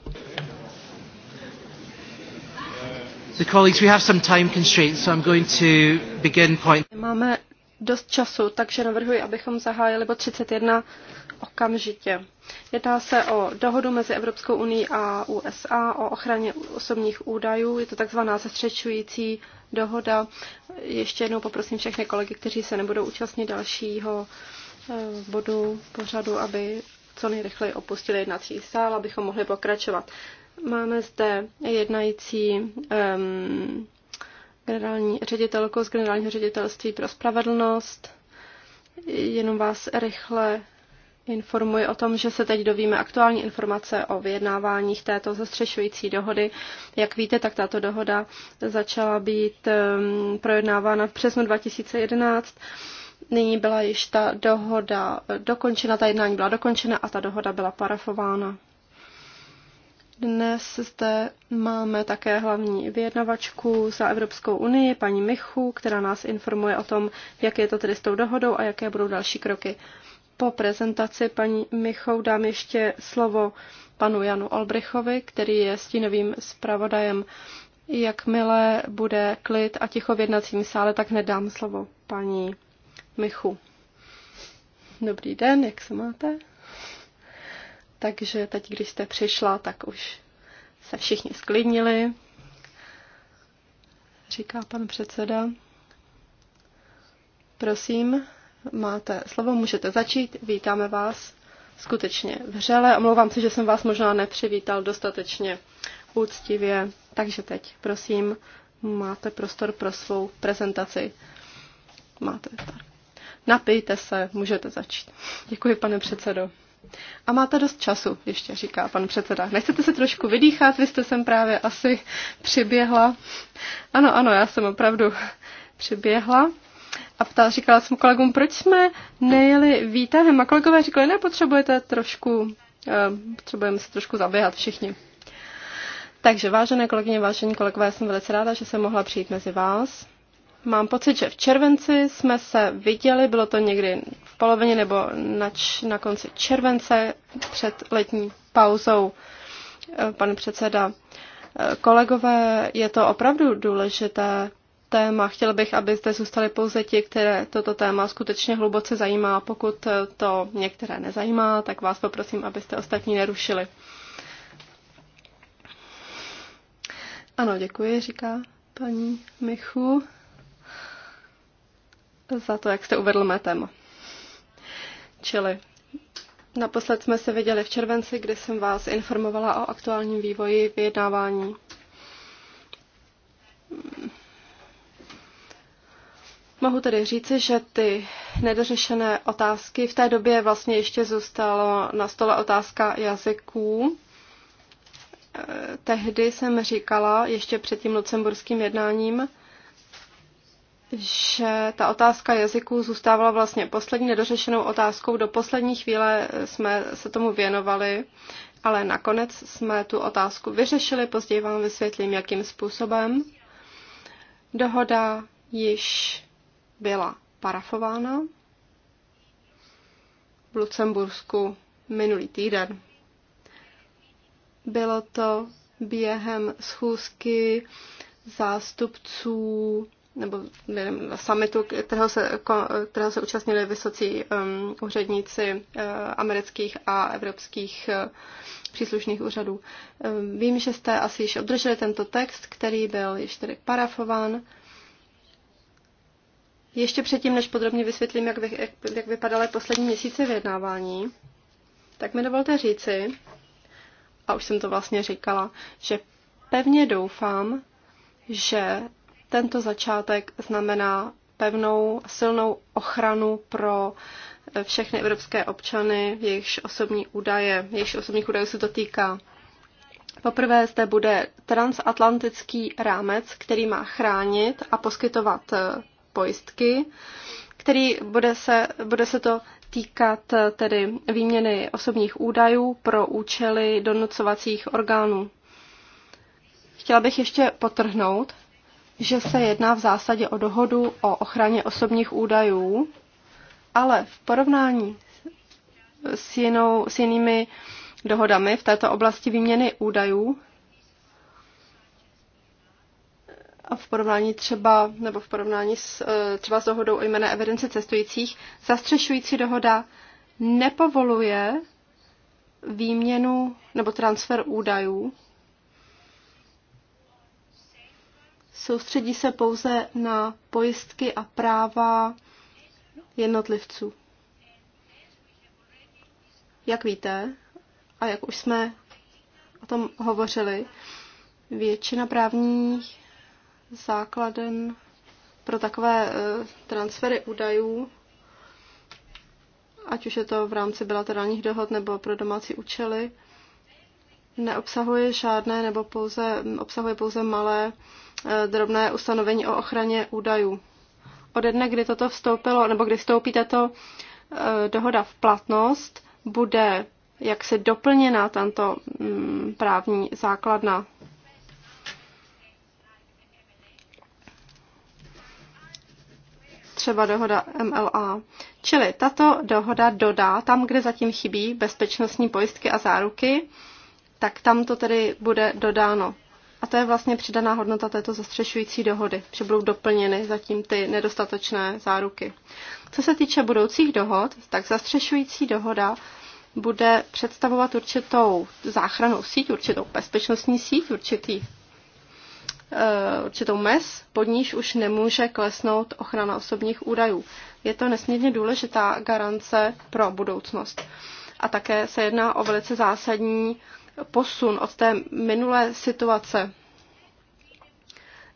Máme dost času, takže navrhuji, abychom zahájili bod 31 okamžitě. Jedná se o dohodu mezi Evropskou unii a USA o ochraně osobních údajů. Je to takzvaná zastřečující dohoda. Ještě jednou poprosím všechny kolegy, kteří se nebudou účastnit dalšího eh, bodu pořadu, aby co nejrychleji opustili jednací sál, abychom mohli pokračovat. Máme zde jednající um, generální ředitelko z generálního ředitelství pro spravedlnost. Jenom vás rychle informuji o tom, že se teď dovíme aktuální informace o vyjednáváních této zastřešující dohody. Jak víte, tak tato dohoda začala být um, projednávána v březnu 2011. Nyní byla již ta dohoda dokončena, ta jednání byla dokončena a ta dohoda byla parafována. Dnes zde máme také hlavní vyjednavačku za Evropskou unii, paní Michu, která nás informuje o tom, jak je to tedy s tou dohodou a jaké budou další kroky. Po prezentaci paní Michou dám ještě slovo panu Janu Olbrichovi, který je stínovým zpravodajem. Jakmile bude klid a ticho v jednacím sále, tak nedám slovo paní Michu. Dobrý den, jak se máte? Takže teď, když jste přišla, tak už se všichni sklidnili, říká pan předseda. Prosím, máte slovo, můžete začít. Vítáme vás skutečně vřele. Omlouvám se, že jsem vás možná nepřivítal dostatečně úctivě. Takže teď, prosím, máte prostor pro svou prezentaci. Máte tady. Napijte se, můžete začít. Děkuji, pane předsedo. A máte dost času, ještě říká pan předseda. Nechcete se trošku vydýchat? Vy jste sem právě asi přiběhla. Ano, ano, já jsem opravdu přiběhla. A ptá, říkala jsem kolegům, proč jsme nejeli výtahem. A kolegové říkali, potřebujete trošku, eh, potřebujeme se trošku zaběhat všichni. Takže vážené kolegyně, vážení kolegové, jsem velice ráda, že jsem mohla přijít mezi vás. Mám pocit, že v červenci jsme se viděli, bylo to někdy v polovině nebo na, č- na konci července před letní pauzou, eh, pan předseda. Eh, kolegové, je to opravdu důležité téma. Chtěl bych, aby zde zůstali pouze ti, které toto téma skutečně hluboce zajímá. Pokud eh, to některé nezajímá, tak vás poprosím, abyste ostatní nerušili. Ano, děkuji, říká paní Michu za to, jak jste uvedl mé téma. Čili naposled jsme se viděli v červenci, kdy jsem vás informovala o aktuálním vývoji vyjednávání. Mohu tedy říci, že ty nedořešené otázky v té době vlastně ještě zůstalo na stole otázka jazyků. Eh, tehdy jsem říkala, ještě před tím lucemburským jednáním, že ta otázka jazyku zůstávala vlastně poslední nedořešenou otázkou. Do poslední chvíle jsme se tomu věnovali, ale nakonec jsme tu otázku vyřešili. Později vám vysvětlím, jakým způsobem. Dohoda již byla parafována v Lucembursku minulý týden. Bylo to během schůzky zástupců nebo během summitu, kterého se, kterého se účastnili vysocí um, úředníci uh, amerických a evropských uh, příslušných úřadů. Um, vím, že jste asi již obdrželi tento text, který byl již tedy parafován. Ještě předtím, než podrobně vysvětlím, jak, vy, jak, jak vypadaly poslední měsíce vyjednávání, tak mi dovolte říci, a už jsem to vlastně říkala, že pevně doufám, že tento začátek znamená pevnou, silnou ochranu pro všechny evropské občany, jejichž osobní údaje, jejichž osobních údajů se to týká. Poprvé zde bude transatlantický rámec, který má chránit a poskytovat eh, pojistky, který bude se, bude se to týkat eh, tedy výměny osobních údajů pro účely donucovacích orgánů. Chtěla bych ještě potrhnout, že se jedná v zásadě o dohodu o ochraně osobních údajů, ale v porovnání s, jinou, s jinými dohodami v této oblasti výměny údajů a v porovnání třeba, nebo v porovnání s, e, třeba s dohodou o jméne evidenci cestujících, zastřešující dohoda nepovoluje výměnu nebo transfer údajů soustředí se pouze na pojistky a práva jednotlivců. Jak víte, a jak už jsme o tom hovořili, většina právních základen pro takové e, transfery údajů, ať už je to v rámci bilaterálních dohod nebo pro domácí účely, neobsahuje žádné nebo pouze, obsahuje pouze malé eh, drobné ustanovení o ochraně údajů. Ode dne, kdy toto vstoupilo, nebo kdy vstoupí tato eh, dohoda v platnost, bude jak se doplněná tato mm, právní základna. Třeba dohoda MLA. Čili tato dohoda dodá tam, kde zatím chybí bezpečnostní pojistky a záruky, tak tam to tedy bude dodáno. A to je vlastně přidaná hodnota této zastřešující dohody, že budou doplněny zatím ty nedostatečné záruky. Co se týče budoucích dohod, tak zastřešující dohoda bude představovat určitou záchranou síť, určitou bezpečnostní síť, určitý, uh, určitou mes, pod níž už nemůže klesnout ochrana osobních údajů. Je to nesmírně důležitá garance pro budoucnost. A také se jedná o velice zásadní posun od té minulé situace,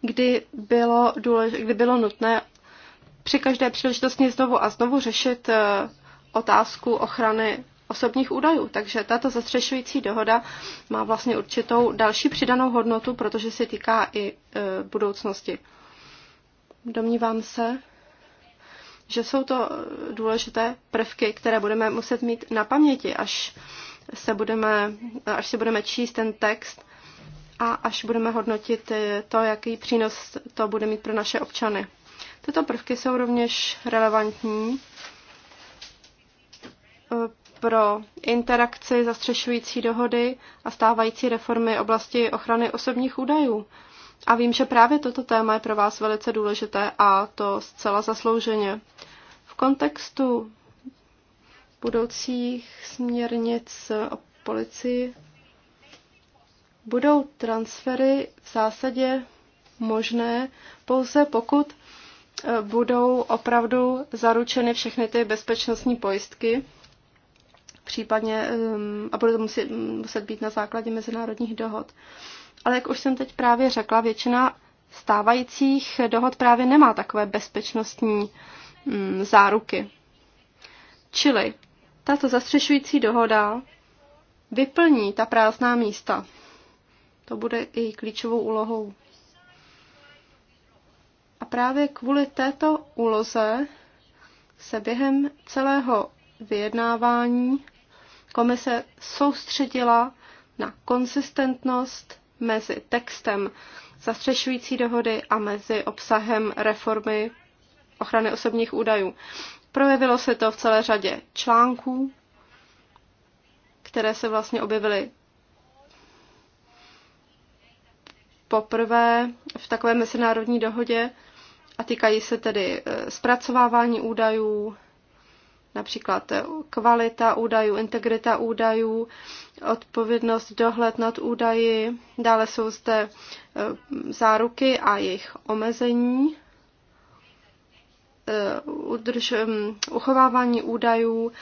kdy bylo, důlež, kdy bylo nutné při každé příležitosti znovu a znovu řešit eh, otázku ochrany osobních údajů. Takže tato zastřešující dohoda má vlastně určitou další přidanou hodnotu, protože se týká i eh, budoucnosti. Domnívám se, že jsou to eh, důležité prvky, které budeme muset mít na paměti, až se budeme, až si budeme číst ten text a až budeme hodnotit eh, to, jaký přínos to bude mít pro naše občany. Tyto prvky jsou rovněž relevantní eh, pro interakci zastřešující dohody a stávající reformy oblasti ochrany osobních údajů. A vím, že právě toto téma je pro vás velice důležité a to zcela zaslouženě. V kontextu budoucích směrnic o policii budou transfery v zásadě možné pouze pokud eh, budou opravdu zaručeny všechny ty bezpečnostní pojistky, případně ehm, a bude to muset, muset být na základě mezinárodních dohod. Ale jak už jsem teď právě řekla, většina stávajících dohod právě nemá takové bezpečnostní mm, záruky. Čili tato zastřešující dohoda vyplní ta prázdná místa. To bude i klíčovou úlohou. A právě kvůli této úloze se během celého vyjednávání komise soustředila na konsistentnost mezi textem zastřešující dohody a mezi obsahem reformy ochrany osobních údajů. Projevilo se to v celé řadě článků, které se vlastně objevily poprvé v takové mezinárodní dohodě a týkají se tedy eh, zpracovávání údajů, například eh, kvalita údajů, integrita údajů, odpovědnost, dohled nad údaji. Dále jsou zde eh, záruky a jejich omezení. Eh, udrž, uchovávání údajů,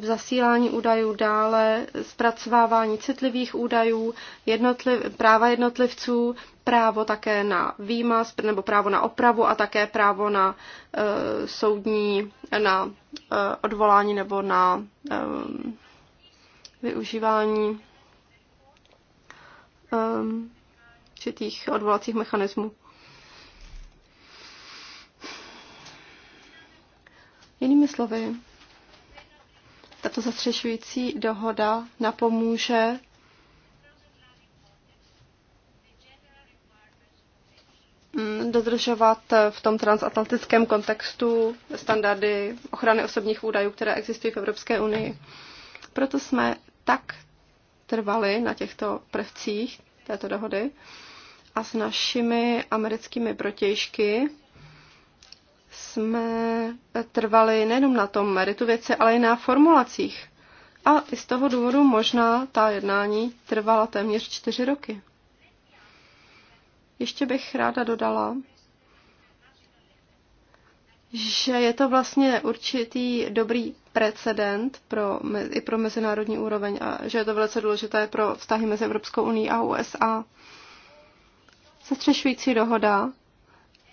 zasílání údajů dále, zpracovávání citlivých údajů, jednotliv, práva jednotlivců, právo také na výmaz nebo právo na opravu a také právo na uh, soudní, na uh, odvolání nebo na um, využívání e, určitých odvolacích mechanismů. Jinými slovy, tato zastřešující dohoda napomůže mm, dodržovat v tom transatlantickém kontextu standardy ochrany osobních údajů, které existují v Evropské unii. Proto jsme tak trvali na těchto prvcích této dohody a s našimi americkými protějšky jsme trvali nejenom na tom meritu věci, ale i na formulacích. A i z toho důvodu možná ta jednání trvala téměř čtyři roky. Ještě bych ráda dodala, že je to vlastně určitý dobrý precedent pro, i pro mezinárodní úroveň a že je to velice důležité pro vztahy mezi Evropskou unii a USA. Zastřešující dohoda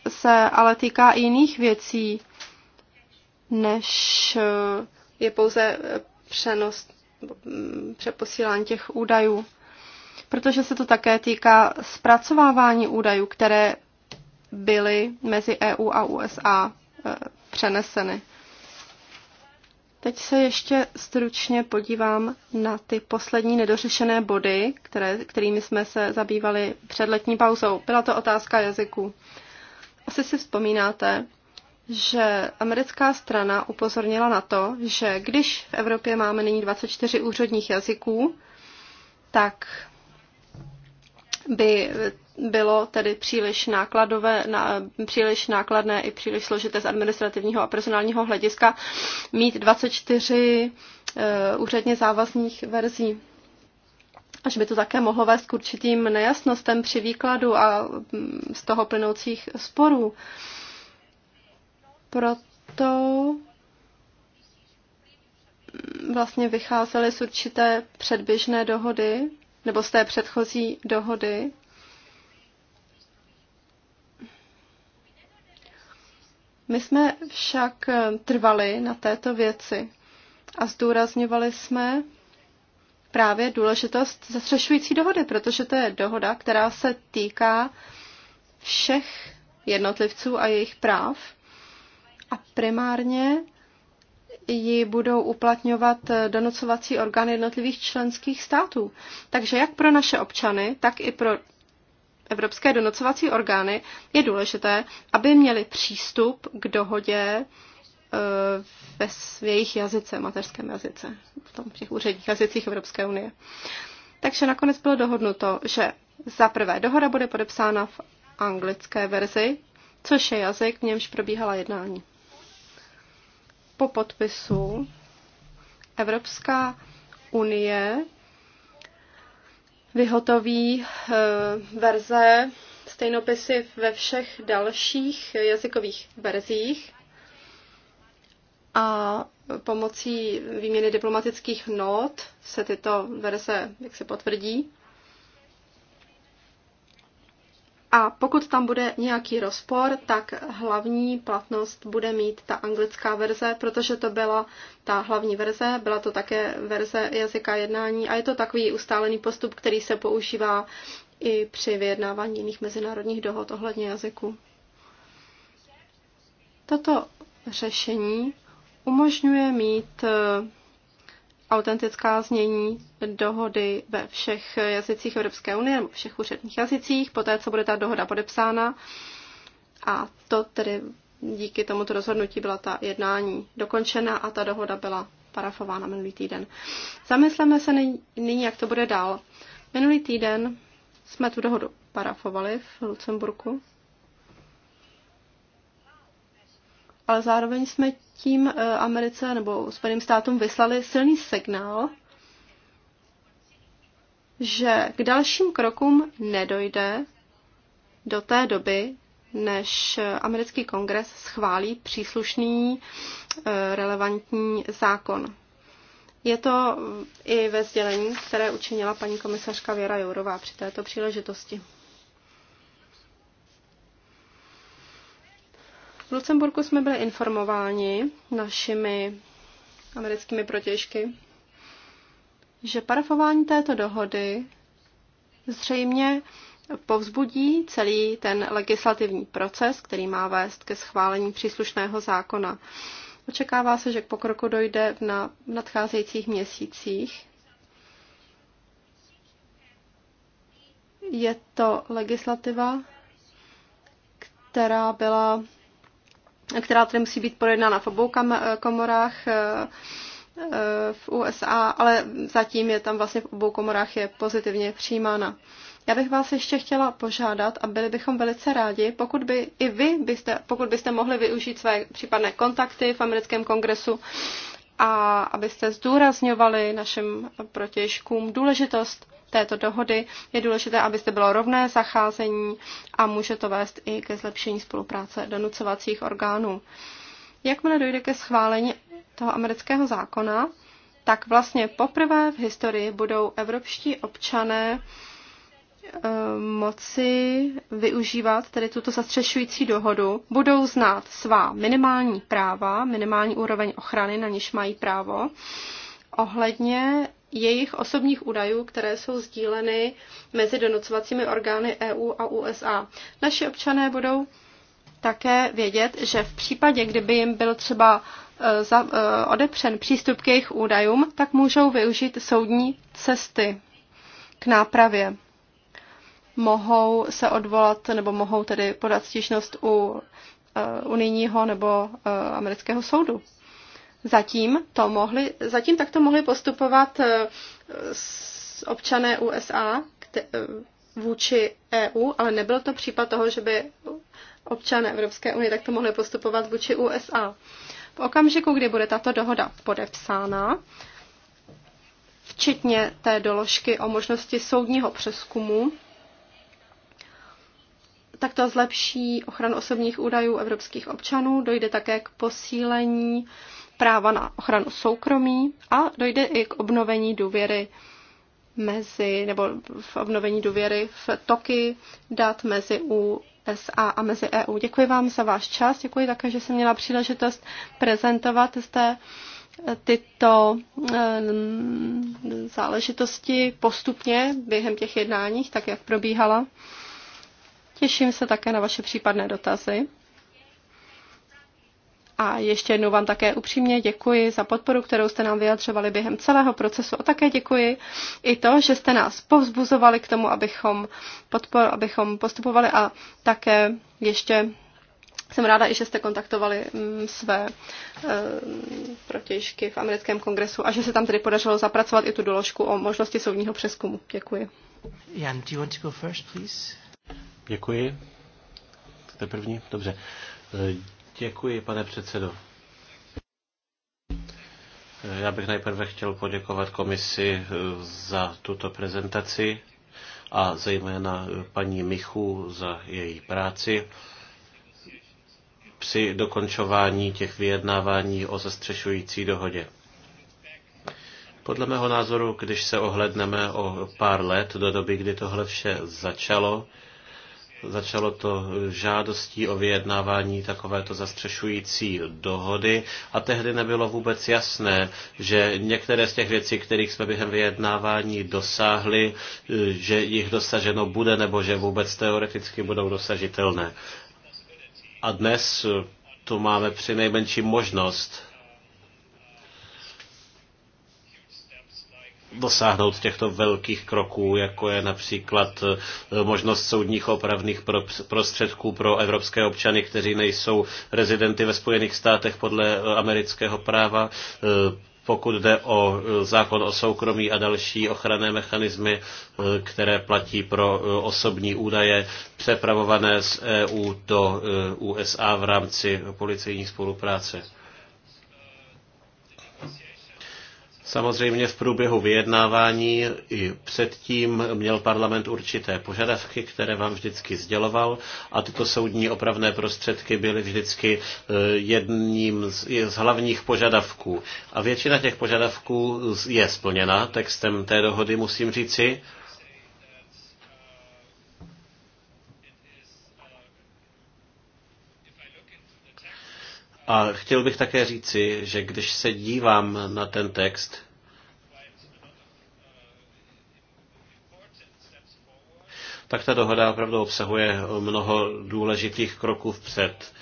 se ale týká i jiných věcí, než eh, je pouze eh, přenos, mm, přeposílání těch údajů. Protože se to také týká zpracovávání údajů, které byly mezi EU a USA eh, přeneseny. Teď se ještě stručně podívám na ty poslední nedořešené body, které, kterými jsme se zabývali před letní pauzou. Byla to otázka jazyků. Asi si vzpomínáte, že americká strana upozornila na to, že když v Evropě máme nyní 24 úředních jazyků, tak by bylo tedy příliš nákladové, na, příliš nákladné i příliš složité z administrativního a personálního hlediska mít 24 uh, eh, úředně závazných verzí a že by to také mohlo vést k určitým nejasnostem při výkladu a mm, z toho plynoucích sporů. Proto mm, vlastně vycházely z určité předběžné dohody, nebo z té předchozí dohody. My jsme však eh, trvali na této věci a zdůrazňovali jsme, právě důležitost zastřešující dohody, protože to je dohoda, která se týká všech jednotlivců a jejich práv a primárně ji budou uplatňovat donocovací orgány jednotlivých členských států. Takže jak pro naše občany, tak i pro evropské donocovací orgány je důležité, aby měli přístup k dohodě ve v jejich jazyce, materském jazyce, v tom těch úředních jazycích Evropské unie. Takže nakonec bylo dohodnuto, že za prvé dohoda bude podepsána v anglické verzi, což je jazyk, v němž probíhala jednání. Po podpisu Evropská unie vyhotoví eh, verze stejnopisy ve všech dalších jazykových verzích a pomocí výměny diplomatických not se tyto verze, jak se potvrdí. A pokud tam bude nějaký rozpor, tak hlavní platnost bude mít ta anglická verze, protože to byla ta hlavní verze, byla to také verze jazyka jednání a je to takový ustálený postup, který se používá i při vyjednávání jiných mezinárodních dohod ohledně jazyku. Toto řešení umožňuje mít e, autentická znění dohody ve všech jazycích Evropské unie nebo všech úředních jazycích, poté co bude ta dohoda podepsána. A to tedy díky tomuto rozhodnutí byla ta jednání dokončena a ta dohoda byla parafována minulý týden. Zamysleme se nyní, jak to bude dál. Minulý týden jsme tu dohodu parafovali v Lucemburku ale zároveň jsme tím eh, Americe nebo Spojeným státům vyslali silný signál, že k dalším krokům nedojde do té doby, než americký kongres schválí příslušný eh, relevantní zákon. Je to i ve sdělení, které učinila paní komisařka Věra Jourová při této příležitosti. V Lucemburku jsme byli informováni našimi americkými protěžky, že parafování této dohody zřejmě povzbudí celý ten legislativní proces, který má vést ke schválení příslušného zákona. Očekává se, že k pokroku dojde na nadcházejících měsících. Je to legislativa, která byla která tedy musí být projednána v obou komorách eh, eh, v USA, ale zatím je tam vlastně v obou komorách je pozitivně přijímána. Já bych vás ještě chtěla požádat a byli bychom velice rádi, pokud by i vy byste, pokud byste mohli využít své případné kontakty v americkém kongresu a abyste zdůrazňovali našim protěžkům důležitost této dohody. Je důležité, aby zde bylo rovné zacházení a může to vést i ke zlepšení spolupráce donucovacích orgánů. Jakmile dojde ke schválení toho amerického zákona, tak vlastně poprvé v historii budou evropští občané eh, moci využívat tedy tuto zastřešující dohodu, budou znát svá minimální práva, minimální úroveň ochrany, na niž mají právo, ohledně jejich osobních údajů, které jsou sdíleny mezi donocovacími orgány EU a USA. Naši občané budou také vědět, že v případě, kdyby jim byl třeba e, za, e, odepřen přístup k jejich údajům, tak můžou využít soudní cesty k nápravě. Mohou se odvolat nebo mohou tedy podat stížnost u e, unijního nebo amerického soudu. Zatím, to mohli, zatím takto mohli postupovat eh, občané USA eh, vůči EU, ale nebyl to případ toho, že by občané Evropské unie takto mohli postupovat vůči USA. V okamžiku, kdy bude tato dohoda podepsána, včetně té doložky o možnosti soudního přeskumu, tak to zlepší ochranu osobních údajů evropských občanů, dojde také k posílení uh, práva na ochranu soukromí a dojde i k obnovení důvěry mezi, nebo v obnovení důvěry v toky dat mezi USA a mezi EU. Děkuji vám za váš čas, děkuji také, že jsem měla příležitost prezentovat zde eh, tyto eh, záležitosti postupně během těch jednáních, tak jak probíhala. Těším se také na vaše případné dotazy. A ještě jednou vám také upřímně děkuji za podporu, kterou jste nám vyjadřovali během celého procesu. A také děkuji i to, že jste nás povzbuzovali k tomu, abychom, podpor, abychom postupovali a také ještě jsem ráda i, že jste kontaktovali mm, své eh, protěžky v americkém kongresu a že se tam tedy podařilo zapracovat i tu doložku o možnosti soudního přeskumu. Děkuji. Jan, do you want to go first, please? Děkuji. Jste první? Dobře. Eh, Děkuji, pane předsedo. Já bych nejprve chtěl poděkovat komisi eh, za tuto prezentaci a zejména eh, paní Michu za její práci při dokončování těch vyjednávání o zastřešující dohodě. Podle mého názoru, když se ohledneme o pár let do doby, kdy tohle vše začalo, Začalo to žádostí o vyjednávání takovéto zastřešující dohody a tehdy nebylo vůbec jasné, že některé z těch věcí, kterých jsme během vyjednávání dosáhli, že jich dosaženo bude nebo že vůbec teoreticky budou dosažitelné. A dnes tu máme při nejmenší možnost dosáhnout těchto velkých kroků, jako je například e, možnost soudních opravných prostředků pro evropské občany, kteří nejsou rezidenty ve Spojených státech podle e, amerického práva, e, pokud jde o zákon o soukromí a další ochranné mechanismy, které platí pro osobní údaje přepravované z EU do USA v rámci policejní spolupráce. Samozřejmě v průběhu vyjednávání i předtím měl parlament určité požadavky, které vám vždycky sděloval a tyto soudní opravné prostředky byly vždycky e, jedním z, hlavních požadavků. A většina těch požadavků je splněna textem té dohody, musím říci. A chtěl bych také říci, že když se dívám na ten text, tak ta dohoda opravdu obsahuje mnoho důležitých kroků vpřed.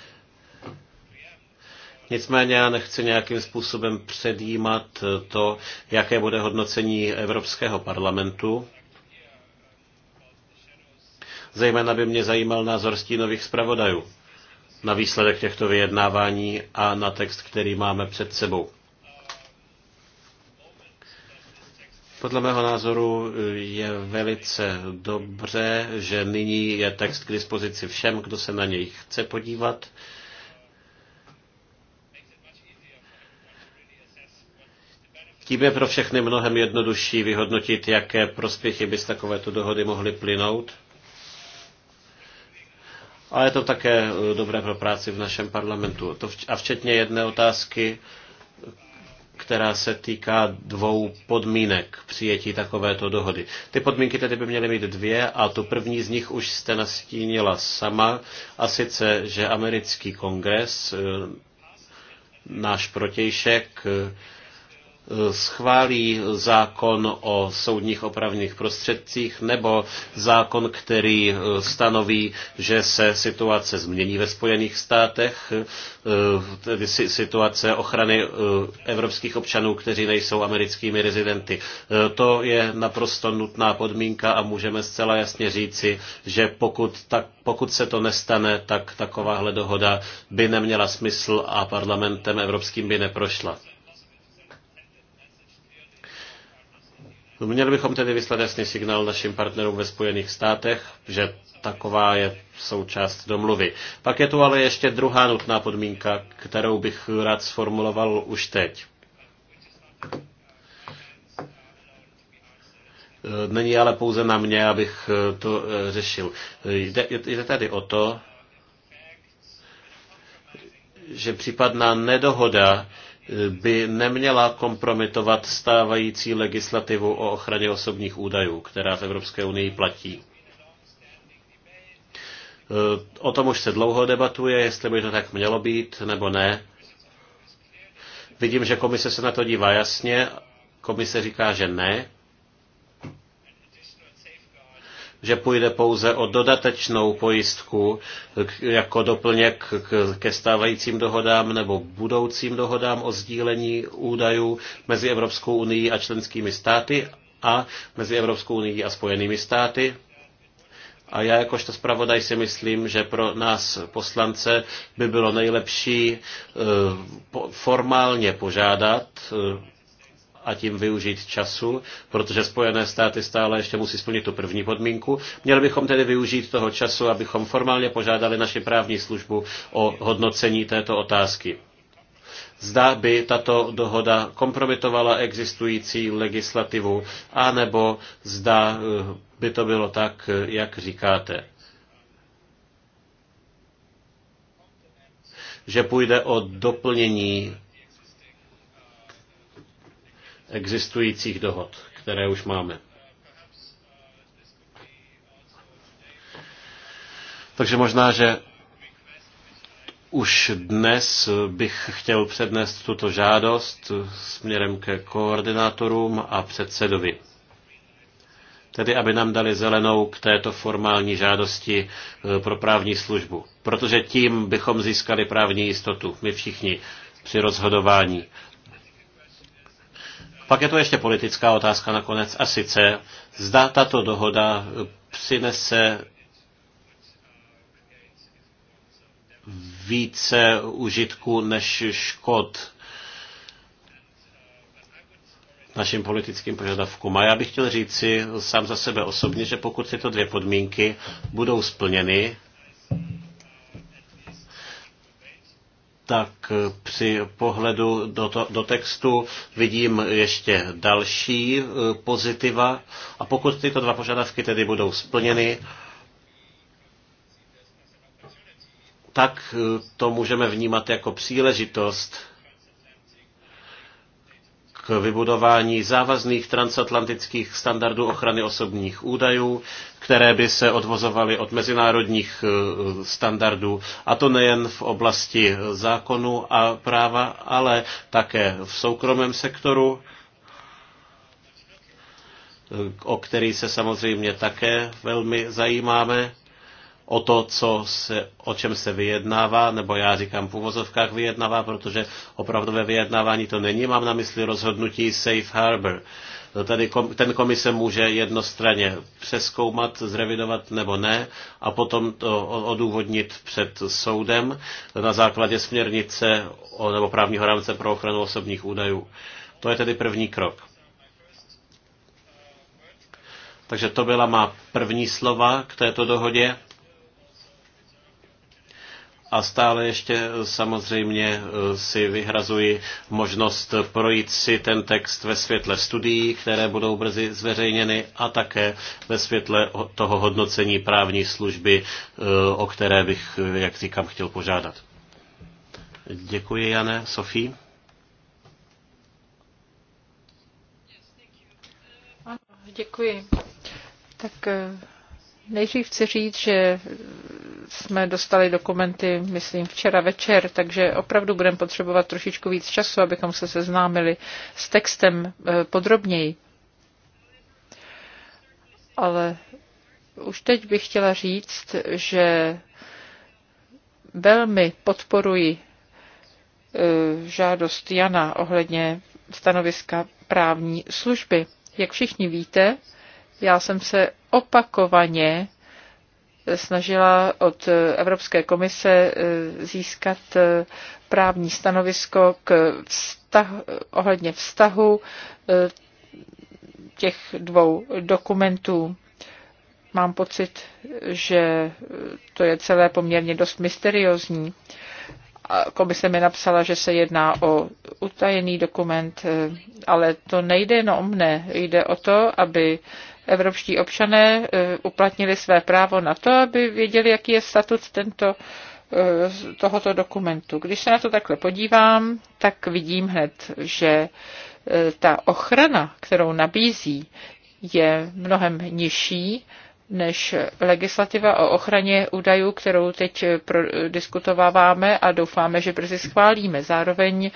Nicméně já nechci nějakým způsobem předjímat to, jaké bude hodnocení Evropského parlamentu. Zejména by mě zajímal názor stínových zpravodajů na výsledek těchto vyjednávání a na text, který máme před sebou. Podle mého názoru je velice dobře, že nyní je text k dispozici všem, kdo se na něj chce podívat. Tím je pro všechny mnohem jednodušší vyhodnotit, jaké prospěchy by z takovéto dohody mohly plynout. A je to také eh, dobré pro práci v našem parlamentu. To a včetně jedné otázky, která se týká dvou podmínek přijetí takovéto dohody. Ty podmínky tedy by měly mít dvě a tu první z nich už jste nastínila sama, a sice, že americký kongres, eh, náš protějšek, eh, schválí zákon o soudních opravných prostředcích nebo zákon, který eh, stanoví, že se situace změní ve Spojených státech, eh, tedy situace ochrany eh, evropských občanů, kteří nejsou americkými rezidenty. To je naprosto nutná podmínka a můžeme zcela jasně říci, že pokud, tak, pokud se to nestane, tak takováhle dohoda by neměla smysl a parlamentem evropským by neprošla. No, měli bychom tedy vyslat jasný signál našim partnerům ve Spojených státech, že taková je součást domluvy. Pak je tu ale ještě druhá nutná podmínka, kterou bych rád sformuloval už teď. Není ale pouze na mě, abych to eh, řešil. Jde, jde tady o to, že případná nedohoda by neměla kompromitovat stávající legislativu o ochraně osobních údajů, která v Evropské unii platí. E, o tom už se dlouho debatuje, jestli by to tak mělo být nebo ne. Vidím, že komise se na to dívá jasně. Komise říká, že ne že půjde pouze o dodatečnou pojistku jako doplněk ke stávajícím dohodám nebo budoucím dohodám o sdílení údajů mezi Evropskou unii a členskými státy a mezi Evropskou unii a Spojenými státy. A já jakožto zpravodaj si myslím, že pro nás poslance by bylo nejlepší eh, formálně požádat eh, a tím využít času, protože Spojené státy stále ještě musí splnit tu první podmínku. Měli bychom tedy využít toho času, abychom formálně požádali naši právní službu o hodnocení této otázky. Zda by tato dohoda kompromitovala existující legislativu, anebo zda eh, by to bylo tak, eh, jak říkáte. že půjde o doplnění existujících dohod, které už máme. Takže možná, že už dnes bych chtěl přednést tuto žádost směrem ke koordinátorům a předsedovi. Tedy, aby nám dali zelenou k této formální žádosti eh, pro právní službu. Protože tím bychom získali právní jistotu, my všichni, při rozhodování pak je to ještě politická otázka nakonec a sice, zda tato dohoda eh, přinese více užitku než škod našim politickým požadavkům. A já bych chtěl říci sám za sebe osobně, že pokud tyto dvě podmínky budou splněny, tak při pohledu do, to, do textu vidím ještě další e, pozitiva. A pokud tyto dva požadavky tedy budou splněny, tak e, to můžeme vnímat jako příležitost vybudování závazných transatlantických standardů ochrany osobních údajů, které by se odvozovaly od mezinárodních eh, standardů, a to nejen v oblasti eh, zákonu a práva, ale také v soukromém sektoru, eh, o který se samozřejmě také velmi zajímáme o to, co se, o čem se vyjednává, nebo já říkám v úvozovkách vyjednává, protože opravdové vyjednávání to není, mám na mysli rozhodnutí Safe Harbor. Tady kom, ten komise může jednostranně přeskoumat, zrevidovat nebo ne a potom to odůvodnit před soudem na základě směrnice o, nebo právního rámce pro ochranu osobních údajů. To je tedy první krok. Takže to byla má první slova k této dohodě. A stále ještě eh, samozřejmě eh, si vyhrazuji možnost projít si ten text ve světle studií, které budou brzy zveřejněny a také ve světle toho hodnocení právní služby, eh, o které bych, jak říkám, chtěl požádat. Děkuji, Jane. Sofí? Ano, děkuji. Tak nejdřív chci říct, že jsme dostali dokumenty, myslím, včera večer, takže opravdu budeme potřebovat trošičku víc času, abychom se seznámili s textem eh, podrobněji. Ale už teď bych chtěla říct, že velmi podporuji eh, žádost Jana ohledně stanoviska právní služby. Jak všichni víte, já jsem se opakovaně snažila od Evropské komise eh, získat eh, právní stanovisko k vztah, ohledně vztahu eh, těch dvou dokumentů. Mám pocit, že to je celé poměrně dost mysteriózní. Komise mi napsala, že se jedná o utajený dokument, ale to nejde jenom o mne. Jde o to, aby evropští občané eh, uplatnili své právo na to, aby věděli, jaký je statut tento, eh, tohoto dokumentu. Když se na to takhle podívám, tak vidím hned, že eh, ta ochrana, kterou nabízí, je mnohem nižší než legislativa o ochraně údajů, kterou teď diskutováváme a doufáme, že brzy schválíme. Zároveň,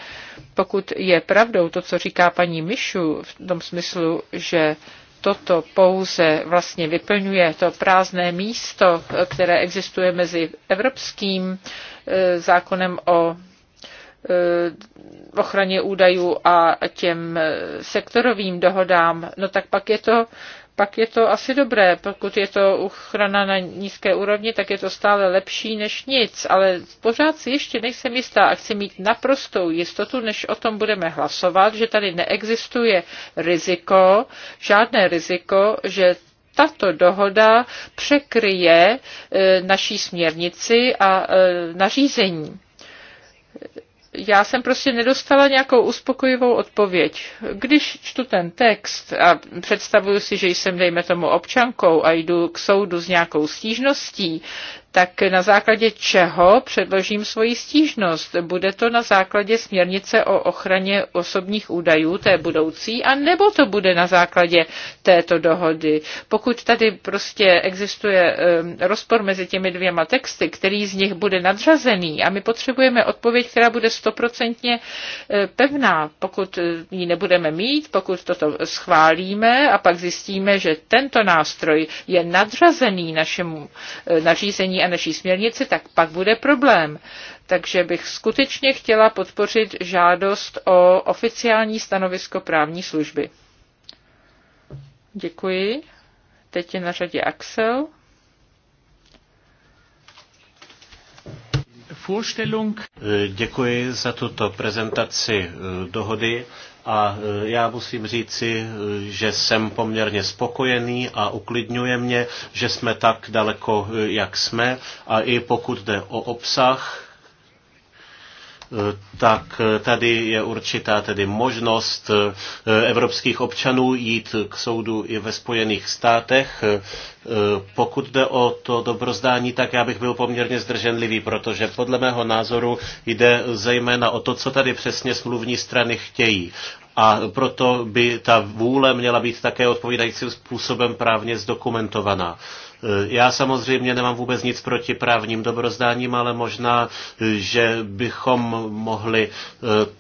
pokud je pravdou to, co říká paní Mišu v tom smyslu, že toto pouze vlastně vyplňuje to prázdné místo, které existuje mezi evropským e, zákonem o e, ochraně údajů a těm e, sektorovým dohodám, no tak pak je to pak je to asi dobré. Pokud je to ochrana na nízké úrovni, tak je to stále lepší než nic, ale pořád si ještě nejsem jistá a chci mít naprostou jistotu, než o tom budeme hlasovat, že tady neexistuje riziko, žádné riziko, že tato dohoda překryje e, naší směrnici a e, nařízení já jsem prostě nedostala nějakou uspokojivou odpověď. Když čtu ten text a představuju si, že jsem, dejme tomu, občankou a jdu k soudu s nějakou stížností, tak na základě čeho předložím svoji stížnost? Bude to na základě směrnice o ochraně osobních údajů, té budoucí, a nebo to bude na základě této dohody? Pokud tady prostě existuje rozpor mezi těmi dvěma texty, který z nich bude nadřazený a my potřebujeme odpověď, která bude stoprocentně e, pevná, pokud e, ji nebudeme mít, pokud toto schválíme a pak zjistíme, že tento nástroj je nadřazený našemu e, nařízení a naší směrnici, tak pak bude problém. Takže bych skutečně chtěla podpořit žádost o oficiální stanovisko právní služby. Děkuji. Teď je na řadě Axel. Děkuji za tuto prezentaci eh, dohody. A e, já musím říci, e, že jsem poměrně spokojený a uklidňuje mě, že jsme tak daleko, e, jak jsme. A i pokud jde o obsah, tak tady je určitá tedy možnost eh, evropských občanů jít k soudu i ve Spojených státech. Eh, pokud jde o to dobrozdání, tak já bych byl poměrně zdrženlivý, protože podle mého názoru jde zejména o to, co tady přesně smluvní strany chtějí a proto by ta vůle měla být také odpovídajícím způsobem právně zdokumentovaná. Eh, já samozřejmě nemám vůbec nic proti právním dobrozdáním, ale možná, eh, že bychom mohli eh,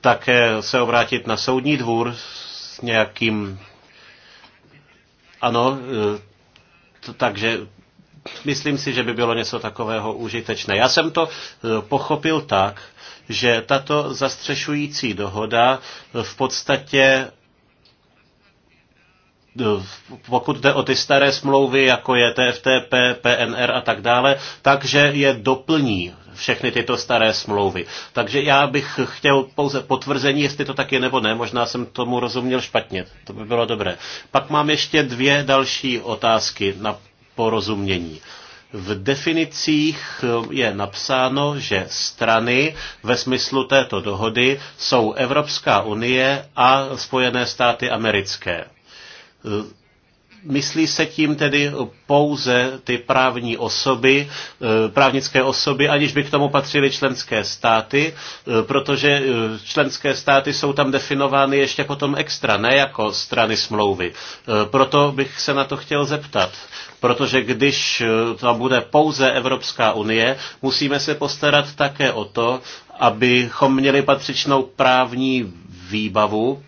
také se obrátit na soudní dvůr s nějakým. Ano, takže myslím si, že by bylo něco takového užitečné. Já jsem to pochopil tak, že tato zastřešující dohoda v podstatě Eh, pokud jde o ty staré smlouvy, jako je TFTP, PNR a tak dále, takže je doplní všechny tyto staré smlouvy. Takže já bych chtěl pouze potvrzení, jestli to tak je nebo ne. Možná jsem tomu rozuměl špatně. To by bylo dobré. Pak mám ještě dvě další otázky na porozumění. V definicích je napsáno, že strany ve smyslu této dohody jsou Evropská unie a Spojené státy americké. Eh, myslí se tím tedy pouze ty právní osoby, eh, právnické osoby, aniž by k tomu patřily členské státy, eh, protože členské státy jsou tam definovány ještě potom extra, ne jako strany smlouvy. Proto bych se na to chtěl zeptat protože když to bude pouze Evropská unie, musíme se postarat také o to, abychom měli patřičnou právní výbavu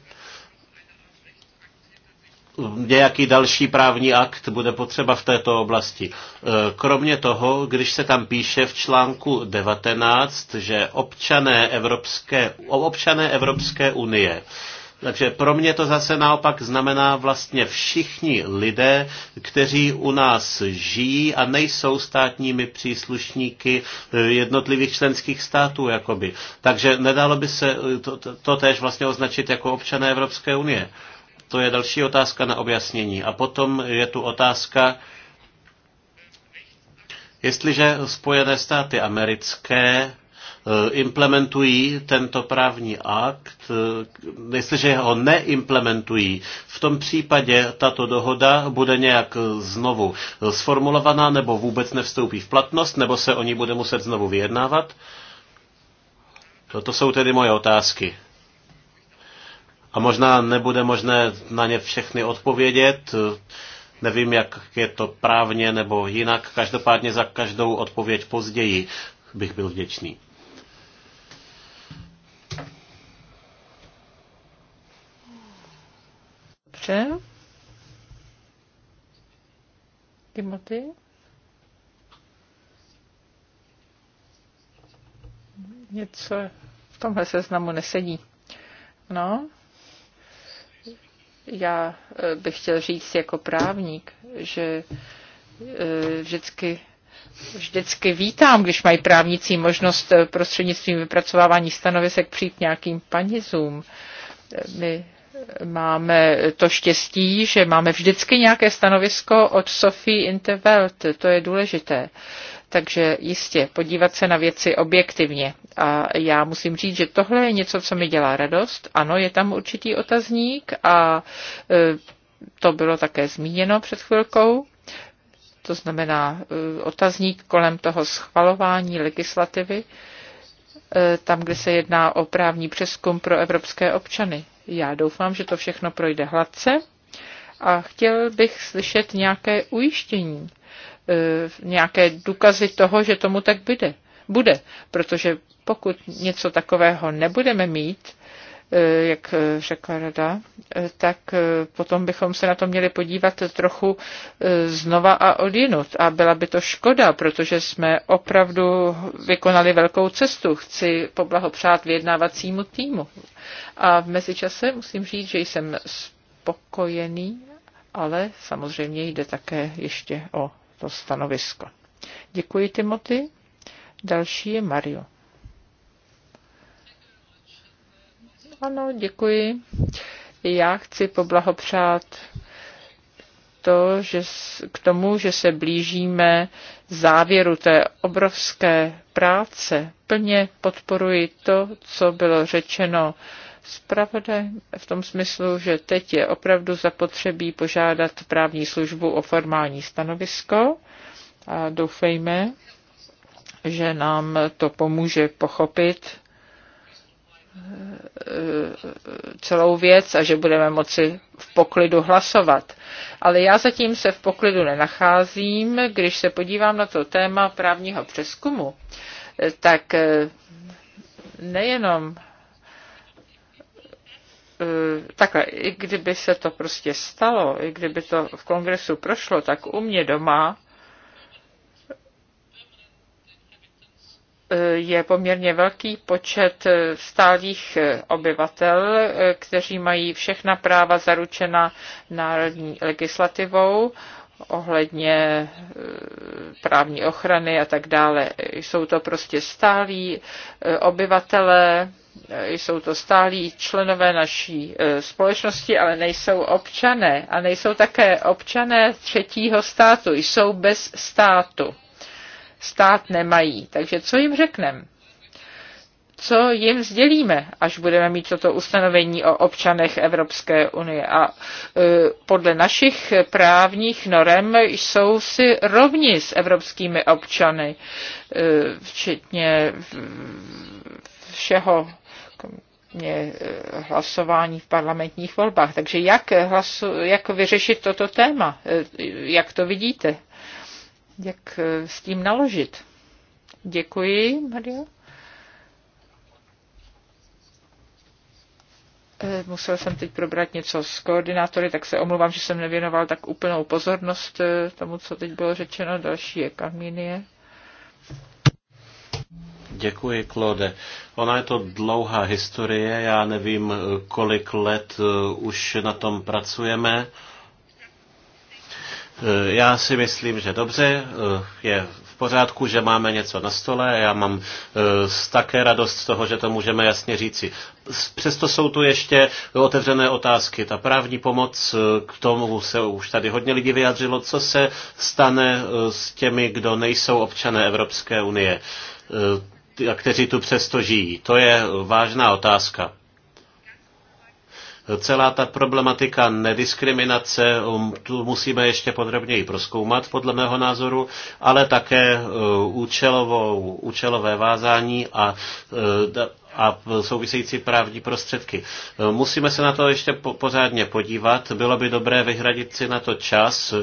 nějaký další právní akt bude potřeba v této oblasti. E, kromě toho, když se tam píše v článku 19, že občané Evropské, občané Evropské unie, takže pro mě to zase naopak znamená vlastně všichni lidé, kteří u nás žijí a nejsou státními příslušníky e, jednotlivých členských států. Jakoby. Takže nedalo by se e, to, to, to též vlastně označit jako občané Evropské unie. To je další otázka na objasnění. A potom je tu otázka, jestliže Spojené státy americké eh, implementují tento právní akt, eh, jestliže ho neimplementují, v tom případě tato dohoda bude nějak eh, znovu sformulovaná nebo vůbec nevstoupí v platnost, nebo se o ní bude muset znovu vyjednávat? To jsou tedy moje otázky a možná nebude možné na ně všechny odpovědět. Nevím, jak je to právně nebo jinak. Každopádně za každou odpověď později bych byl vděčný. Dobře. Timothy? Něco v tomhle seznamu nesedí. No, já eh, bych chtěl říct jako právník, že eh, vždycky vždycky vítám, když mají právníci možnost eh, prostřednictvím vypracovávání stanovisek přijít nějakým panizům. My máme to štěstí, že máme vždycky nějaké stanovisko od Sophie Intervelt. To je důležité. Takže jistě, podívat se na věci objektivně. A já musím říct, že tohle je něco, co mi dělá radost. Ano, je tam určitý otazník a e, to bylo také zmíněno před chvilkou. To znamená e, otazník kolem toho schvalování legislativy, e, tam, kde se jedná o právní přeskum pro evropské občany. Já doufám, že to všechno projde hladce a chtěl bych slyšet nějaké ujištění E, nějaké důkazy toho, že tomu tak bude. Bude, protože pokud něco takového nebudeme mít, e, jak řekla rada, e, tak potom bychom se na to měli podívat trochu znova a odjinut. A byla by to škoda, protože jsme opravdu vykonali velkou cestu. Chci poblahopřát vyjednávacímu týmu. A v mezičase musím říct, že jsem spokojený, ale samozřejmě jde také ještě o to stanovisko. Děkuji, Timothy. Další je Mario. Ano, děkuji. Já chci poblahopřát to, že k tomu, že se blížíme závěru té obrovské práce. Plně podporuji to, co bylo řečeno zpravodaj v tom smyslu, že teď je opravdu zapotřebí požádat právní službu o formální stanovisko a doufejme, že nám to pomůže pochopit eh, eh, celou věc a že budeme moci v poklidu hlasovat. Ale já zatím se v poklidu nenacházím. Když se podívám na to téma právního přeskumu, eh, tak nejenom Eh, takhle, i kdyby se to prostě stalo, i kdyby to v kongresu prošlo, tak u mě doma eh, je poměrně velký počet eh, stálých obyvatel, kteří mají všechna práva zaručena národní legislativou ohledně eh, právní ochrany a tak dále. Jsou to prostě stálí eh, obyvatelé, eh, jsou to stálí členové naší společnosti, ale nejsou občané a nejsou také občané třetího státu, jsou bez státu. Stát nemají. Takže co jim řekneme? co jim sdělíme, až budeme mít toto ustanovení o občanech Evropské unie. A e, podle našich právních norem jsou si rovni s evropskými občany, e, včetně všeho e, hlasování v parlamentních volbách. Takže jak, hlasu, jak vyřešit toto téma? Jak to vidíte? Jak s tím naložit? Děkuji, Maria. Eh, musel jsem teď probrat něco s koordinátory, tak se omluvám, že jsem nevěnoval tak úplnou pozornost eh, tomu, co teď bylo řečeno. Další je Karmínie. Děkuji, Klode. Ona je to dlouhá historie, já nevím, kolik let eh, už na tom pracujeme. Eh, já si myslím, že dobře, eh, je v pořádku, že máme něco na stole. Já mám eh, také radost z toho, že to můžeme jasně říci. Přesto jsou tu ještě otevřené otázky. Ta právní pomoc, k tomu se už tady hodně lidí vyjadřilo, co se stane s těmi, kdo nejsou občané Evropské unie a kteří tu přesto žijí. To je vážná otázka. Celá ta problematika nediskriminace um, tu musíme ještě podrobněji proskoumat, podle mého názoru, ale také uh, účelovou, účelové vázání a uh, a související právní prostředky. Musíme se na to ještě pořádně podívat. Bylo by dobré vyhradit si na to čas,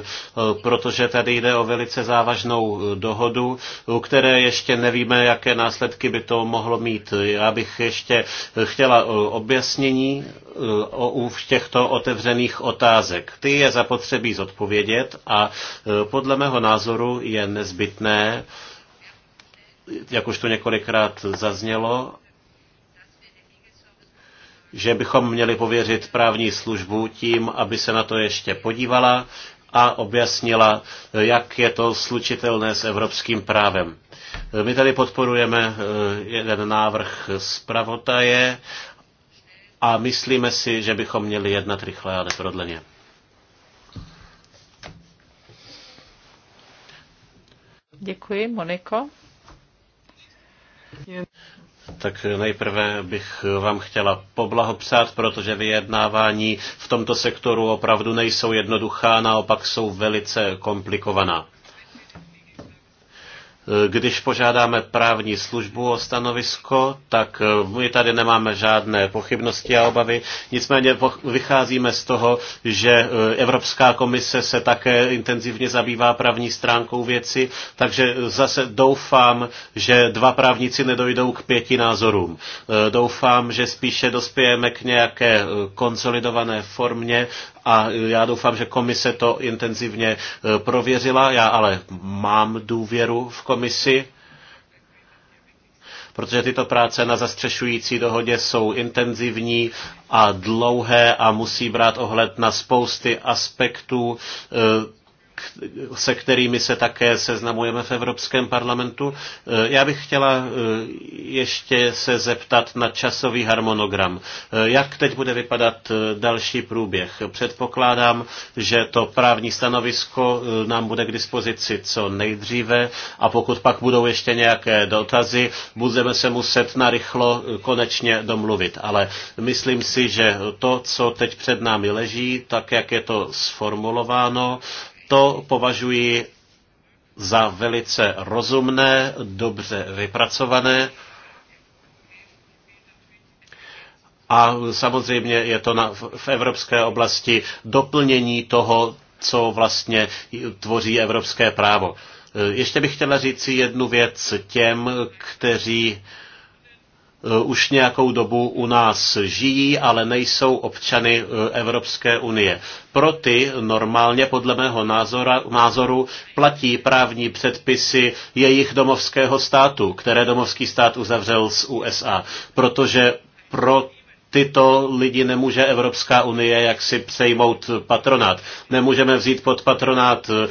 protože tady jde o velice závažnou dohodu, u které ještě nevíme, jaké následky by to mohlo mít. Já bych ještě chtěla objasnění u těchto otevřených otázek. Ty je zapotřebí zodpovědět a podle mého názoru je nezbytné, jak už to několikrát zaznělo, že bychom měli pověřit právní službu tím, aby se na to ještě podívala a objasnila, jak je to slučitelné s evropským právem. My tady podporujeme eh, jeden návrh zpravodaje a myslíme si, že bychom měli jednat rychle a neprodleně. Děkuji, Moniko. Tak nejprve bych vám chtěla poblahopřát, protože vyjednávání v tomto sektoru opravdu nejsou jednoduchá, naopak jsou velice komplikovaná. Když požádáme právní službu o stanovisko, tak eh, my tady nemáme žádné pochybnosti a obavy. Nicméně vycházíme z toho, že eh, Evropská komise se také intenzivně zabývá právní stránkou věci, takže zase doufám, že dva právníci nedojdou k pěti názorům. Eh, doufám, že spíše dospějeme k nějaké konsolidované formě a já doufám, že komise to intenzivně eh, prověřila. Já ale mám důvěru v komisi protože tyto práce na zastřešující dohodě jsou intenzivní a dlouhé a musí brát ohled na spousty aspektů eh, se kterými se také seznamujeme v Evropském parlamentu. Eh, já bych chtěla eh, ještě se zeptat na časový harmonogram. Eh, jak teď bude vypadat další průběh? Předpokládám, že to právní stanovisko nám bude k dispozici co nejdříve a pokud pak budou ještě nějaké dotazy, budeme se muset narychlo konečně domluvit. Ale myslím si, že to, co teď před námi leží, tak jak je to sformulováno, to považuji za velice rozumné, dobře vypracované. A samozřejmě je to na, v evropské oblasti doplnění toho, co vlastně tvoří evropské právo. Ještě bych chtěla říci jednu věc těm, kteří Eh, už nějakou dobu u nás žijí, ale nejsou občany eh, Evropské unie. Pro ty normálně podle mého názora, názoru platí právní předpisy jejich domovského státu, které domovský stát uzavřel s USA, protože pro tyto lidi nemůže Evropská unie jaksi přejmout patronát. Nemůžeme vzít pod patronát e,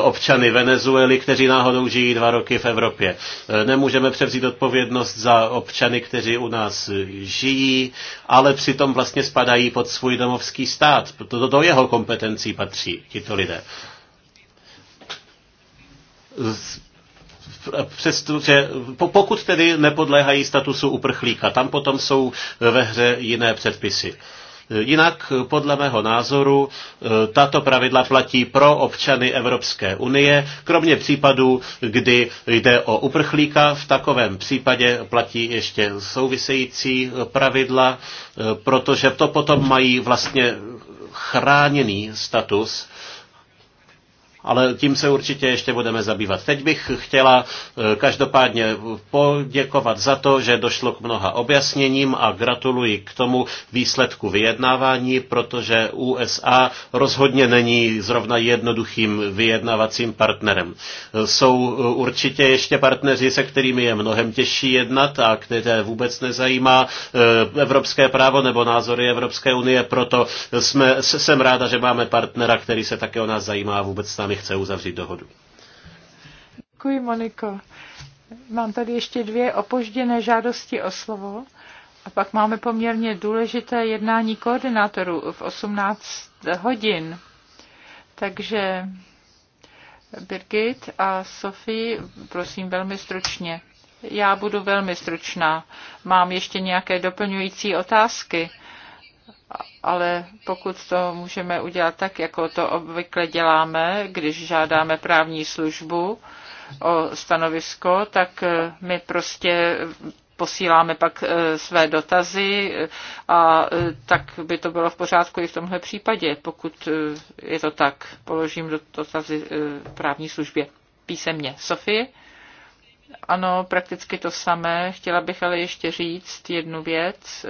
občany Venezuely, kteří náhodou žijí dva roky v Evropě. E, nemůžeme převzít odpovědnost za občany, kteří u nás žijí, ale přitom vlastně spadají pod svůj domovský stát. To do jeho kompetencí patří tito lidé že pokud tedy nepodléhají statusu uprchlíka, tam potom jsou ve hře jiné předpisy. Jinak, podle mého názoru, tato pravidla platí pro občany Evropské unie, kromě případů, kdy jde o uprchlíka. V takovém případě platí ještě související pravidla, protože to potom mají vlastně chráněný status ale tím se určitě ještě budeme zabývat. Teď bych chtěla eh, každopádně poděkovat za to, že došlo k mnoha objasněním a gratuluji k tomu výsledku vyjednávání, protože USA rozhodně není zrovna jednoduchým vyjednavacím partnerem. Eh, jsou eh, určitě ještě partneři, se kterými je mnohem těžší jednat a které vůbec nezajímá evropské právo nebo názory Evropské unie, proto jsme, jsem ráda, že máme partnera, který se také o nás zajímá a vůbec s námi Mali chce uzavřít dohodu. Děkuji, Moniko. Mám tady ještě dvě opožděné žádosti o slovo. A pak máme poměrně důležité jednání koordinátorů v 18 hodin. Takže Birgit a Sofie, prosím velmi stručně. Já budu velmi stručná. Mám ještě nějaké doplňující otázky ale pokud to můžeme udělat tak, jako to obvykle děláme, když žádáme právní službu o stanovisko, tak eh, my prostě posíláme pak eh, své dotazy a eh, tak by to bylo v pořádku i v tomhle případě, pokud je to tak. Položím dotazy právní službě písemně. Sofie? Ano, prakticky to samé. Chtěla bych ale ještě říct jednu věc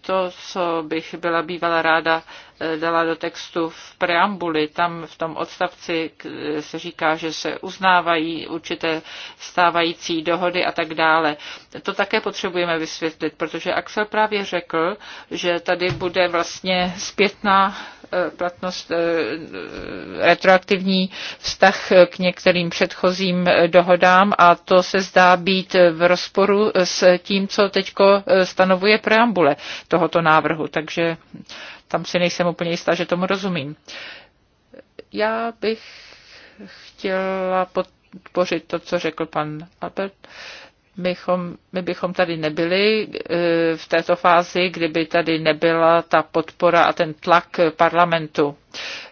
to, co bych byla bývala ráda eh, dala do textu v preambuli. Tam v tom odstavci se říká, že se uznávají určité stávající dohody a tak dále. To také potřebujeme vysvětlit, protože Axel právě řekl, že tady bude vlastně zpětná E, platnost e, e, retroaktivní vztah k některým předchozím dohodám a to se zdá být v rozporu s tím, co teď stanovuje preambule tohoto návrhu. Takže tam si nejsem úplně jistá, že tomu rozumím. Já bych chtěla podpořit to, co řekl pan Albert bychom, my bychom tady nebyli e, v této fázi, kdyby tady nebyla ta podpora a ten tlak parlamentu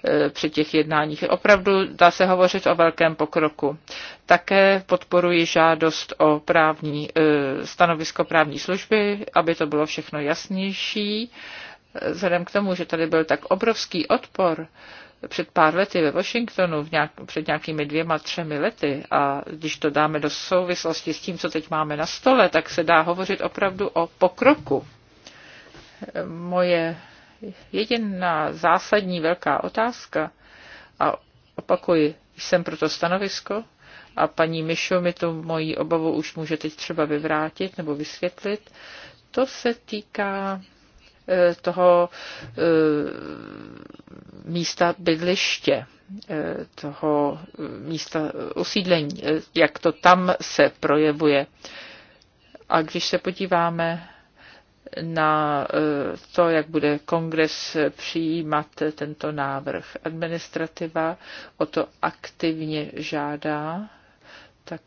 e, při těch jednáních. Opravdu dá se hovořit o velkém pokroku. Také podporuji žádost o právní, e, stanovisko právní služby, aby to bylo všechno jasnější. Vzhledem k tomu, že tady byl tak obrovský odpor, před pár lety ve Washingtonu, v nějak, před nějakými dvěma, třemi lety, a když to dáme do souvislosti s tím, co teď máme na stole, tak se dá hovořit opravdu o pokroku. Moje jediná zásadní velká otázka, a opakuji, jsem proto stanovisko, a paní Mišo mi to moji obavu už může teď třeba vyvrátit nebo vysvětlit, to se týká Eh, toho eh, místa bydliště, eh, toho místa osídlení, jak to tam se projevuje. A když se podíváme na to, jak bude kongres přijímat tento návrh. Administrativa o to aktivně žádá, tak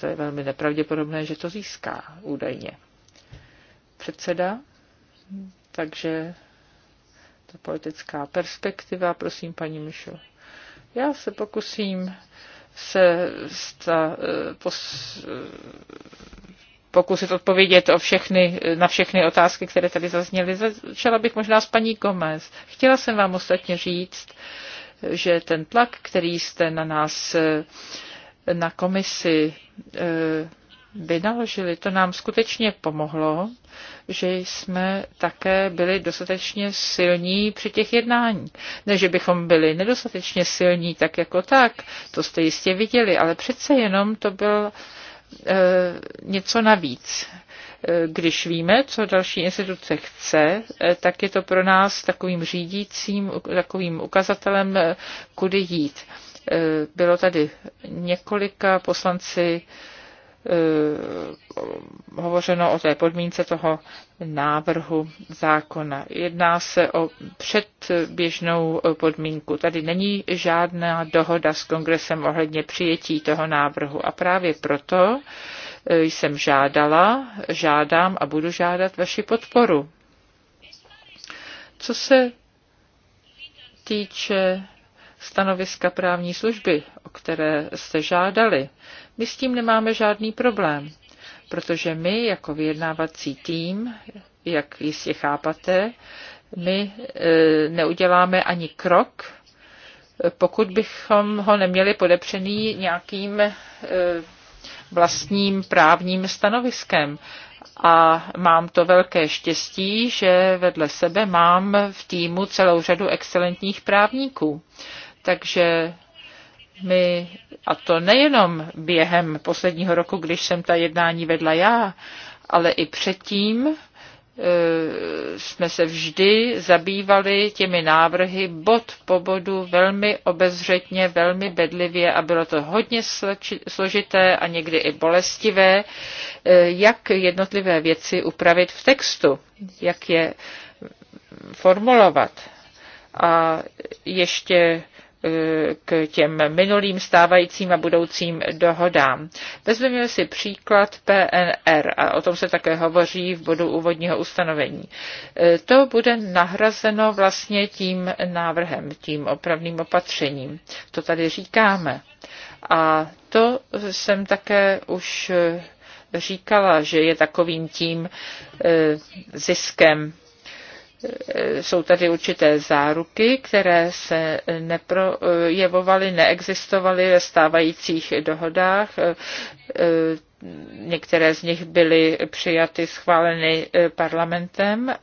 to je velmi nepravděpodobné, že to získá údajně. Předseda? Takže ta politická perspektiva, prosím, paní Mišo. Já se pokusím se sta, eh, pos, eh, pokusit odpovědět o všechny, na všechny otázky, které tady zazněly. Začala bych možná s paní Gomez. Chtěla jsem vám ostatně říct, že ten tlak, který jste na nás eh, na komisi vynaložili. To nám skutečně pomohlo, že jsme také byli dostatečně silní při těch jednání. Ne, že bychom byli nedostatečně silní tak jako tak, to jste jistě viděli, ale přece jenom to byl e, něco navíc eh, když víme, co další instituce chce, eh, tak je to pro nás takovým řídícím, takovým ukazatelem, kudy jít. Bylo tady několika poslanci Eh, hovořeno o té podmínce toho návrhu zákona. Jedná se o předběžnou podmínku. Tady není žádná dohoda s kongresem ohledně přijetí toho návrhu a právě proto eh, jsem žádala, žádám a budu žádat vaši podporu. Co se týče stanoviska právní služby, o které jste žádali. My s tím nemáme žádný problém, protože my jako vyjednávací tým, jak jistě chápate, my e, neuděláme ani krok, pokud bychom ho neměli podepřený nějakým e, vlastním právním stanoviskem a mám to velké štěstí, že vedle sebe mám v týmu celou řadu excelentních právníků. Takže my, a to nejenom během posledního roku, když jsem ta jednání vedla já, ale i předtím, e, jsme se vždy zabývali těmi návrhy bod po bodu velmi obezřetně, velmi bedlivě a bylo to hodně složité a někdy i bolestivé, e, jak jednotlivé věci upravit v textu, jak je formulovat. A ještě k těm minulým stávajícím a budoucím dohodám. Vezmeme si příklad PNR a o tom se také hovoří v bodu úvodního ustanovení. E, to bude nahrazeno vlastně tím návrhem, tím opravným opatřením. To tady říkáme. A to jsem také už říkala, že je takovým tím e, ziskem jsou tady určité záruky, které se neprojevovaly, neexistovaly ve stávajících dohodách. Některé z nich byly přijaty, schváleny parlamentem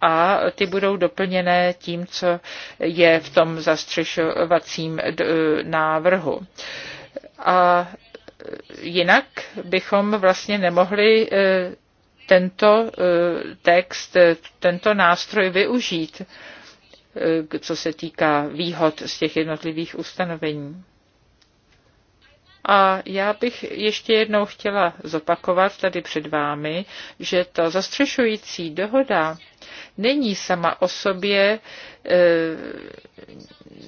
a ty budou doplněné tím, co je v tom zastřešovacím návrhu. A jinak bychom vlastně nemohli tento eh, text, eh, tento nástroj využít, eh, co se týká výhod z těch jednotlivých ustanovení. A já bych ještě jednou chtěla zopakovat tady před vámi, že ta zastřešující dohoda není sama o sobě e,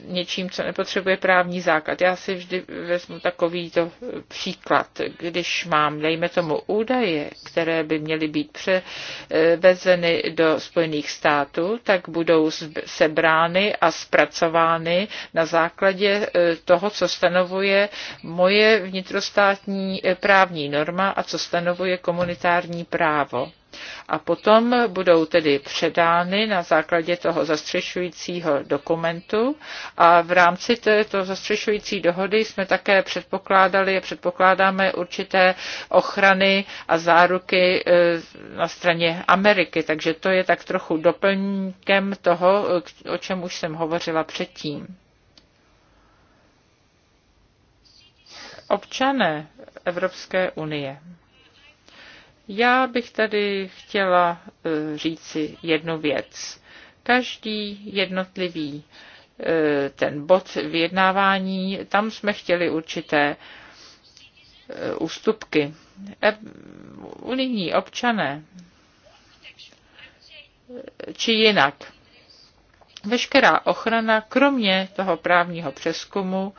něčím, co nepotřebuje právní základ. Já si vždy vezmu takovýto příklad. Když mám, dejme tomu, údaje, které by měly být převezeny do Spojených států, tak budou sebrány a zpracovány na základě e, toho, co stanovuje moje vnitrostátní e, právní norma a co stanovuje komunitární právo. A potom budou tedy předány na základě toho zastřešujícího dokumentu a v rámci této zastřešující dohody jsme také předpokládali a předpokládáme určité ochrany a záruky e, na straně Ameriky. Takže to je tak trochu doplňkem toho, o čem už jsem hovořila předtím. Občané Evropské unie. Já bych tady chtěla eh, říci jednu věc. Každý jednotlivý eh, ten bod vyjednávání, tam jsme chtěli určité eh, ústupky. Unijní občané, či jinak, veškerá ochrana, kromě toho právního přeskumu,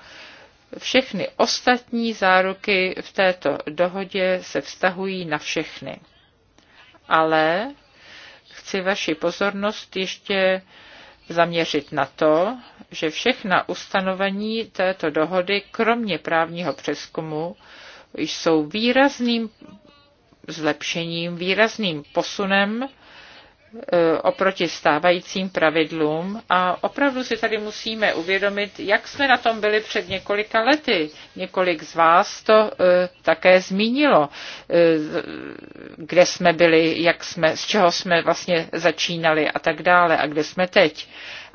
všechny ostatní záruky v této dohodě se vztahují na všechny. Ale chci vaši pozornost ještě zaměřit na to, že všechna ustanovení této dohody, kromě právního přeskumu, jsou výrazným zlepšením, výrazným posunem E, oproti stávajícím pravidlům a opravdu si tady musíme uvědomit, jak jsme na tom byli před několika lety. Několik z vás to e, také zmínilo, e, kde jsme byli, jak jsme, z čeho jsme vlastně začínali a tak dále a kde jsme teď.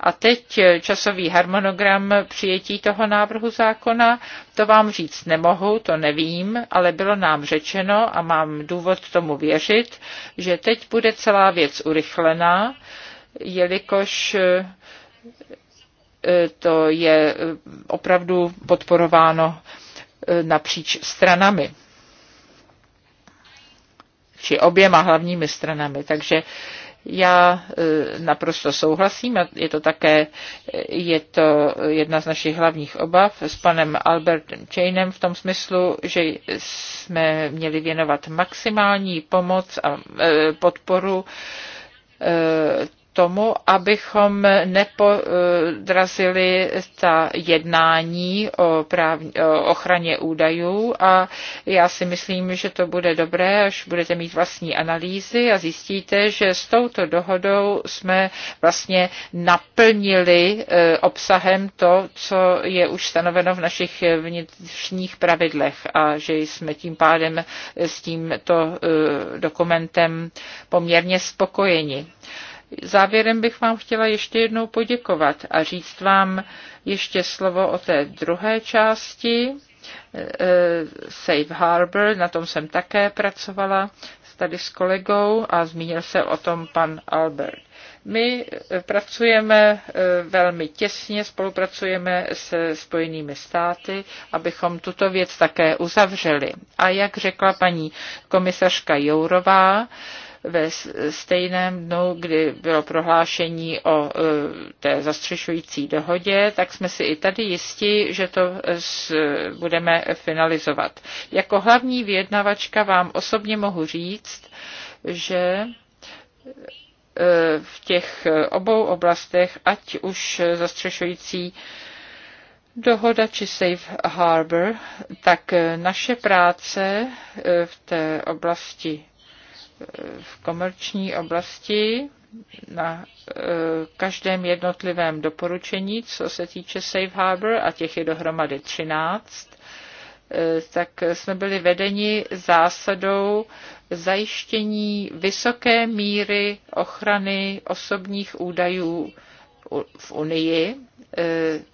A teď eh, časový harmonogram přijetí toho návrhu zákona, to vám říct nemohu, to nevím, ale bylo nám řečeno a mám důvod tomu věřit, že teď bude celá věc urychlená, jelikož eh, eh, to je opravdu podporováno napříč stranami či oběma hlavními stranami. Takže já e, naprosto souhlasím a je to také e, je to jedna z našich hlavních obav s panem Albertem Chainem v tom smyslu, že jsme měli věnovat maximální pomoc a e, podporu tomu, abychom nepodrazili ta jednání o, práv, o ochraně údajů a já si myslím, že to bude dobré, až budete mít vlastní analýzy a zjistíte, že s touto dohodou jsme vlastně naplnili e, obsahem to, co je už stanoveno v našich vnitřních pravidlech a že jsme tím pádem s tímto e, dokumentem poměrně spokojeni. Závěrem bych vám chtěla ještě jednou poděkovat a říct vám ještě slovo o té druhé části, eh, eh, Safe Harbor, na tom jsem také pracovala tady s kolegou a zmínil se o tom pan Albert. My eh, pracujeme velmi těsně, spolupracujeme se Spojenými státy, abychom tuto věc také uzavřeli. A jak řekla paní komisařka Jourová, ve stejném dnu, kdy bylo prohlášení o e, té zastřešující dohodě, tak jsme si i tady jisti, že to budeme finalizovat. Jako hlavní vyjednavačka vám osobně mohu říct, že e, v těch obou oblastech, ať už zastřešující dohoda či safe harbor, tak naše práce e, v té oblasti v komerční oblasti na e, každém jednotlivém doporučení, co se týče Safe Harbor, a těch je dohromady 13, e, tak jsme byli vedeni zásadou zajištění vysoké míry ochrany osobních údajů v Unii, e,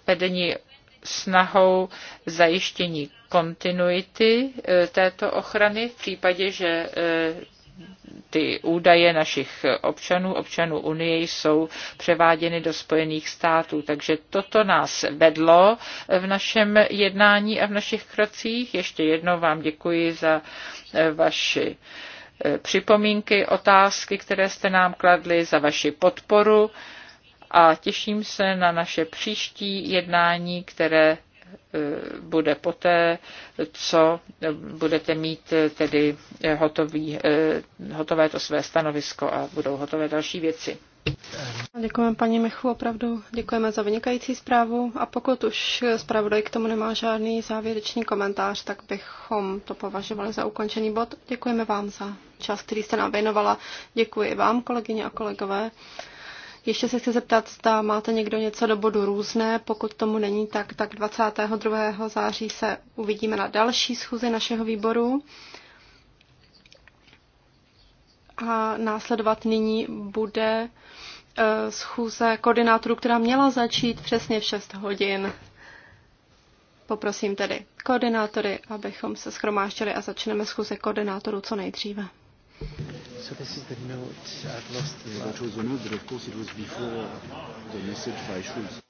vedení snahou zajištění kontinuity této ochrany v případě, že ty údaje našich občanů, občanů Unie, jsou převáděny do Spojených států. Takže toto nás vedlo v našem jednání a v našich krocích. Ještě jednou vám děkuji za eh, vaši eh, připomínky, otázky, které jste nám kladli, za vaši podporu a těším se na naše příští jednání, které Eh, bude poté, co budete mít eh, tedy eh, hotový, hotové to své stanovisko a budou hotové další věci. Děkujeme paní Mechu, opravdu děkujeme za vynikající zprávu a pokud už zpravodaj k tomu nemá žádný závěrečný komentář, tak bychom to považovali za ukončený bod. Děkujeme vám za čas, který jste nám věnovala. Děkuji vám, kolegyně a kolegové. Ještě se chci zeptat, zda máte někdo něco do bodu různé. Pokud tomu není, tak, tak 22. září se uvidíme na další schůzi našeho výboru. A následovat nyní bude eh, schůze koordinátorů, která měla začít přesně v 6 hodin. Poprosím tedy koordinátory, abychom se schromáštěli a začneme schůze koordinátorů co nejdříve. So this is the note I've lost. That was the note, but of course it was before the message by Schulz.